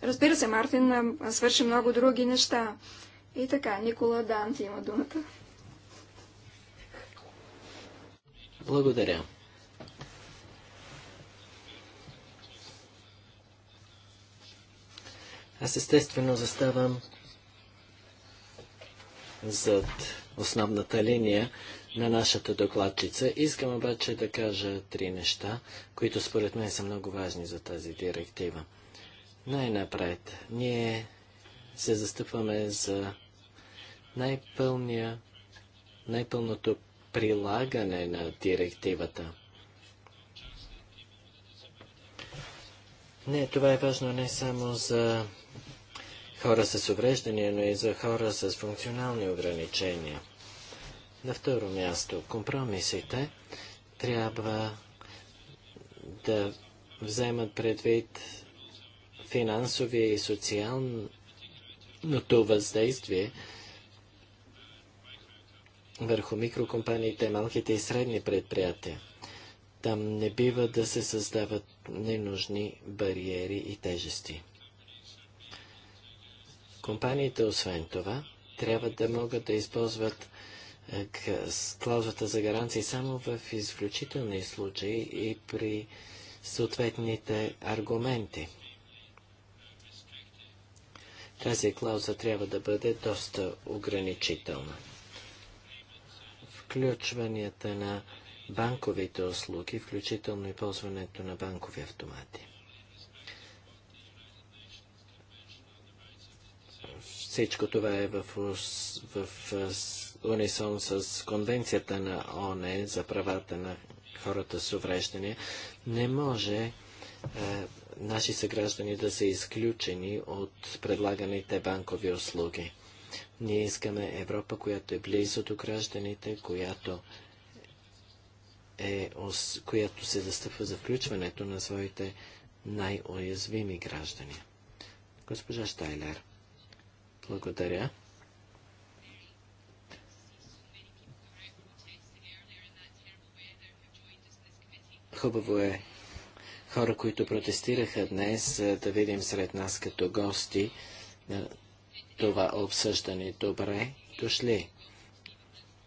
Разбира се, Мартин свърши много други неща. И така, Никола Данти има думата. Благодаря. Аз естествено заставам зад основната линия на нашата докладчица. Искам обаче да кажа три неща, които според мен са много важни за тази директива. Най-напред, ние се застъпваме за най-пълния, най-пълното прилагане на директивата. Не, това е важно не само за хора с увреждания, но и за хора с функционални ограничения. На второ място, компромисите трябва да вземат предвид финансовия и социални. Но то въздействие върху микрокомпаниите, малките и средни предприятия. Там не бива да се създават ненужни бариери и тежести. Компаниите, освен това, трябва да могат да използват е, клаузата за гаранции само в изключителни случаи и при съответните аргументи. Тази клауза трябва да бъде доста ограничителна. Включванията на банковите услуги, включително и ползването на банкови автомати. Всичко това е в, в, в унисон с конвенцията на ОНЕ за правата на хората с увреждания. Не може е, наши съграждани да са изключени от предлаганите банкови услуги. Ние искаме Европа, която е близо до гражданите, която, е, която се застъпва за включването на своите най-уязвими граждани. Госпожа Штайлер, благодаря. Хубаво е, хора, които протестираха днес, е, да видим сред нас като гости на е, това обсъждане. Добре дошли!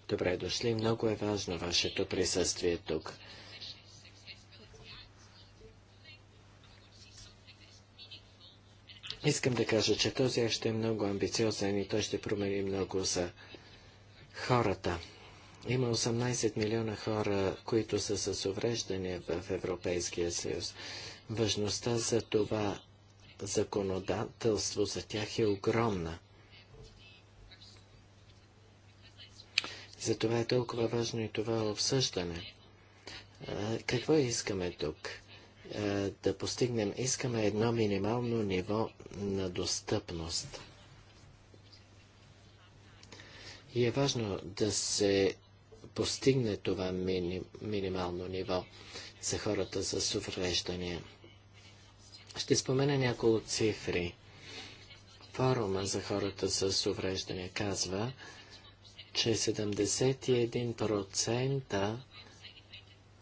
Добре дошли! Много е важно вашето присъствие тук. Искам да кажа, че този ще е много амбициозен и той ще промени много за хората. Има 18 милиона хора, които са с увреждания в Европейския съюз. Важността за това законодателство за тях е огромна. Затова е толкова важно и това обсъждане. какво искаме тук? да постигнем, искаме едно минимално ниво на достъпност. И е важно да се постигне това мини, минимално ниво за хората с увреждания. Ще спомена няколко цифри. Форума за хората с увреждания казва, че 71%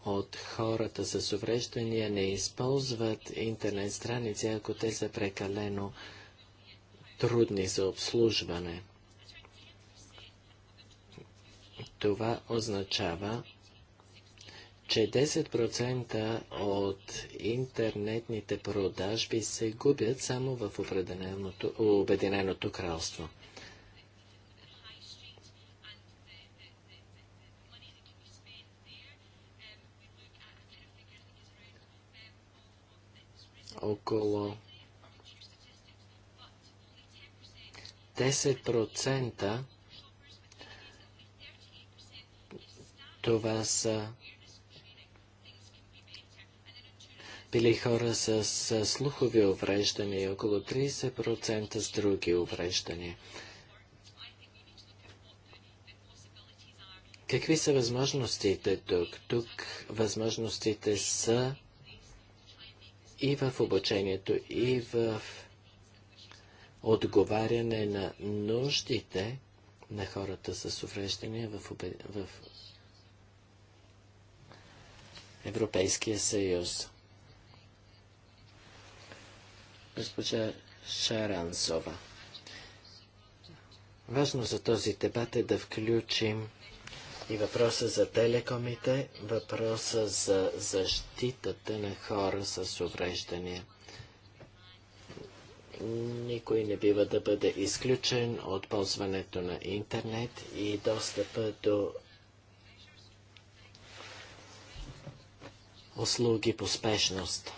от хората с увреждания не използват интернет страници, ако те са прекалено трудни за обслужване. Това означава, че 10% от интернетните продажби се губят само в Обединеното кралство. Около 10% Това са били хора с, слухови увреждания и около 30% с други увреждания. Какви са възможностите тук? Тук възможностите са и в обучението, и в отговаряне на нуждите на хората с увреждания в, обе... в Европейския съюз. Госпожа Шаранцова. Важно за този дебат е да включим и въпроса за телекомите, въпроса за защитата на хора с увреждания. Никой не бива да бъде изключен от ползването на интернет и достъпа до услуги по спешност.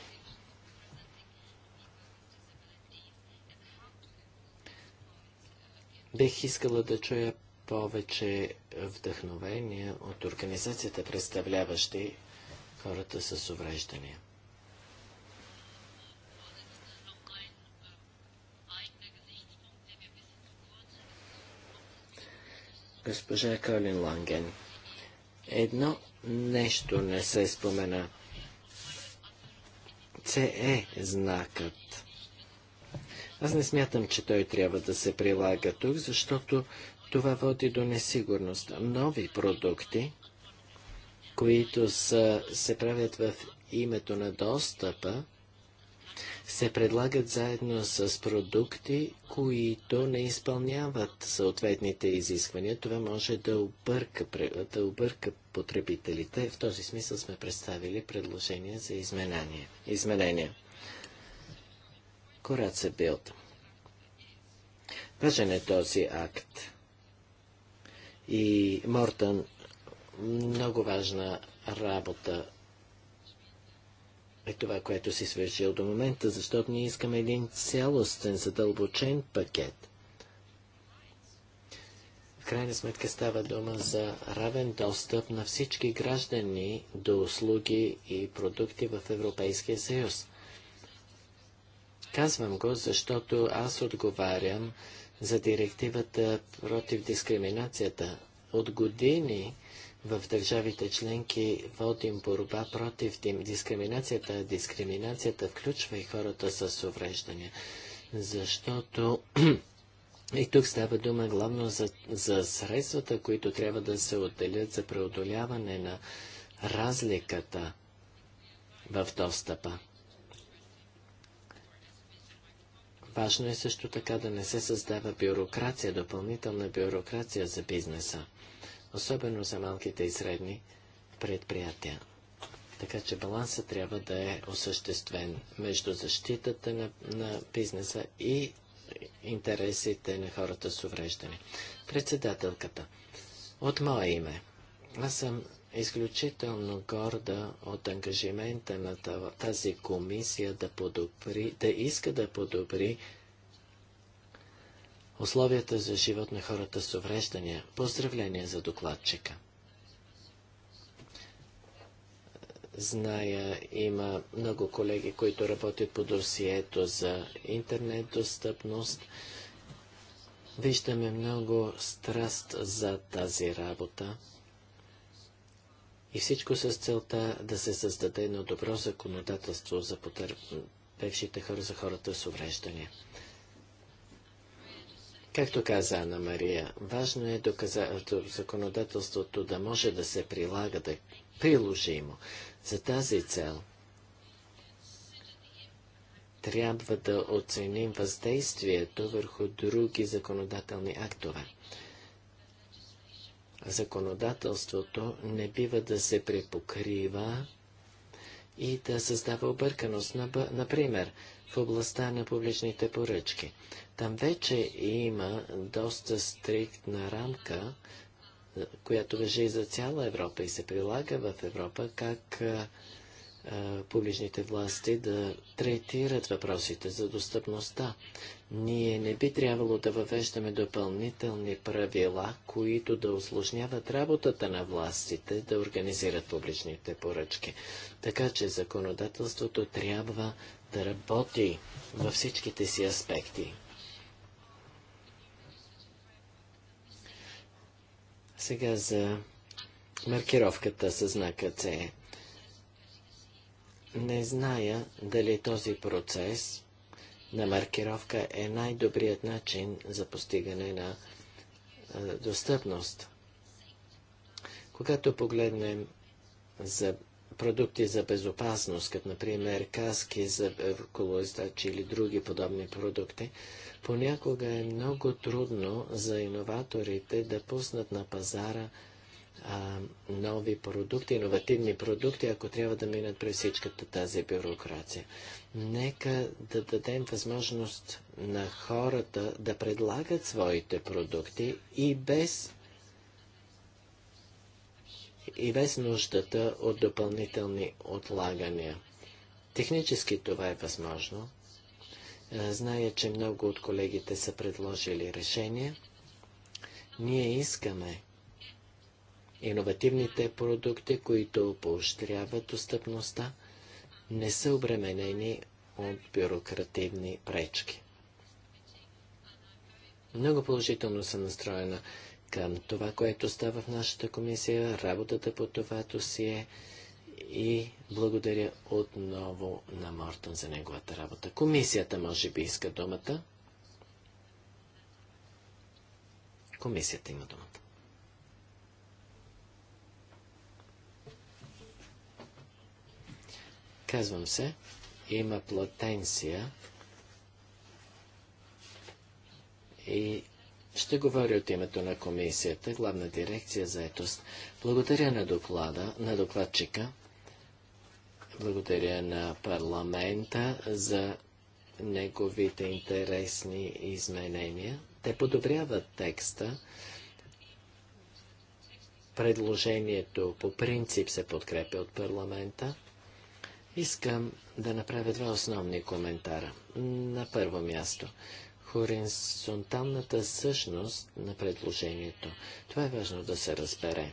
Бих искала да чуя повече вдъхновения от организацията, представляващи хората с увреждания. Госпожа Калин Ланген, едно нещо не се спомена – CE е знакът. Аз не смятам, че той трябва да се прилага тук, защото това води до несигурност. Нови продукти, които са, се правят в името на достъпа, се предлагат заедно с продукти, които не изпълняват съответните изисквания. Това може да обърка, да обърка потребителите. В този смисъл сме представили предложение за изменение. изменение. Кораца Билд. Важен е този акт. И Мортън много важна работа е това, което си свършил до момента, защото ние искаме един цялостен, задълбочен пакет. В крайна сметка става дума за равен достъп на всички граждани до услуги и продукти в Европейския съюз. Казвам го, защото аз отговарям за директивата против дискриминацията. От години в държавите членки водим борба против дискриминацията. Дискриминацията включва и хората с увреждания, защото [CLEARS THROAT] и тук става дума главно за, за средствата, които трябва да се отделят за преодоляване на разликата в достъпа. Важно е също така да не се създава бюрокрация, допълнителна бюрокрация за бизнеса особено за малките и средни предприятия. Така че баланса трябва да е осъществен между защитата на, на бизнеса и интересите на хората с увреждане. Председателката, от мое име, аз съм изключително горда от ангажимента на тази комисия да подобри, да иска да подобри условията за живот на хората с увреждания. Поздравление за докладчика. Зная, има много колеги, които работят по досието за интернет достъпност. Виждаме много страст за тази работа. И всичко с целта да се създаде едно добро законодателство за потърпевшите хора, за хората с увреждания. Както каза Анна Мария, важно е доказа... законодателството да може да се прилага, да е приложимо. За тази цел трябва да оценим въздействието върху други законодателни актове. Законодателството не бива да се препокрива и да създава обърканост. Например, в областта на публичните поръчки. Там вече има доста стриктна рамка, е, която въжи за цяла Европа и се прилага в Европа, как е, е, публичните власти да третират въпросите за достъпността. Ние не би трябвало да въвеждаме допълнителни правила, които да осложняват работата на властите да организират публичните поръчки. Така че законодателството трябва да работи във всичките си аспекти. Сега за маркировката със знака C. Не зная дали този процес на маркировка е най-добрият начин за постигане на достъпност. Когато погледнем за продукти за безопасност, като например каски за колоизтачи или други подобни продукти, понякога е много трудно за иноваторите да пуснат на пазара а, нови продукти, иновативни продукти, ако трябва да минат през всичката тази бюрокрация. Нека да дадем възможност на хората да предлагат своите продукти и без и без нуждата от допълнителни отлагания. Технически това е възможно. Е, зная, че много от колегите са предложили решения. Ние искаме иновативните продукти, които поощряват достъпността, не са обременени от бюрокративни пречки. Много положително съм настроена към това, което става в нашата комисия, работата по това досие и благодаря отново на Мортън за неговата работа. Комисията може би иска думата. Комисията има думата. Казвам се, има платенция и ще говоря от името на комисията, главна дирекция за етост. Благодаря на доклада, на докладчика. Благодаря на парламента за неговите интересни изменения. Те подобряват текста. Предложението по принцип се подкрепя от парламента. Искам да направя два основни коментара. На първо място – хоризонталната същност на предложението. Това е важно да се разбере.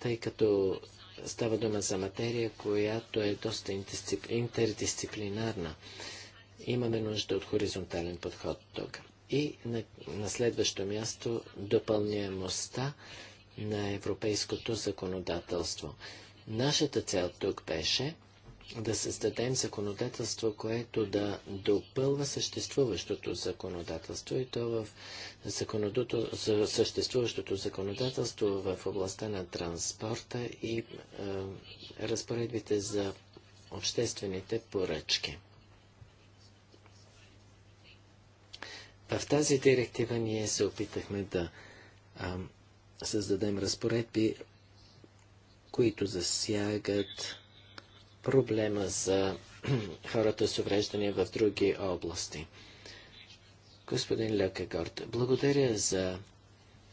Тъй като става дума за материя, която е доста интердисциплинарна. Имаме нужда от хоризонтален подход тук. И на, на следващо място допълняемостта на европейското законодателство. Нашата цел тук беше да създадем законодателство, което да допълва съществуващото законодателство и то в съществуващото законодателство в областта на транспорта и е, разпоредбите за обществените поръчки. В тази директива ние се опитахме да а, е, създадем разпоредби, които засягат проблема за [CLEARS THROAT] хората с увреждания в други области. Господин Лекегорд, благодаря за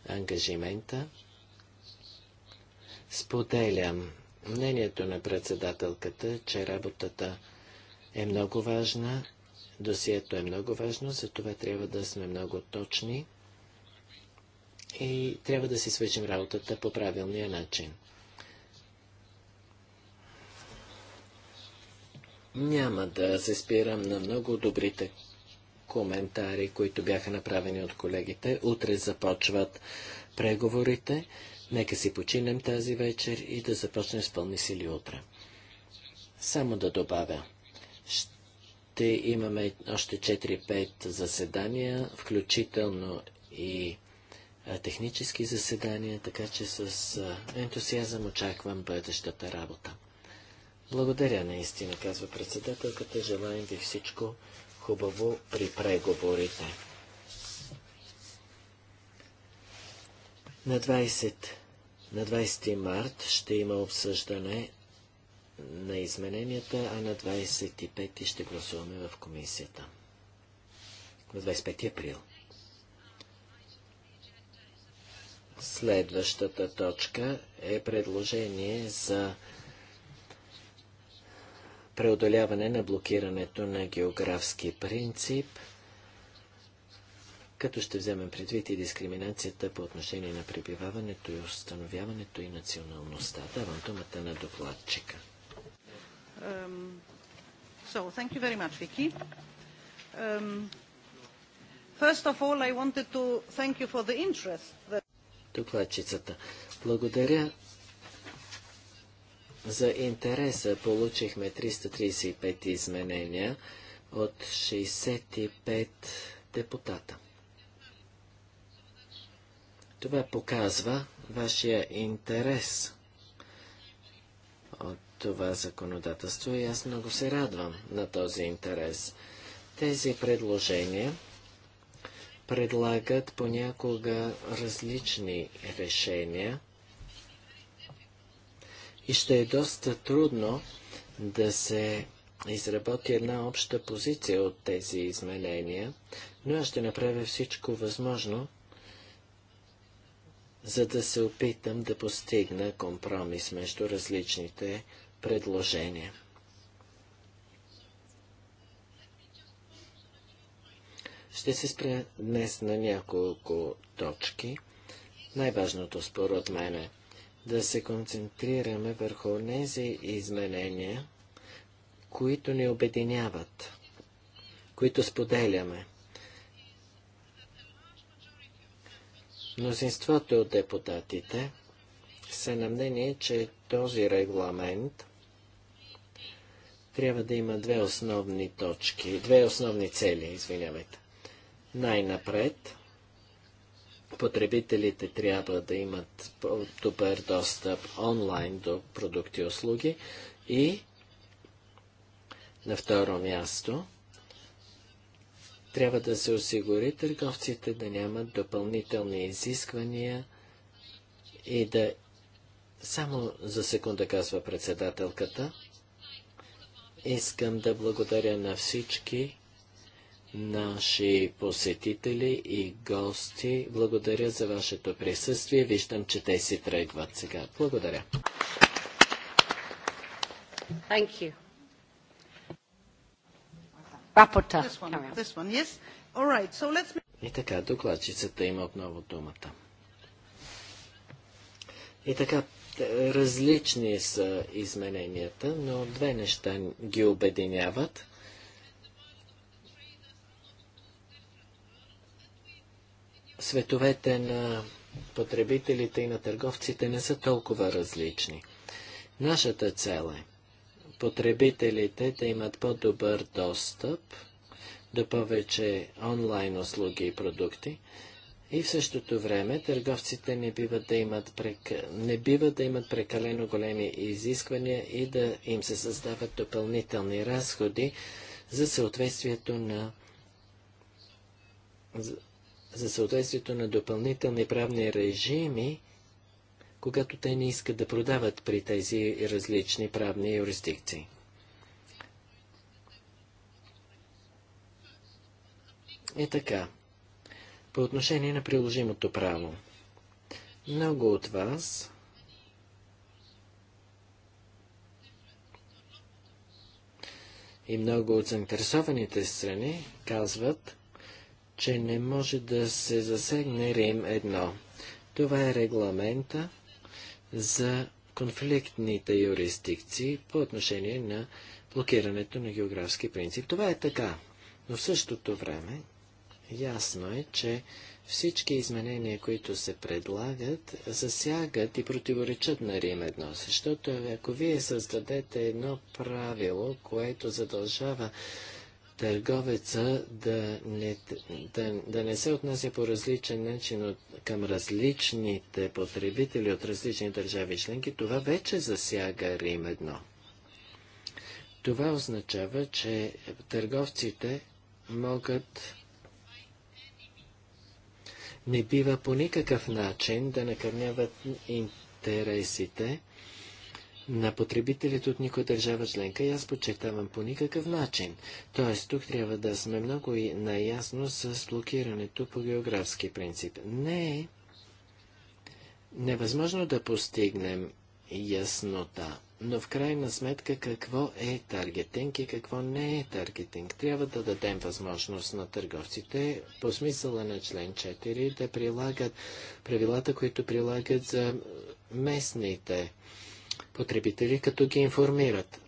ангажимента. Споделям мнението на председателката, че работата е много важна, досието е много важно, за това трябва да сме много точни и трябва да си свършим работата по правилния начин. Няма да се спирам на много добрите коментари, които бяха направени от колегите. Утре започват преговорите. Нека си починем тази вечер и да започнем с пълни сили утре. Само да добавя. Ще имаме още 4-5 заседания, включително и технически заседания, така че с ентусиазъм очаквам бъдещата работа. Благодаря наистина, казва председателката. Желаем ви всичко хубаво при преговорите. На 20, на 20 март ще има обсъждане на измененията, а на 25 ще гласуваме в комисията. На 25 април. Следващата точка е предложение за преодоляване на блокирането на географски принцип, като ще вземем предвид и дискриминацията по отношение на пребиваването и установяването и националността. Давам думата на докладчика. Um, so, thank you very much, Vicky. Um, first of all, I wanted to thank you for the interest that... Докладчицата. Благодаря за интереса получихме 335 изменения от 65 депутата. Това показва вашия интерес от това законодателство и аз много се радвам на този интерес. Тези предложения предлагат понякога различни решения и ще е доста трудно да се изработи една обща позиция от тези изменения, но аз ще направя всичко възможно, за да се опитам да постигна компромис между различните предложения. Ще се спре днес на няколко точки. Най-важното според мен е да се концентрираме върху тези изменения, които ни обединяват, които споделяме. Мнозинството от депутатите са на мнение, че този регламент трябва да има две основни точки, две основни цели, извинявайте. Най-напред потребителите трябва да имат добър достъп онлайн до продукти и услуги и на второ място трябва да се осигури търговците да нямат допълнителни изисквания и да само за секунда казва председателката. Искам да благодаря на всички наши посетители и гости. Благодаря за вашето присъствие. Виждам, че те си тръгват сега. Благодаря. Thank you. Рапорта. И така, докладчицата има отново думата. И така, е, различни са измененията, но две неща ги обединяват. световете на потребителите и на търговците не са толкова различни. Нашата цел е потребителите да имат по-добър достъп до повече онлайн услуги и продукти и в същото време търговците не бива да имат, прек... не бива да имат прекалено големи изисквания и да им се създават допълнителни разходи за съответствието на за съответствието на допълнителни правни режими, когато те не искат да продават при тези различни правни юрисдикции. И така, по отношение на приложимото право. Много от вас и много от заинтересованите страни казват, че не може да се засегне Рим едно. Това е регламента за конфликтните юрисдикции по отношение на блокирането на географски принцип. Това е така, но в същото време ясно е, че всички изменения, които се предлагат, засягат и противоречат на Рим едно, защото ако вие създадете едно правило, което задължава търговеца да не, да, да не се отнася по различен начин от, към различните потребители от различни държави членки, това вече засяга Рим едно. Това означава, че търговците могат не бива по никакъв начин да накърняват интересите на потребителите от никоя държава членка и аз подчертавам по никакъв начин. Тоест, тук трябва да сме много и наясно с блокирането по географски принцип. Не е невъзможно да постигнем яснота. Но в крайна сметка какво е таргетинг и какво не е таргетинг? Трябва да дадем възможност на търговците по смисъла на член 4 да прилагат правилата, които прилагат за местните потребители, като ги информират.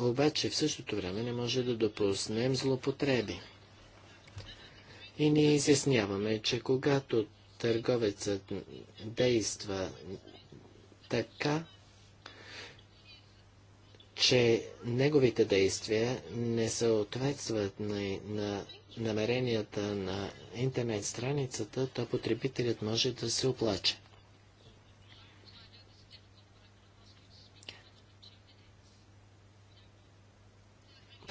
Обаче в същото време не може да допуснем злопотреби. И ние изясняваме, че когато търговецът действа така, че неговите действия не съответстват на, на намеренията на интернет страницата, то потребителят може да се оплаче.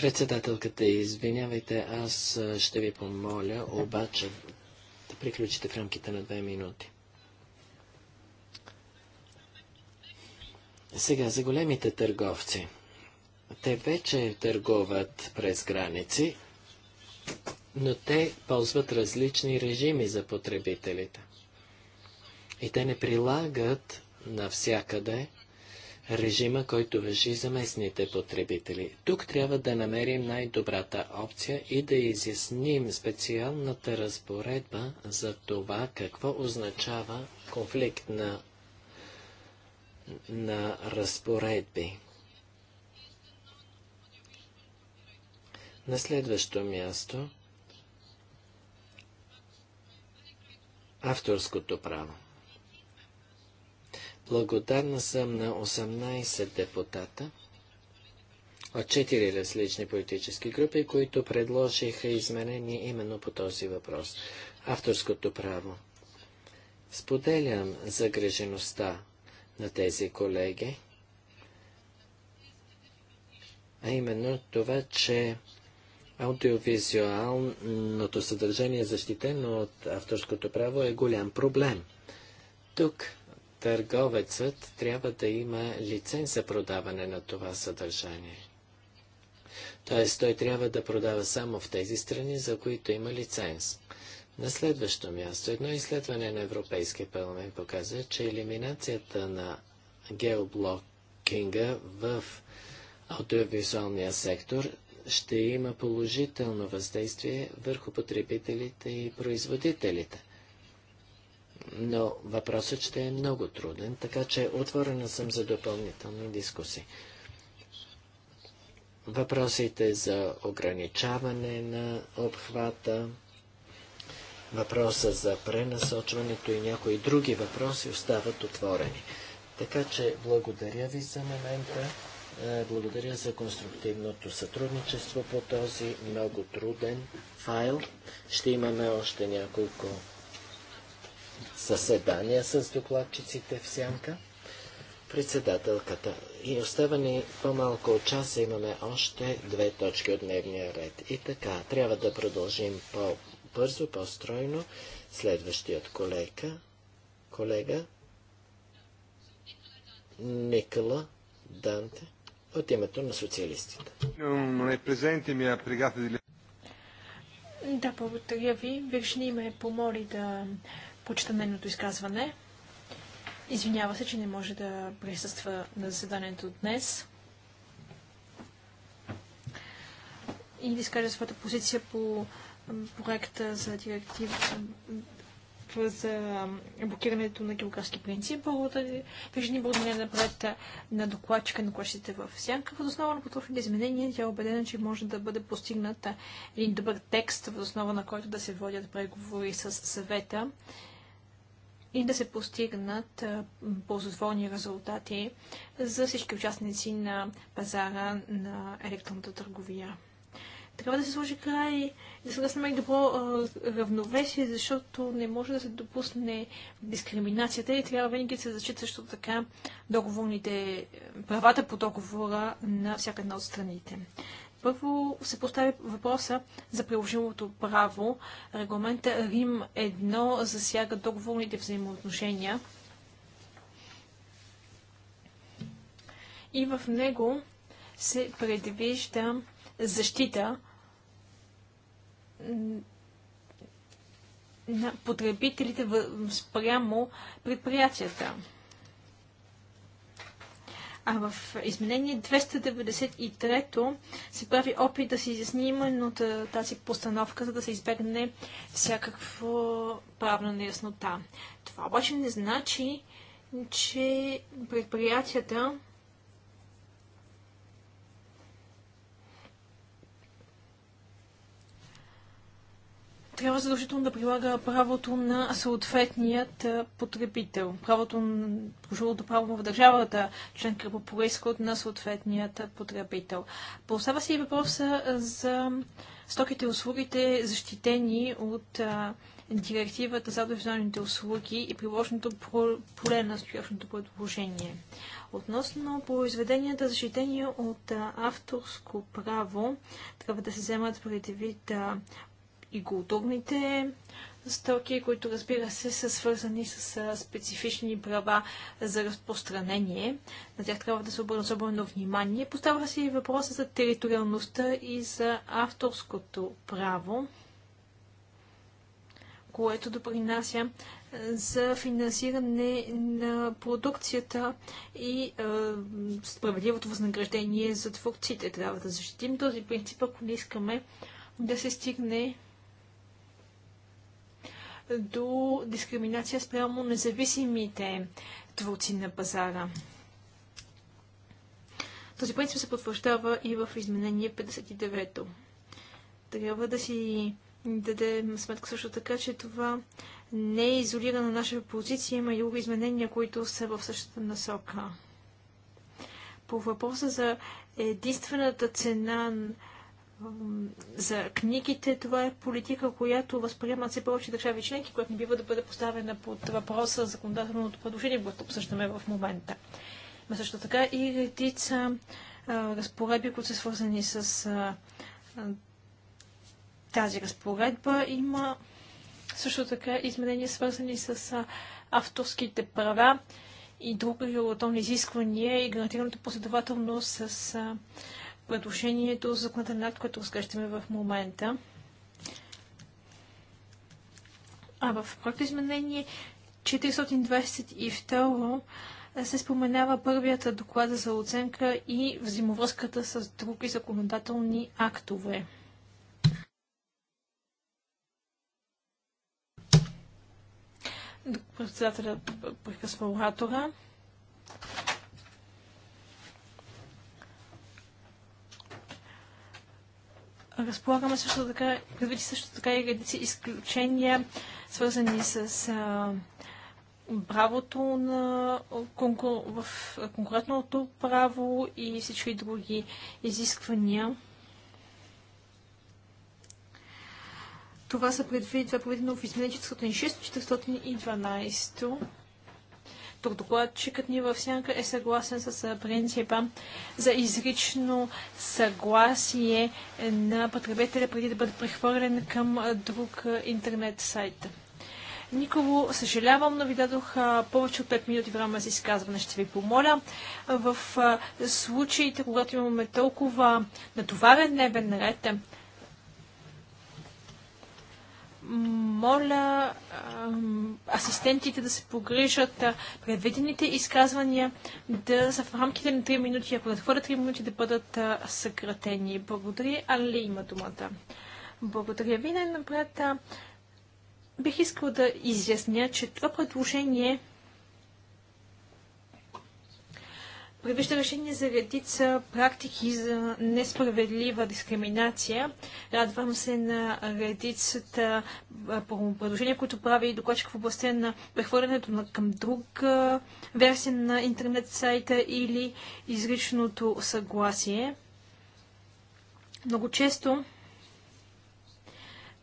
Председателката, извинявайте, аз ще ви помоля обаче да приключите в рамките на две минути. Сега за големите търговци. Те вече търгуват през граници, но те ползват различни режими за потребителите. И те не прилагат навсякъде режима, който въжи за местните потребители. Тук трябва да намерим най-добрата опция и да изясним специалната разпоредба за това какво означава конфликт на, на разпоредби. На следващо място авторското право. Благодарна съм на 18 депутата от 4 различни политически групи, които предложиха изменения именно по този въпрос. Авторското право. Споделям загрежеността на тези колеги, а именно това, че аудиовизуалното съдържание, защитено от авторското право, е голям проблем. Тук търговецът трябва да има лиценз за продаване на това съдържание. Тоест, той трябва да продава само в тези страни, за които има лиценз. На следващо място, едно изследване на Европейския парламент показва, че елиминацията на геоблокинга в аудиовизуалния сектор ще има положително въздействие върху потребителите и производителите но въпросът ще е много труден, така че отворена съм за допълнителни дискусии. Въпросите за ограничаване на обхвата, въпроса за пренасочването и някои други въпроси остават отворени. Така че благодаря ви за момента. Е, благодаря за конструктивното сътрудничество по този много труден файл. Ще имаме още няколко Съседания с докладчиците в сянка. Председателката. И остава ни по-малко от часа имаме още две точки от дневния ред. И така, трябва да продължим по-бързо, по-стройно. Следващият колега. Колега. Никола Данте от името на социалистите. Да, благодаря ви. Вижни ме помоли да прочита нейното изказване. Извинява се, че не може да присъства на заседанието днес. И да изкаже своята позиция по проекта за директива за блокирането на географски принцип. Благодаря ви, на проекта на докладчика на клащите в сянка. в основа на подложените изменения тя е убедена, че може да бъде постигнат един добър текст, в основа на който да се водят преговори с съвета и да се постигнат ползотворни резултати за всички участници на пазара на електронната търговия. Трябва да се сложи край, и да се и добро равновесие, защото не може да се допусне дискриминацията и трябва винаги да се защита също така договорните, правата по договора на всяка една от страните. Първо се постави въпроса за приложимото право. Регламента Рим 1 засяга договорните взаимоотношения. И в него се предвижда защита на потребителите спрямо предприятията. А в изменение 293 се прави опит да се изясни именно тази постановка, за да се избегне всякакво правна неяснота. Това обаче не значи, че предприятията трябва задължително да прилага правото на съответният потребител, правото, прожилото право в държавата, членка по происход на съответният потребител. Поставя се и въпроса за стоките и услугите, защитени от директивата за държавните услуги и приложното поле на настоящото предложение. Относно произведенията, защитени от авторско право, трябва да се вземат предвид и културните стоки, които разбира се са свързани с специфични права за разпространение. На тях трябва да се обърне особено внимание. Поставя се и въпроса за териториалността и за авторското право, което допринася за финансиране на продукцията и е, справедливото възнаграждение за творците. Трябва да защитим този принцип, ако не искаме да се стигне до дискриминация спрямо независимите творци на пазара. Този принцип се потвърждава и в изменение 59-то. Трябва да си дадем сметка също така, че това не е изолирана наша позиция, има и други изменения, които са в същата насока. По въпроса за единствената цена на за книгите. Това е политика, която възприемат все повече държави членки, която не бива да бъде поставена под въпроса за законодателното предложение, което обсъждаме в момента. Но също така и редица разпоредби, които са свързани с а, тази разпоредба. Има също така изменения, свързани с авторските права и други регулаторни изисквания и гарантираната последователност с предложението за законодателен акт, което разглеждаме в момента. А в проекта изменение 422 се споменава първият доклад за оценка и взаимовръзката с други законодателни актове. Председателя прекъсва оратора. Разполагаме също така, предвид също така и редици изключения, свързани с а, правото на конкур... в конкурентното право и всички други изисквания. Това са е предвидено в изменение 406-412 тук докладчикът ни в сянка е съгласен с принципа за изрично съгласие на потребителя преди да бъде прехвърлен към друг интернет сайт. Никого, съжалявам, но ви дадох повече от 5 минути време за изказване. Ще ви помоля в случаите, когато имаме толкова натоварен небен ред, моля асистентите да се погрижат предвидените изказвания да са в рамките на 3 минути, ако хвърля 3 минути да бъдат съкратени. Благодаря. Али има думата. Благодаря ви. Най-напред бих искал да изясня, че това предложение предвижда решение за редица практики за несправедлива дискриминация. Радвам се на редицата предложения, които прави докладчик в областта на прехвърлянето на, към друга версия на интернет сайта или изричното съгласие. Много често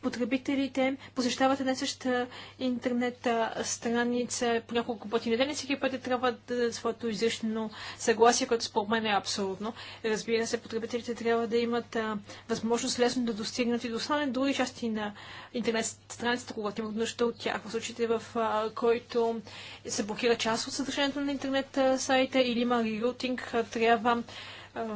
потребителите посещават една съща интернет страница по няколко пъти на ден и всеки път е трябва да дадат своето изрично съгласие, което според мен е абсолютно. Разбира се, потребителите трябва да имат а, възможност лесно да достигнат и до останали други части на интернет страницата, когато имат нужда от тях. В случаите, в а, който се блокира част от съдържанието на интернет сайта или има рерутинг, трябва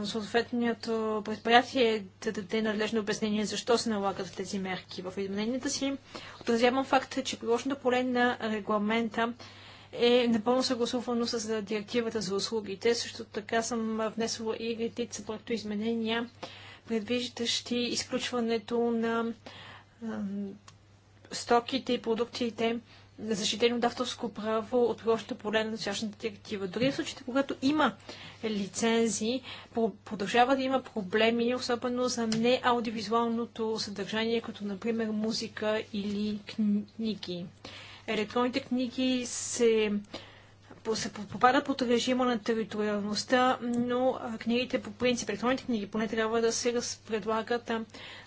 съответното предприятие да даде надлежно обяснение защо се налагат тези мерки. В измененията си отразявам факта, че приложното поле на регламента е напълно съгласувано с директивата за услугите. Също така съм внесла и редица проекто изменения, предвиждащи изключването на стоките и продуктите, защитени от авторско право от приложното поле на настоящата директива. Дори в случаите, когато има лицензии, продължава да има проблеми, особено за неаудиовизуалното съдържание, като например музика или книги. Електронните книги се се попадат под режима на териториалността, но книгите по принцип, електронните книги поне трябва да се разпредлагат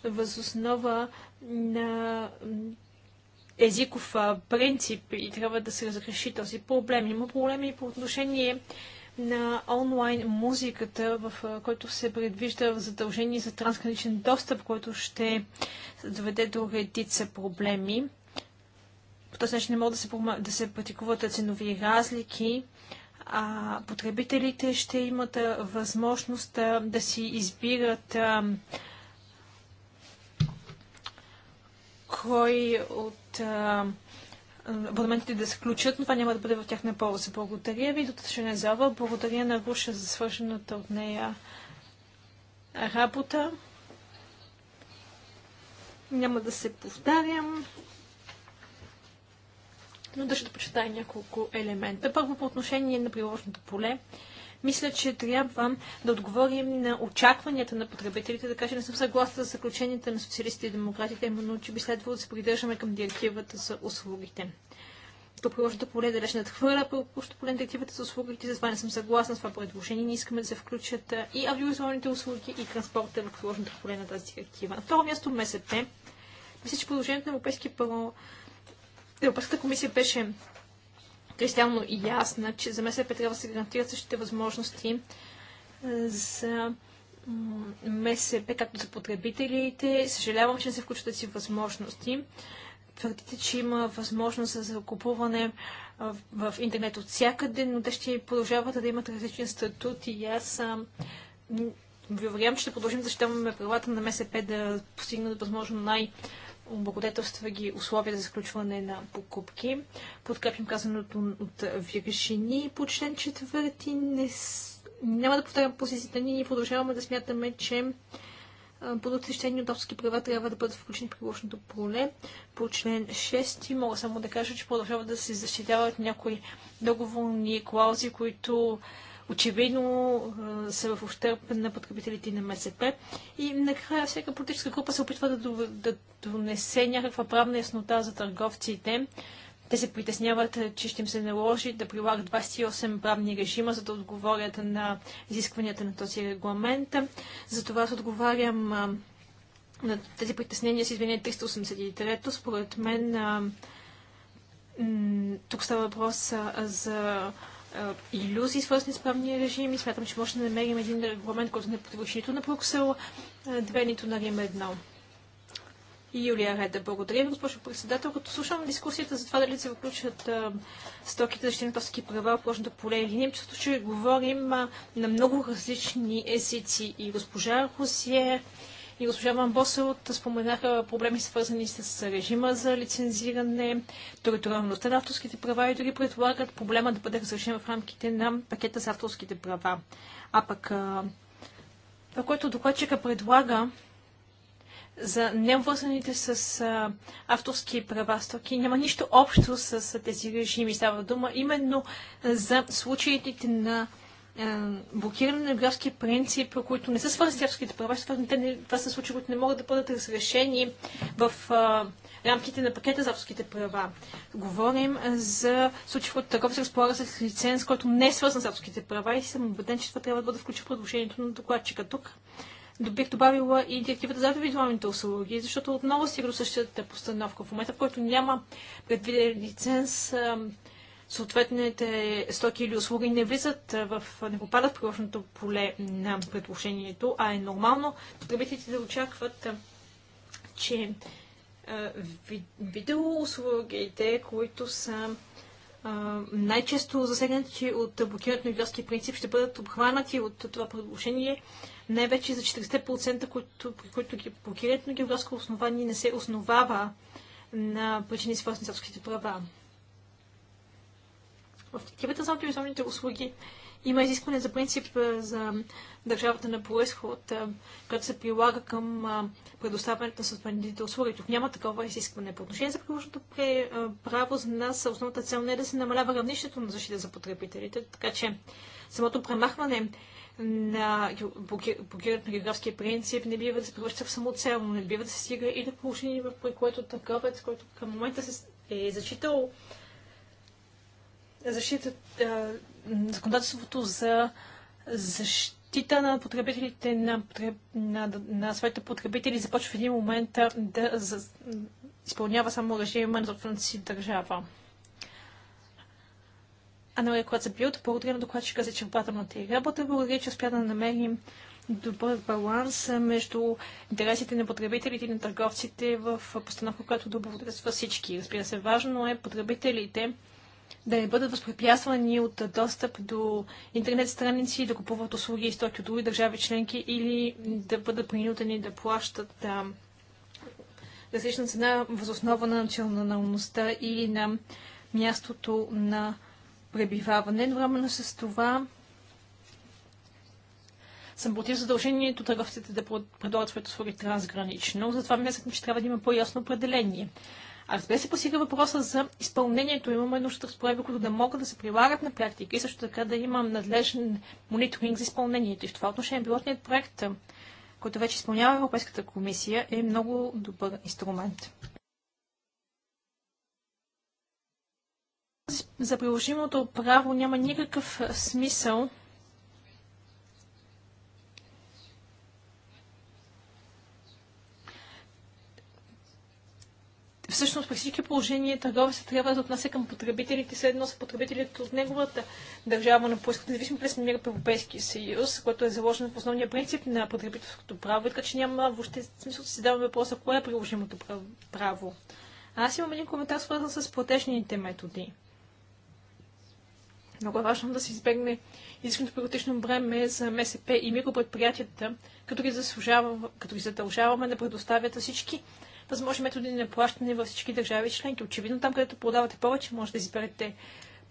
възоснова на езиков принцип и трябва да се разреши този проблем. Има проблеми по отношение на онлайн музиката, в който се предвижда задължение за трансграничен достъп, който ще доведе до редица проблеми. По този начин не могат да се, да се практикуват ценови разлики, а потребителите ще имат възможност да си избират кой от абонаментите да се включат, но това няма да бъде в тяхна полза. Благодаря ви, дотъчен не зала. Благодаря на Руша за свършената от нея работа. Няма да се повтарям, но да ще почитая няколко елемента. Първо по отношение на приложното поле мисля, че трябва да отговорим на очакванията на потребителите, да кажа, не съм съгласна с заключенията на социалистите и демократите, но че би следвало да се придържаме към директивата за услугите. То приложното поле е далеч надхвърля приложното поле на директивата за услугите, затова не съм съгласна с това предложение. Ние искаме да се включат и аудиовизуалните услуги, и транспорта в приложното поле на тази директива. На второ място МСП. Мисля, че предложението на Европейския парламент Европейската комисия беше кристално ясна, че за МСП трябва да се гарантират същите възможности е, за МСП, както за потребителите. Съжалявам, че не се включват си възможности. Твърдите, че има възможност за закупуване е, в интернет от всякъде, но те ще продължават да имат различен статут и аз ви уверявам, че ще продължим да защитаваме правата на МСП да постигнат възможно най- облагодетелства ги условия за заключване на покупки. Подкрепим казаното от Виршини по член четвърти. Не, няма да повтарям позицията ни. и продължаваме да смятаме, че подотвещени от права трябва да бъдат включени в приложното поле. По член 6 мога само да кажа, че продължават да се защитяват някои договорни клаузи, които очевидно са в ущърп на подкрепителите на МСП. И накрая всяка политическа група се опитва да, да донесе някаква правна яснота за търговците. Те се притесняват, че ще им се наложи да прилагат 28 правни режима, за да отговорят на изискванията на този регламент. Затова аз отговарям на тези притеснения с извинение 383. Според мен тук става въпрос за иллюзии, свързани с правния режим и смятам, че може да намерим един регламент, който не противоречи нито на Бруксел, две нито на нали, Рим едно. И Юлия Реда, благодаря ви, госпожо председател. Като слушам дискусията за това дали се включат стоките за тоски права в прочното поле или не, чувствам, че говорим на много различни езици. И госпожа Русиер, и госпожа Ван Босълт споменаха проблеми свързани с режима за лицензиране, териториалността на авторските права и дори предлагат проблема да бъде разрешен в рамките на пакета за авторските права. А пък това, което докладчика предлага за необвързаните с а, авторски права стоки няма нищо общо с с тези режими. Става дума именно за случаите на е, блокиране на географски принцип, които не са свързани с авторските права, това са случаи, които не могат да бъдат разрешени в рамките на пакета за авторските права. Говорим за случаи, в които търговец разполага с лиценз, който не е свързан с авторските права и съм убеден, че това трябва да бъде включено в предложението на докладчика тук. Бих добавила и директивата за индивидуалните услуги, защото отново стига до същата постановка. В момента, в който няма предвиден лиценз, съответните стоки или услуги не влизат в, не попадат в приложното поле на предложението, а е нормално потребителите да очакват, че видеоуслугите, които са най-често засегнати от блокирането на идиотски принцип, ще бъдат обхванати от това предложение най-вече за 40%, които, които блокирането на географско основание не се основава на причини свързани с авторските права. В директивата за аудиовизуалните услуги има изискване за принцип е, за държавата на происход, е, която се прилага към е, предоставянето на съответните услуги. Тук няма такова изискване. По отношение за приложното право за нас основната цел не е да се намалява равнището на защита за потребителите, така че самото премахване на блокирането на географския принцип не бива да се превръща в самоцелно, не бива да се стига и до положение, при което търговец, който към момента се е зачитал защита, законодателството за защита на потребителите на, на, на своите потребители започва в един момент да за, изпълнява само режима на собствената си държава. Анелия Коцепилт, благодаря на докладчика за черпателната и работа. Благодаря, че успя да намерим добър баланс между интересите на потребителите и на търговците в постановка, която да всички. Разбира се, важно е потребителите да не бъдат възпрепятствани от достъп до интернет страници, да купуват услуги и стоки от други държави членки или да бъдат принудени да плащат да, различна цена възоснова на националността или на мястото на пребиваване. Едновременно с това съм против задължението търговците да предлагат своите услуги трансгранично. Затова мисля, че трябва да има по-ясно определение разбира се, посига въпроса за изпълнението. Имаме нужда от разпоредби, които да могат да се прилагат на практика и също така да имам надлежен мониторинг за изпълнението. И в това отношение пилотният проект, който вече изпълнява Европейската комисия, е много добър инструмент. За приложимото право няма никакъв смисъл всъщност при всички положения търговецът трябва да отнася към потребителите, следно с потребителите от неговата държава на поиск, независимо през мир в Европейския съюз, което е заложено в основния принцип на потребителското право, така че няма въобще смисъл да си задаваме въпроса кое е приложимото право. А аз имам един коментар, свързан с платежните методи. Много е важно да се избегне излишното бюрократично бреме за МСП и микропредприятията, като ги, заслужава, като ги задължаваме да предоставят всички възможни методи на плащане във всички държави членки. Очевидно там, където продавате повече, може да изберете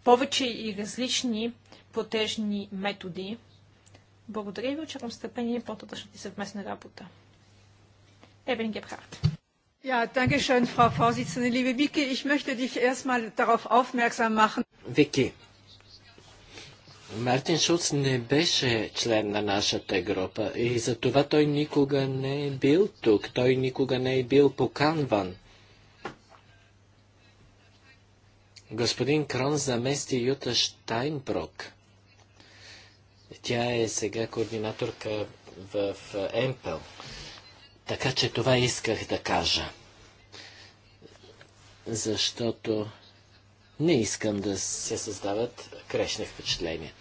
повече и различни платежни методи. Благодаря ви, очаквам стъпение по-татъчната ти съвместна работа. Евелин Гебхарт. Ja, danke schön, Frau Vorsitzende. Liebe Vicky, ich möchte dich erstmal darauf aufmerksam machen. Vicky, Мартин Шулц не беше член на нашата група и затова той никога не е бил тук. Той никога не е бил поканван. Господин Крон замести Юта Штайнброк. Тя е сега координаторка в е, Емпел. Така че това исках да кажа. Защото не искам да се създават крешни впечатления.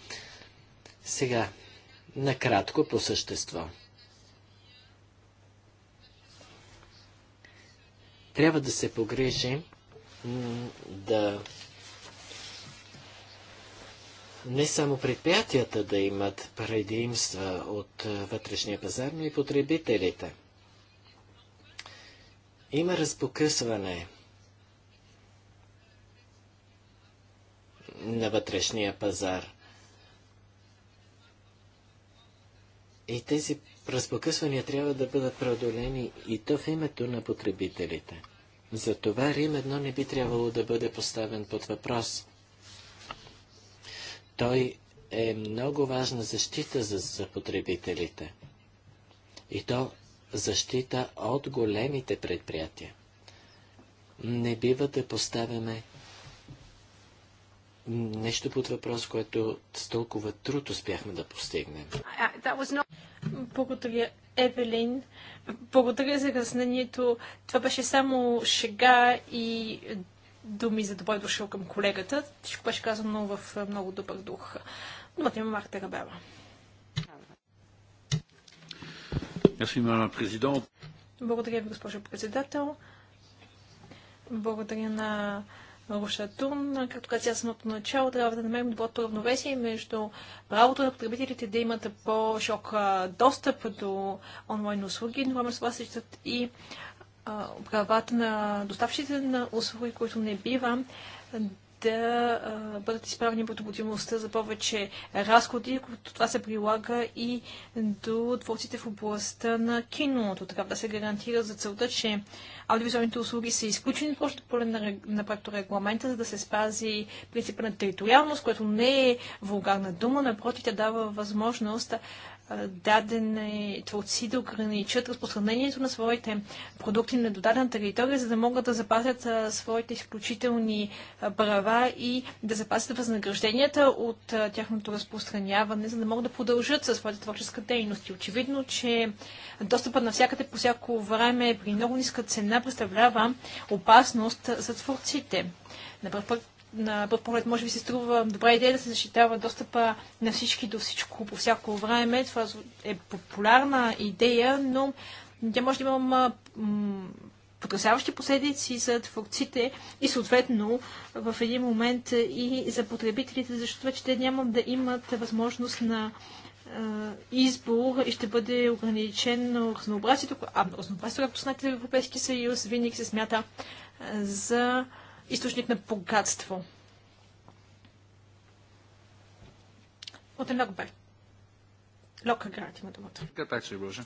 Сега, накратко по същество. Трябва да се погрижим да не само предприятията да имат предимства от вътрешния пазар, но и потребителите. Има разпокъсване на вътрешния пазар. И тези разпокъсвания трябва да бъдат преодолени и то в името на потребителите. Затова Рим едно не би трябвало да бъде поставен под въпрос. Той е много важна защита за, за потребителите. И то защита от големите предприятия. Не бива да поставяме нещо под въпрос, което с толкова труд успяхме да постигнем. Благодаря, Евелин. Благодаря за разнението. Това беше само шега и думи за добър дошъл към колегата. Всичко беше казано в много добър дух. Думата има Марта Рабела. Благодаря ви, госпожо председател. Благодаря на Рушатун. Както казах ясно от начало, трябва да намерим доброто равновесие между правото на потребителите да имат по-шок достъп до онлайн услуги, но с това същат и правата на доставчите на услуги, които не бива да бъдат изправени под за повече разходи, като това се прилага и до творците в областта на киното. Така да се гарантира за целта, че аудиовизуалните услуги са изключени от общото поле на, на регламента, за да се спази принципа на териториалност, което не е вулгарна дума, напротив, тя дава възможност дадени творци да ограничат разпространението на своите продукти на додадена територия, за да могат да запазят своите изключителни права и да запазят възнагражденията от тяхното разпространяване, за да могат да продължат със своята творческа дейност. И очевидно, че достъпът навсякъде по всяко време при много ниска цена представлява опасност за творците. На на първ поглед може би се струва добра идея да се защитава достъпа на всички до всичко по всяко време. Това е популярна идея, но тя може да има потрясаващи последици за творците и съответно в един момент и за потребителите, защото вече те няма да имат възможност на избор и ще бъде ограничено разнообразието. А разнообразието, както знаете, в Европейския съюз винаги се смята за източник на богатство. От Локберг. Локаград има думата.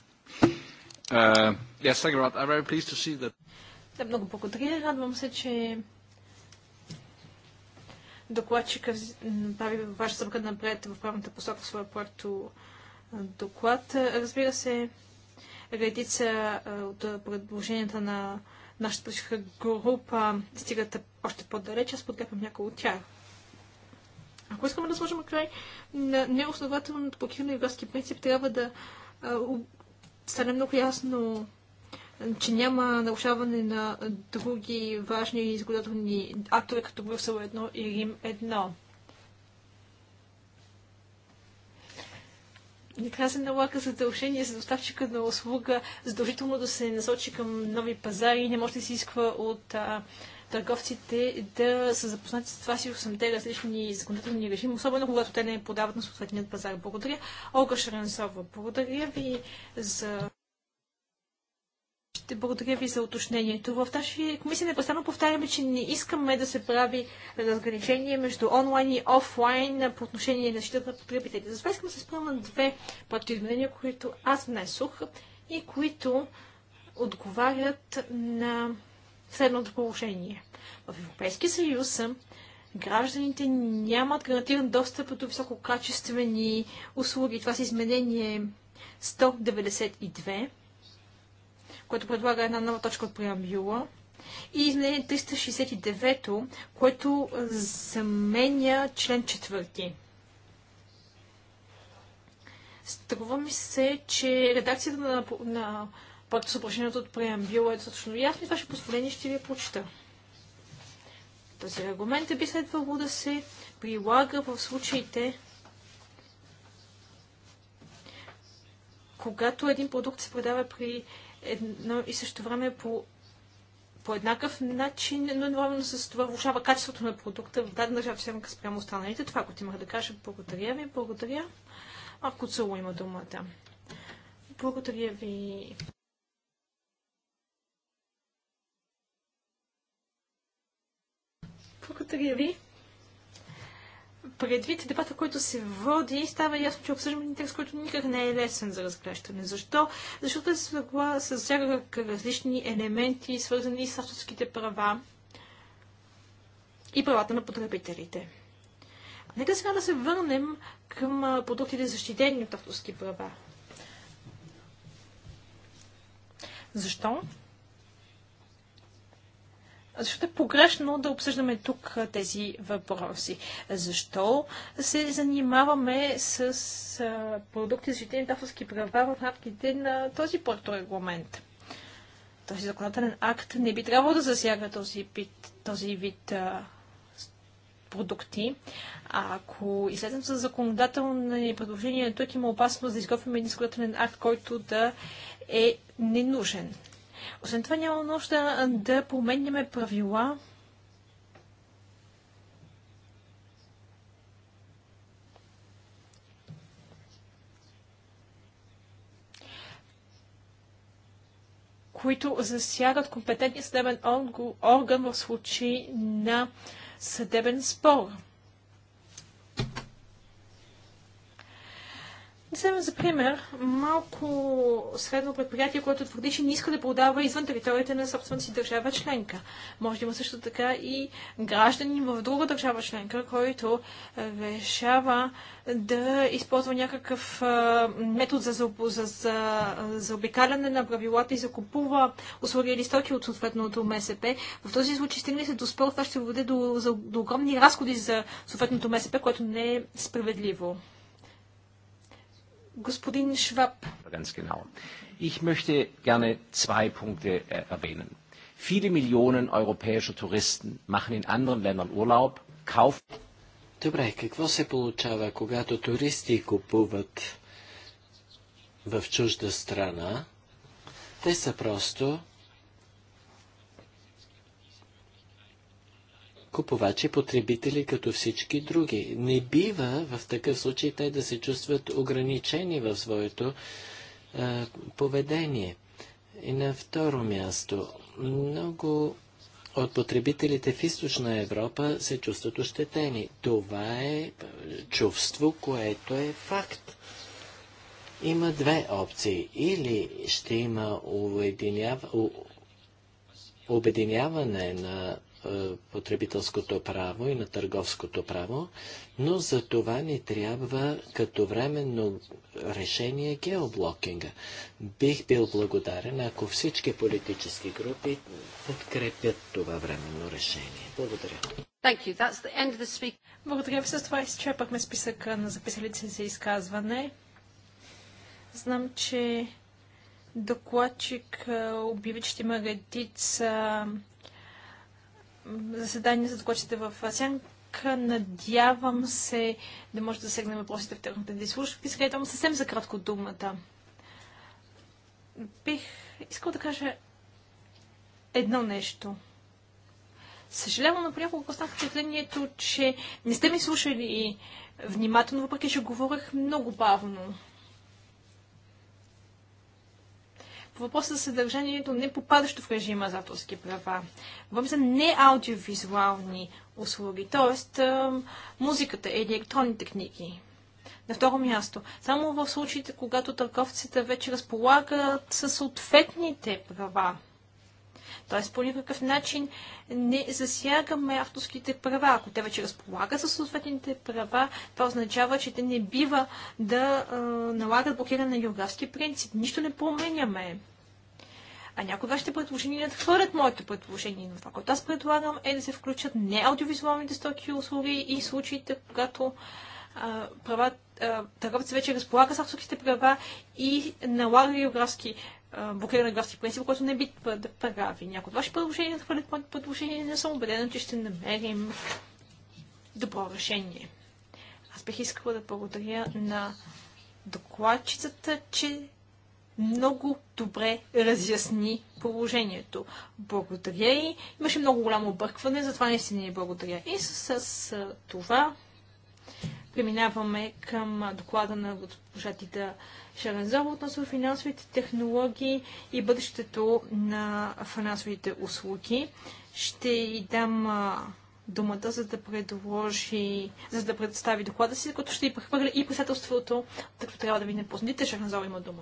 Да, много благодаря. Радвам се, че докладчика прави ваша да направите в правната посока в своя порто доклад. Разбира се, редица от предложенията на нашата политическа група стигат още по-далеч, аз подкрепям някои от тях. Ако искаме да сложим край на неоснователното покиване на юградски принцип, трябва да стане много ясно, че няма нарушаване на други важни изгодателни актове, като Брюсел 1 и Рим накрая се налага задължение за доставчика на услуга задължително да се насочи към нови пазари и не може да се изисква от а, търговците да са запознати с това си 8 различни законодателни режими, особено когато те не подават на съответният пазар. Благодаря. Олга Шаренсова, благодаря ви за ще благодаря ви за уточнението. В нашия комисия постоянно повтаряме, че не искаме да се прави разграничение между онлайн и офлайн по отношение на защита на потребителите. Затова искам да се спра на две изменения, които аз внесох и които отговарят на следното положение. В Европейския съюз гражданите нямат гарантиран достъп до висококачествени услуги. Това са изменение 192 което предлага една нова точка от преамбюла. И изменение 369, което заменя член 4. Струва ми се, че редакцията на, на проекта упражнението от преамбюла е достатъчно ясно и ваше позволение ще ви я прочита. Този регламент е би следвало да се прилага в случаите, когато един продукт се продава при едно и също време по, по еднакъв начин, но едновременно с това влушава качеството на продукта в дадена държава членка спрямо останалите. Това, е което имах да кажа, благодаря ви, благодаря. Марко цело има думата. Благодаря ви. Благодаря ви предвид дебата, който се води, става ясно, че обсъждаме текст, който никак не е лесен за разглеждане. Защо? Защото се засяга различни елементи, свързани с авторските права и правата на потребителите. Нека сега да се върнем към продуктите защитени от авторски права. Защо? защото е погрешно да обсъждаме тук тези въпроси. Защо се занимаваме с продукти за защитени авторски права в рамките на този порторегламент? Този законодателен акт не би трябвало да засяга този, бит, този вид а, продукти. А ако изследвам за законодателно предложение, тук има опасност да изготвим един законодателен акт, който да е ненужен. Освен това няма нужда да променяме правила, които засягат компетентния съдебен орган в случай на съдебен спор. Да вземем за пример малко средно предприятие, което твърди, че не иска да продава извън територията на собствената си държава членка. Може да има също така и гражданин в друга държава членка, който е, решава да използва някакъв е, метод за, за, за, за обикаляне на правилата и закупува услуги или стоки от съответното МСП. В този случай стигне се до спор, това ще води до, до огромни разходи за съответното МСП, което не е справедливо. Господин Шваб. Ganz genau. Ich möchte gerne zwei Punkte erwähnen. Viele Millionen europäischer Touristen machen in anderen Ländern Urlaub, kaufen. Добре, какво се получава, когато туристи купуват в чужда страна? Те са просто купувачи, потребители, като всички други. Не бива в такъв случай те да се чувстват ограничени в своето а, поведение. И на второ място, много от потребителите в източна Европа се чувстват ощетени. Това е чувство, което е факт. Има две опции. Или ще има обединяване на е, потребителското право и на търговското право, но за това ни трябва като временно решение геоблокинга. Бих бил благодарен, ако всички политически групи подкрепят това временно решение. Благодаря. Thank you. That's the end of the speak. Благодаря ви. С това изчерпахме списъка на записалите за изказване. Знам, че докладчик е, обяви, че има редица заседание за докладчите в Сянка. Надявам се да може да сегнем въпросите в техните дислушки. Сега идвам съвсем за кратко думата. Бих искал да кажа едно нещо. Съжалявам, но понякога останах впечатлението, че не сте ми слушали внимателно, въпреки че говорех много бавно. по въпроса за съдържанието, не попадащо в режима за авторски права. Говорим за неаудиовизуални услуги, т.е. музиката или електронните книги. На второ място, само в случаите, когато търговците вече разполагат със съответните права Тоест, по никакъв начин не засягаме авторските права. Ако те вече разполагат със съответните права, това означава, че те не бива да а, налагат блокиране на географски принцип. Нищо не променяме. А някои вашите предложения отхвърлят моето предложение. Но това, което аз предлагам е да се включат не аудиовизуалните стоки и услуги и случаите, когато а, права, търговец вече разполага с авторските права и налага географски блокиране на графски принцип, което не би да прави. Някои от ваши предложения, да хвърлят моите предложения, не съм убедена, че ще намерим добро решение. Аз бих искала да благодаря на докладчицата, че много добре разясни положението. Благодаря и имаше много голямо объркване, затова не си не благодаря. И с, с това Преминаваме към доклада на госпожа Тита Шарензова относно финансовите технологии и бъдещето на финансовите услуги. Ще й дам думата, за да предложи, за да представи доклада си, като ще и прехвърля и председателството, тъй като трябва да ви не познадите. Шарензова има дума.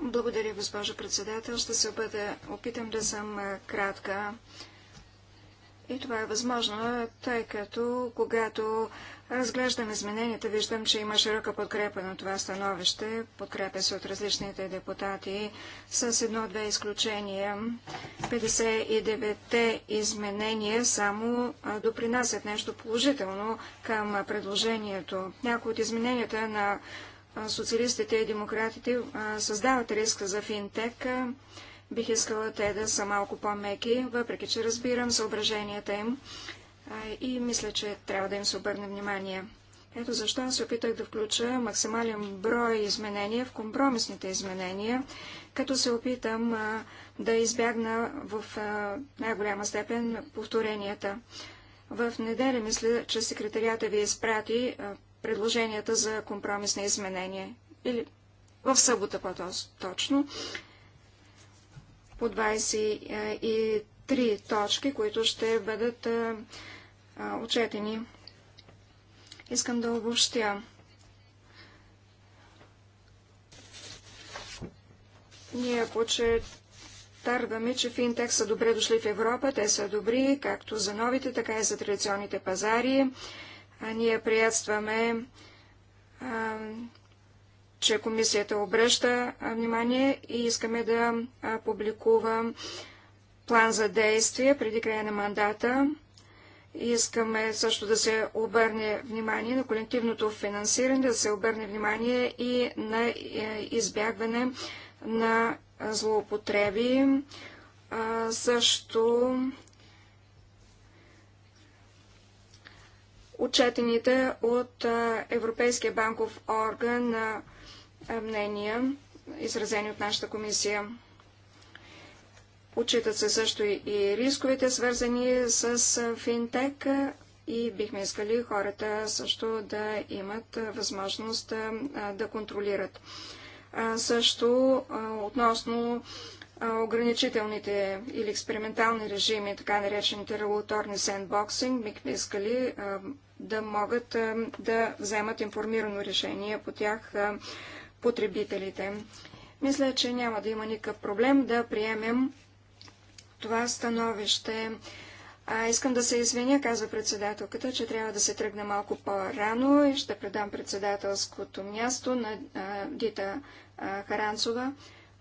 Благодаря, госпожо председател. Ще се бъде. опитам да съм кратка. И това е възможно, тъй като когато Разглеждам измененията. Виждам, че има широка подкрепа на това становище. Подкрепя се от различните депутати с едно-две изключения. 59-те изменения само допринасят нещо положително към предложението. Някои от измененията на социалистите и демократите създават риск за финтек. Бих искала те да са малко по-меки, въпреки че разбирам съображенията им и мисля, че трябва да им се обърне внимание. Ето защо аз се опитах да включа максимален брой изменения в компромисните изменения, като се опитам а, да избягна в най-голяма степен повторенията. В неделя мисля, че секретарията ви изпрати а, предложенията за компромисни изменения. Или в събота по-точно. По 23 точки, които ще бъдат а, а, отчетени. Искам да обобщя. Ние подчертарваме, че финтех са добре дошли в Европа. Те са добри както за новите, така и за традиционните пазари. А ние приятстваме, а, че комисията обръща внимание и искаме да публикува план за действие преди края на мандата. Искаме също да се обърне внимание на колективното финансиране, да се обърне внимание и на е, избягване на злоупотреби. също отчетените от Европейския банков орган мнения, изразени от нашата комисия. Отчитат се също и рисковете, свързани с финтек и бихме искали хората също да имат възможност да контролират. Също относно ограничителните или експериментални режими, така наречените регулаторни сендбоксинг, бихме искали да могат да вземат информирано решение по тях потребителите. Мисля, че няма да има никакъв проблем да приемем това становище. А, искам да се извиня, казва председателката, че трябва да се тръгна малко по-рано и ще предам председателското място на а, Дита а, Харанцова,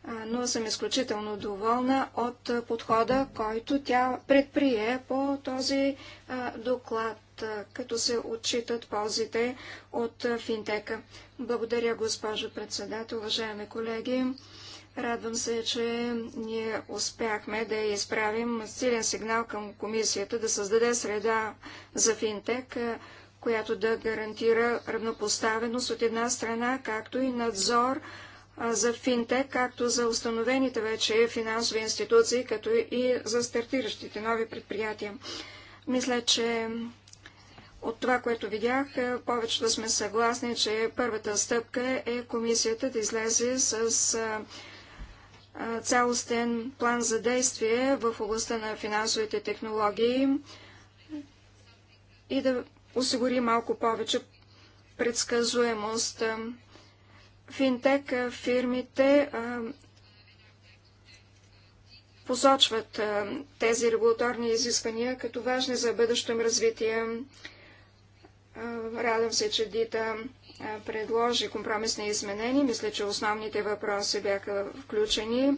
а, но съм изключително доволна от а, подхода, който тя предприе по този а, доклад, а, като се отчитат ползите от а, финтека. Благодаря, госпожо председател, уважаеми колеги. Радвам се, че ние успяхме да изправим силен сигнал към комисията да създаде среда за финтек, която да гарантира равнопоставеност от една страна, както и надзор за финтек, както за установените вече финансови институции, като и за стартиращите нови предприятия. Мисля, че от това, което видях, повечето сме съгласни, че първата стъпка е комисията да излезе с цялостен план за действие в областта на финансовите технологии и да осигури малко повече предсказуемост. Финтек фирмите посочват тези регулаторни изисквания като важни за бъдещото им развитие. радвам се, че Дита предложи компромисни изменения. Мисля, че основните въпроси бяха включени.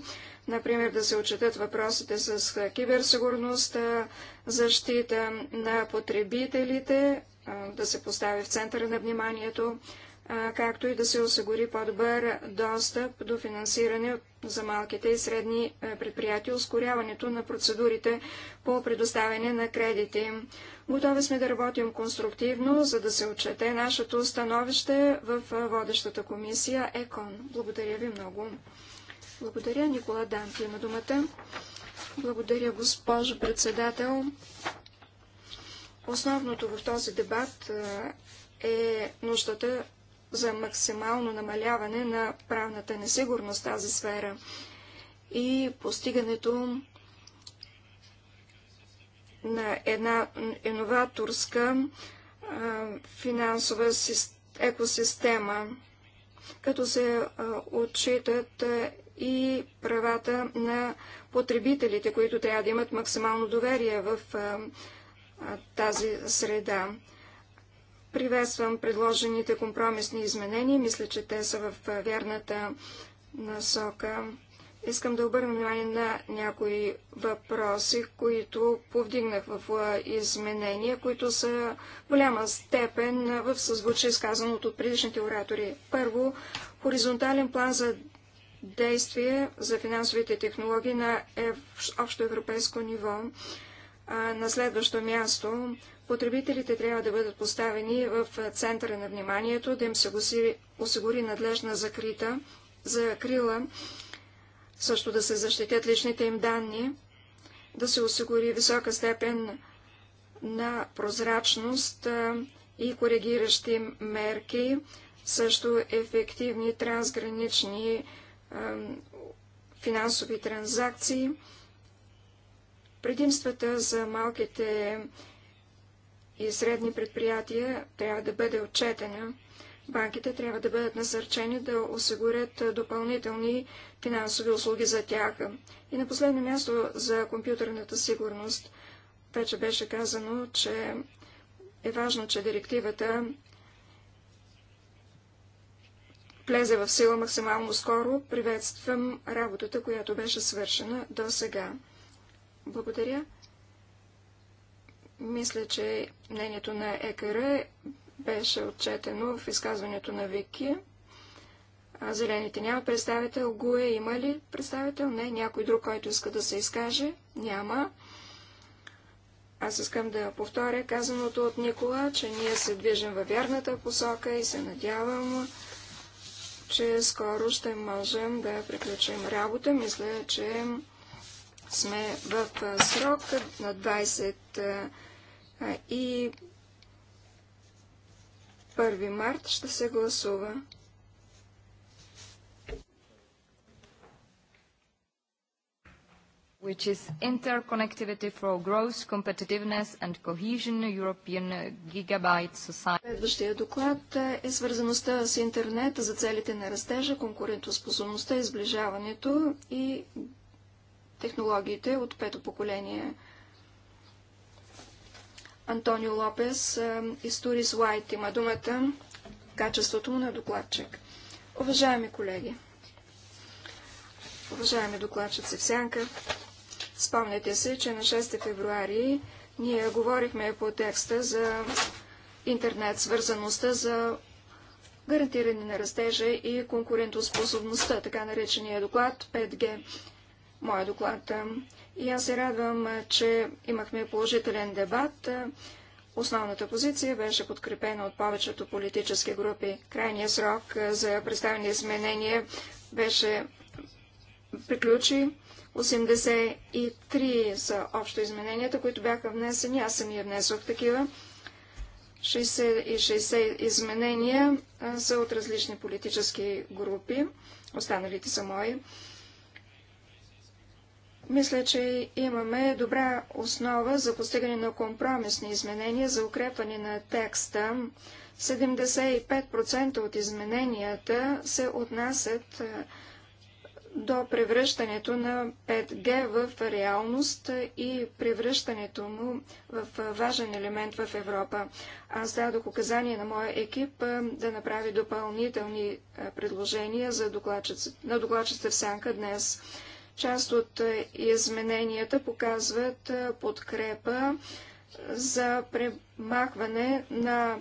Например, да се отчитат въпросите с киберсигурността, защита на потребителите, да се постави в центъра на вниманието както и да се осигури по-добър достъп до финансиране за малките и средни предприятия, ускоряването на процедурите по предоставяне на кредити. Готови сме да работим конструктивно, за да се отчете нашето становище в водещата комисия ЕКОН. Благодаря ви много. Благодаря. Никола Данти на думата. Благодаря, госпожо председател. Основното в този дебат е нуждата за максимално намаляване на правната несигурност в тази сфера и постигането на една иноваторска финансова екосистема, като се отчитат и правата на потребителите, които трябва да имат максимално доверие в тази среда. Приветствам предложените компромисни изменения. Мисля, че те са в вярната насока. Искам да обърна внимание на някои въпроси, които повдигнах в изменения, които са в голяма степен в съзвучие изказаното от предишните оратори. Първо, хоризонтален план за действие за финансовите технологии на общоевропейско общо европейско ниво. на следващо място, Потребителите трябва да бъдат поставени в центъра на вниманието, да им се осигури надлежна закрита, закрила, също да се защитят личните им данни, да се осигури висока степен на прозрачност и коригиращи мерки, също ефективни трансгранични финансови транзакции. Предимствата за малките и средни предприятия трябва да бъде отчетена. Банките трябва да бъдат насърчени да осигурят допълнителни финансови услуги за тях. И на последно място за компютърната сигурност. Вече беше казано, че е важно, че директивата влезе в сила максимално скоро. Приветствам работата, която беше свършена до сега. Благодаря. Мисля, че мнението на ЕКР беше отчетено в изказването на Вики. А зелените няма представител. Гуе има ли представител? Не. Някой друг, който иска да се изкаже? Няма. Аз искам да повторя казаното от Никола, че ние се движим във вярната посока и се надявам, че скоро ще можем да приключим работа. Мисля, че сме в срок на 20 и 1 март ще се гласува. which is interconnectivity for growth, competitiveness and cohesion European uh, Gigabyte Society. Следващия доклад е, е свързаността с интернет за целите на растежа, конкурентоспособността, изближаването и технологиите от пето поколение Антонио Лопес е, и Сторис Лайт има думата в качеството му на докладчик. Уважаеми колеги, уважаеми докладчици в Сянка, спомняте се, че на 6 февруари ние говорихме по текста за интернет свързаността за гарантиране на растежа и конкурентоспособността, така наречения доклад 5G. Моя доклад е, и аз се радвам, че имахме положителен дебат. Основната позиция беше подкрепена от повечето политически групи. Крайният срок за представени изменения беше приключи 83 са общо измененията, които бяха внесени. Аз самия внесох такива. 60 и 60 изменения са от различни политически групи. Останалите са мои. Мисля, че имаме добра основа за постигане на компромисни изменения за укрепване на текста. 75% от измененията се отнасят до превръщането на 5G в реалност и превръщането му в важен елемент в Европа. Аз дадох указание на моя екип да направи допълнителни предложения за докладчица, на докладчица в Сянка днес. Част от е, измененията показват е, подкрепа е, за премахване на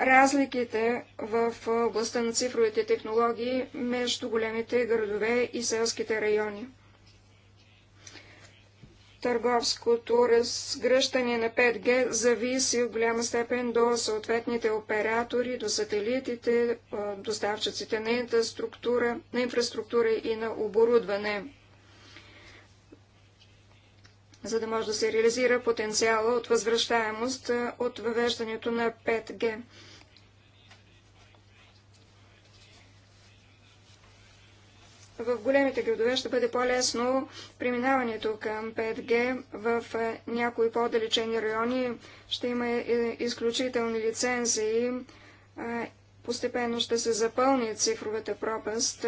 разликите в областта на цифровите технологии между големите градове и селските райони търговското разгръщане на 5G зависи в голяма степен до съответните оператори, до сателитите, доставчиците на инфраструктура, на инфраструктура и на оборудване. За да може да се реализира потенциала от възвръщаемост от въвеждането на 5G. в големите градове ще бъде по-лесно преминаването към 5G. В някои по-далечени райони ще има е, изключителни лицензии. Постепенно ще се запълни цифровата пропаст.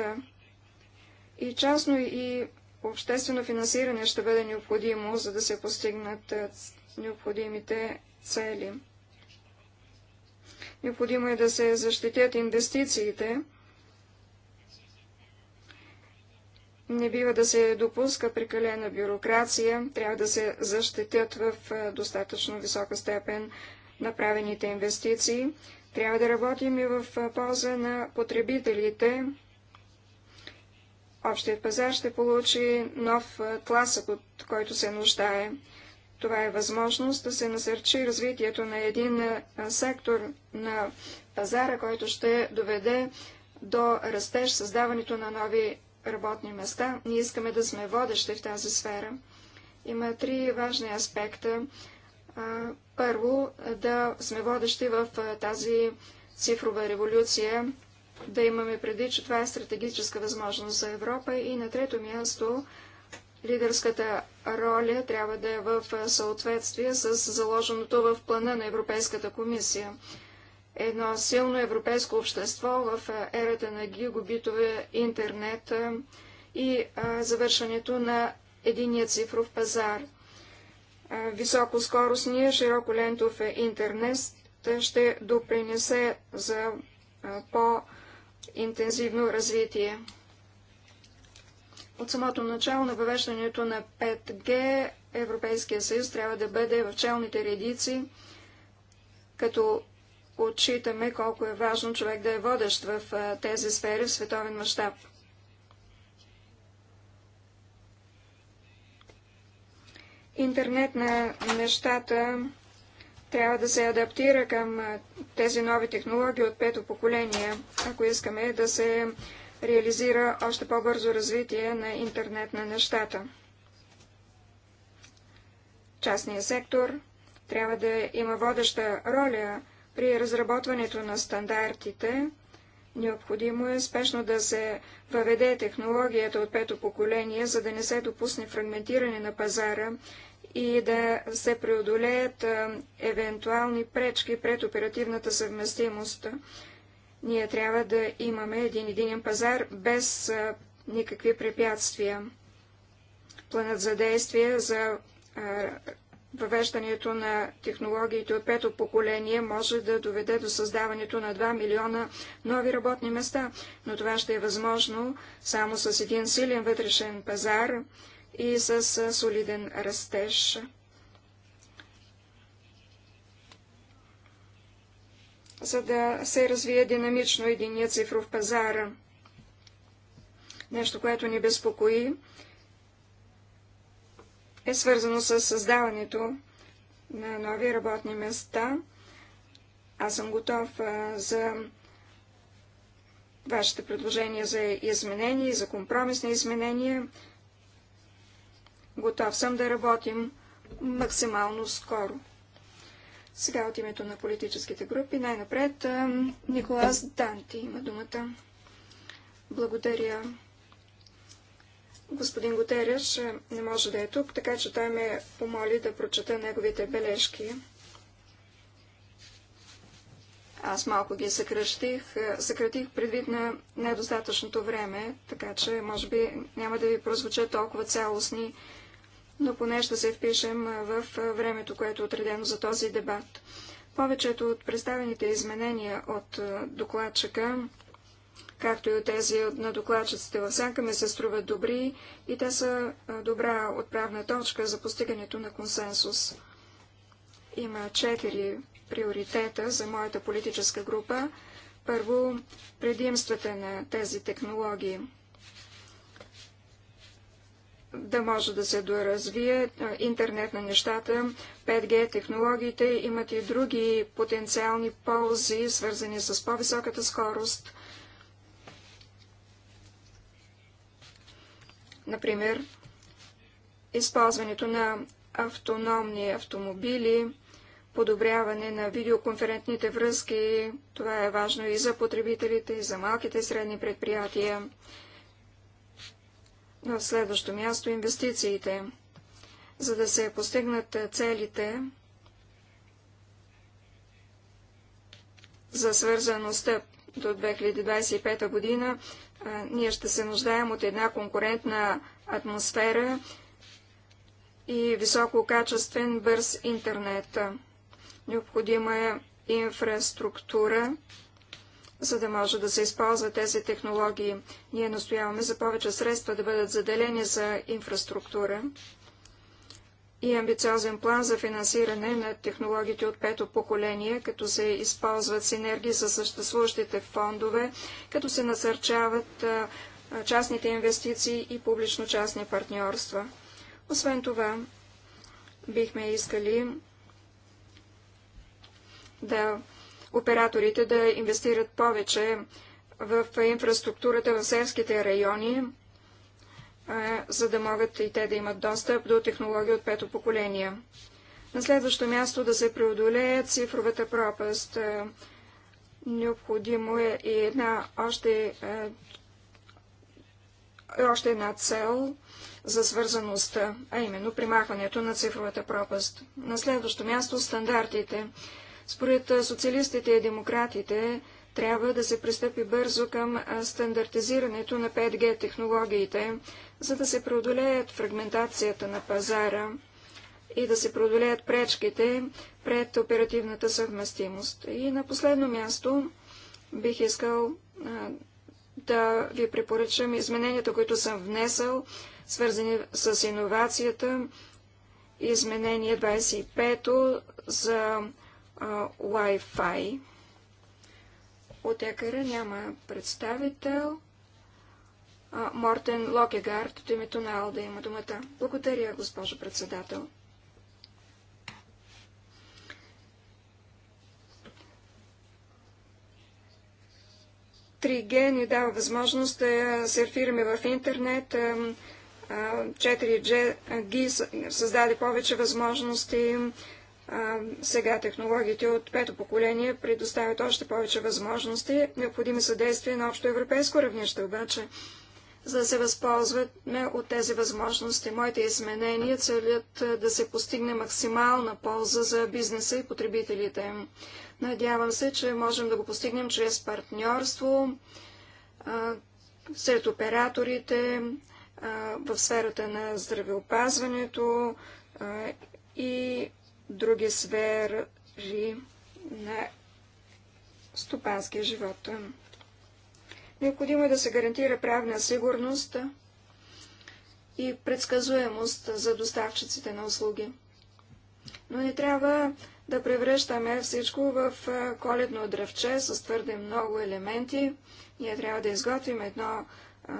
И частно и обществено финансиране ще бъде необходимо, за да се постигнат необходимите цели. Необходимо е да се защитят инвестициите. Не бива да се допуска прекалена бюрокрация, трябва да се защитят в достатъчно висока степен направените инвестиции. Трябва да работим и в полза на потребителите. Общият пазар ще получи нов тласък, от който се нуждае. Това е възможност да се насърчи развитието на един сектор на пазара, който ще доведе до растеж, създаването на нови работни места. Ние искаме да сме водещи в тази сфера. Има три важни аспекта. Първо, да сме водещи в тази цифрова революция, да имаме преди, че това е стратегическа възможност за Европа. И на трето място, лидерската роля трябва да е в съответствие с заложеното в плана на Европейската комисия едно силно европейско общество в ерата на гигабитове интернет и завършването на единия цифров пазар. Високоскоростния широколентов е интернет ще допринесе за по-интензивно развитие. От самото начало на въвеждането на 5G Европейския съюз трябва да бъде в челните редици, като отчитаме колко е важно човек да е водещ в тези сфери в световен мащаб. Интернет на нещата трябва да се адаптира към тези нови технологии от пето поколение, ако искаме да се реализира още по-бързо развитие на интернет на нещата. Частният сектор трябва да има водеща роля при разработването на стандартите необходимо е спешно да се въведе технологията от пето поколение, за да не се допусне фрагментиране на пазара и да се преодолеят евентуални пречки пред оперативната съвместимост. Ние трябва да имаме един единен пазар без никакви препятствия. Планът за действие за Въвеждането на технологиите от пето поколение може да доведе до създаването на 2 милиона нови работни места, но това ще е възможно само с един силен вътрешен пазар и с солиден растеж. за да се развие динамично единия цифров пазар. Нещо, което ни безпокои, е свързано с създаването на нови работни места. Аз съм готов а, за вашите предложения за изменения, за компромисни изменения. Готов съм да работим максимално скоро. Сега от името на политическите групи най-напред Николас Данти има думата. Благодаря. Господин Гутереш е, не може да е тук, така че той ме помоли да прочета неговите бележки. Аз малко ги съкръщих, е, съкратих предвид на недостатъчното време, така че може би няма да ви прозвучат толкова цялостни, но поне ще се впишем е, в времето, което е отредено за този дебат. Повечето от представените изменения от докладчика както и от тези на докладчиците в сянка ми се струват добри и те са добра отправна точка за постигането на консенсус. Има четири приоритета за моята политическа група. Първо, предимствата на тези технологии да може да се доразвие интернет на нещата, 5G технологиите имат и други потенциални ползи, свързани с по-високата скорост, Например, използването на автономни автомобили, подобряване на видеоконферентните връзки. Това е важно и за потребителите, и за малките и средни предприятия. На следващо място инвестициите. За да се постигнат целите за свързаността до 2025 година ние ще се нуждаем от една конкурентна атмосфера и висококачествен бърз интернет. Необходима е инфраструктура, за да може да се използват тези технологии. Ние настояваме за повече средства да бъдат заделени за инфраструктура и амбициозен план за финансиране на технологиите от пето поколение, като се използват синергии с съществуващите фондове, като се насърчават частните инвестиции и публично-частни партньорства. Освен това, бихме искали да операторите да инвестират повече в инфраструктурата в селските райони, за да могат и те да имат достъп до технологии от пето поколение. На следващо място да се преодолее цифровата пропаст. Необходимо е и една още, още една цел за свързаността, а именно примахването на цифровата пропаст. На следващо място стандартите. Според социалистите и демократите, трябва да се пристъпи бързо към стандартизирането на 5G технологиите, за да се преодолеят фрагментацията на пазара и да се преодолеят пречките пред оперативната съвместимост. И на последно място бих искал а, да ви препоръчам измененията, които съм внесъл, свързани с иновацията, изменение 25 за а, Wi-Fi. От ЕКР няма представител. Мортен Локегард от името на Алда има думата. Благодаря, госпожо председател. Триге ни дава възможност да серфираме в интернет. 4G създаде повече възможности сега технологиите от пето поколение предоставят още повече възможности. Необходими са действия на общо европейско равнище, обаче, за да се възползваме от тези възможности. Моите изменения целят да се постигне максимална полза за бизнеса и потребителите. Надявам се, че можем да го постигнем чрез партньорство а, сред операторите а, в сферата на здравеопазването а, и други сфери на стопанския живот. Необходимо е да се гарантира правна сигурност и предсказуемост за доставчиците на услуги. Но не трябва да превръщаме всичко в коледно дръвче с твърде много елементи. Ние трябва да изготвим едно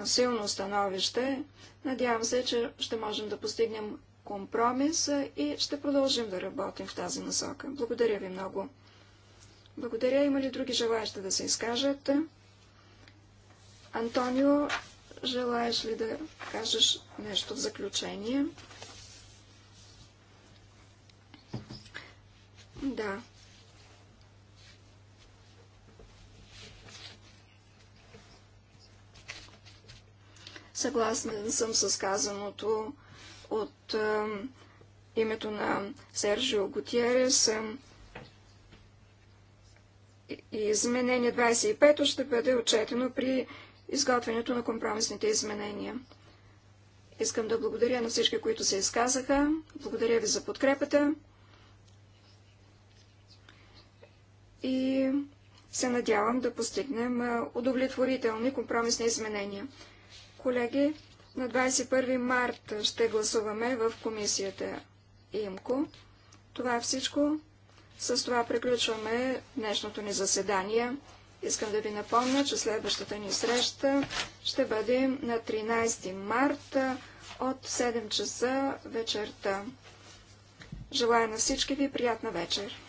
силно становище. Надявам се, че ще можем да постигнем компромис и ще продължим да работим в тази насока. Благодаря ви много. Благодаря. Има ли други желаящи да се изкажат? Антонио, желаеш ли да кажеш нещо в заключение? Да. Съгласен съм с казаното от а, името на Сержио Гутиерес и изменение 25 ще бъде отчетено при изготвянето на компромисните изменения. Искам да благодаря на всички, които се изказаха. Благодаря ви за подкрепата. И се надявам да постигнем удовлетворителни компромисни изменения. Колеги, на 21 март ще гласуваме в комисията ИМКО. Това е всичко. С това приключваме днешното ни заседание. Искам да ви напомня, че следващата ни среща ще бъде на 13 март от 7 часа вечерта. Желая на всички ви приятна вечер!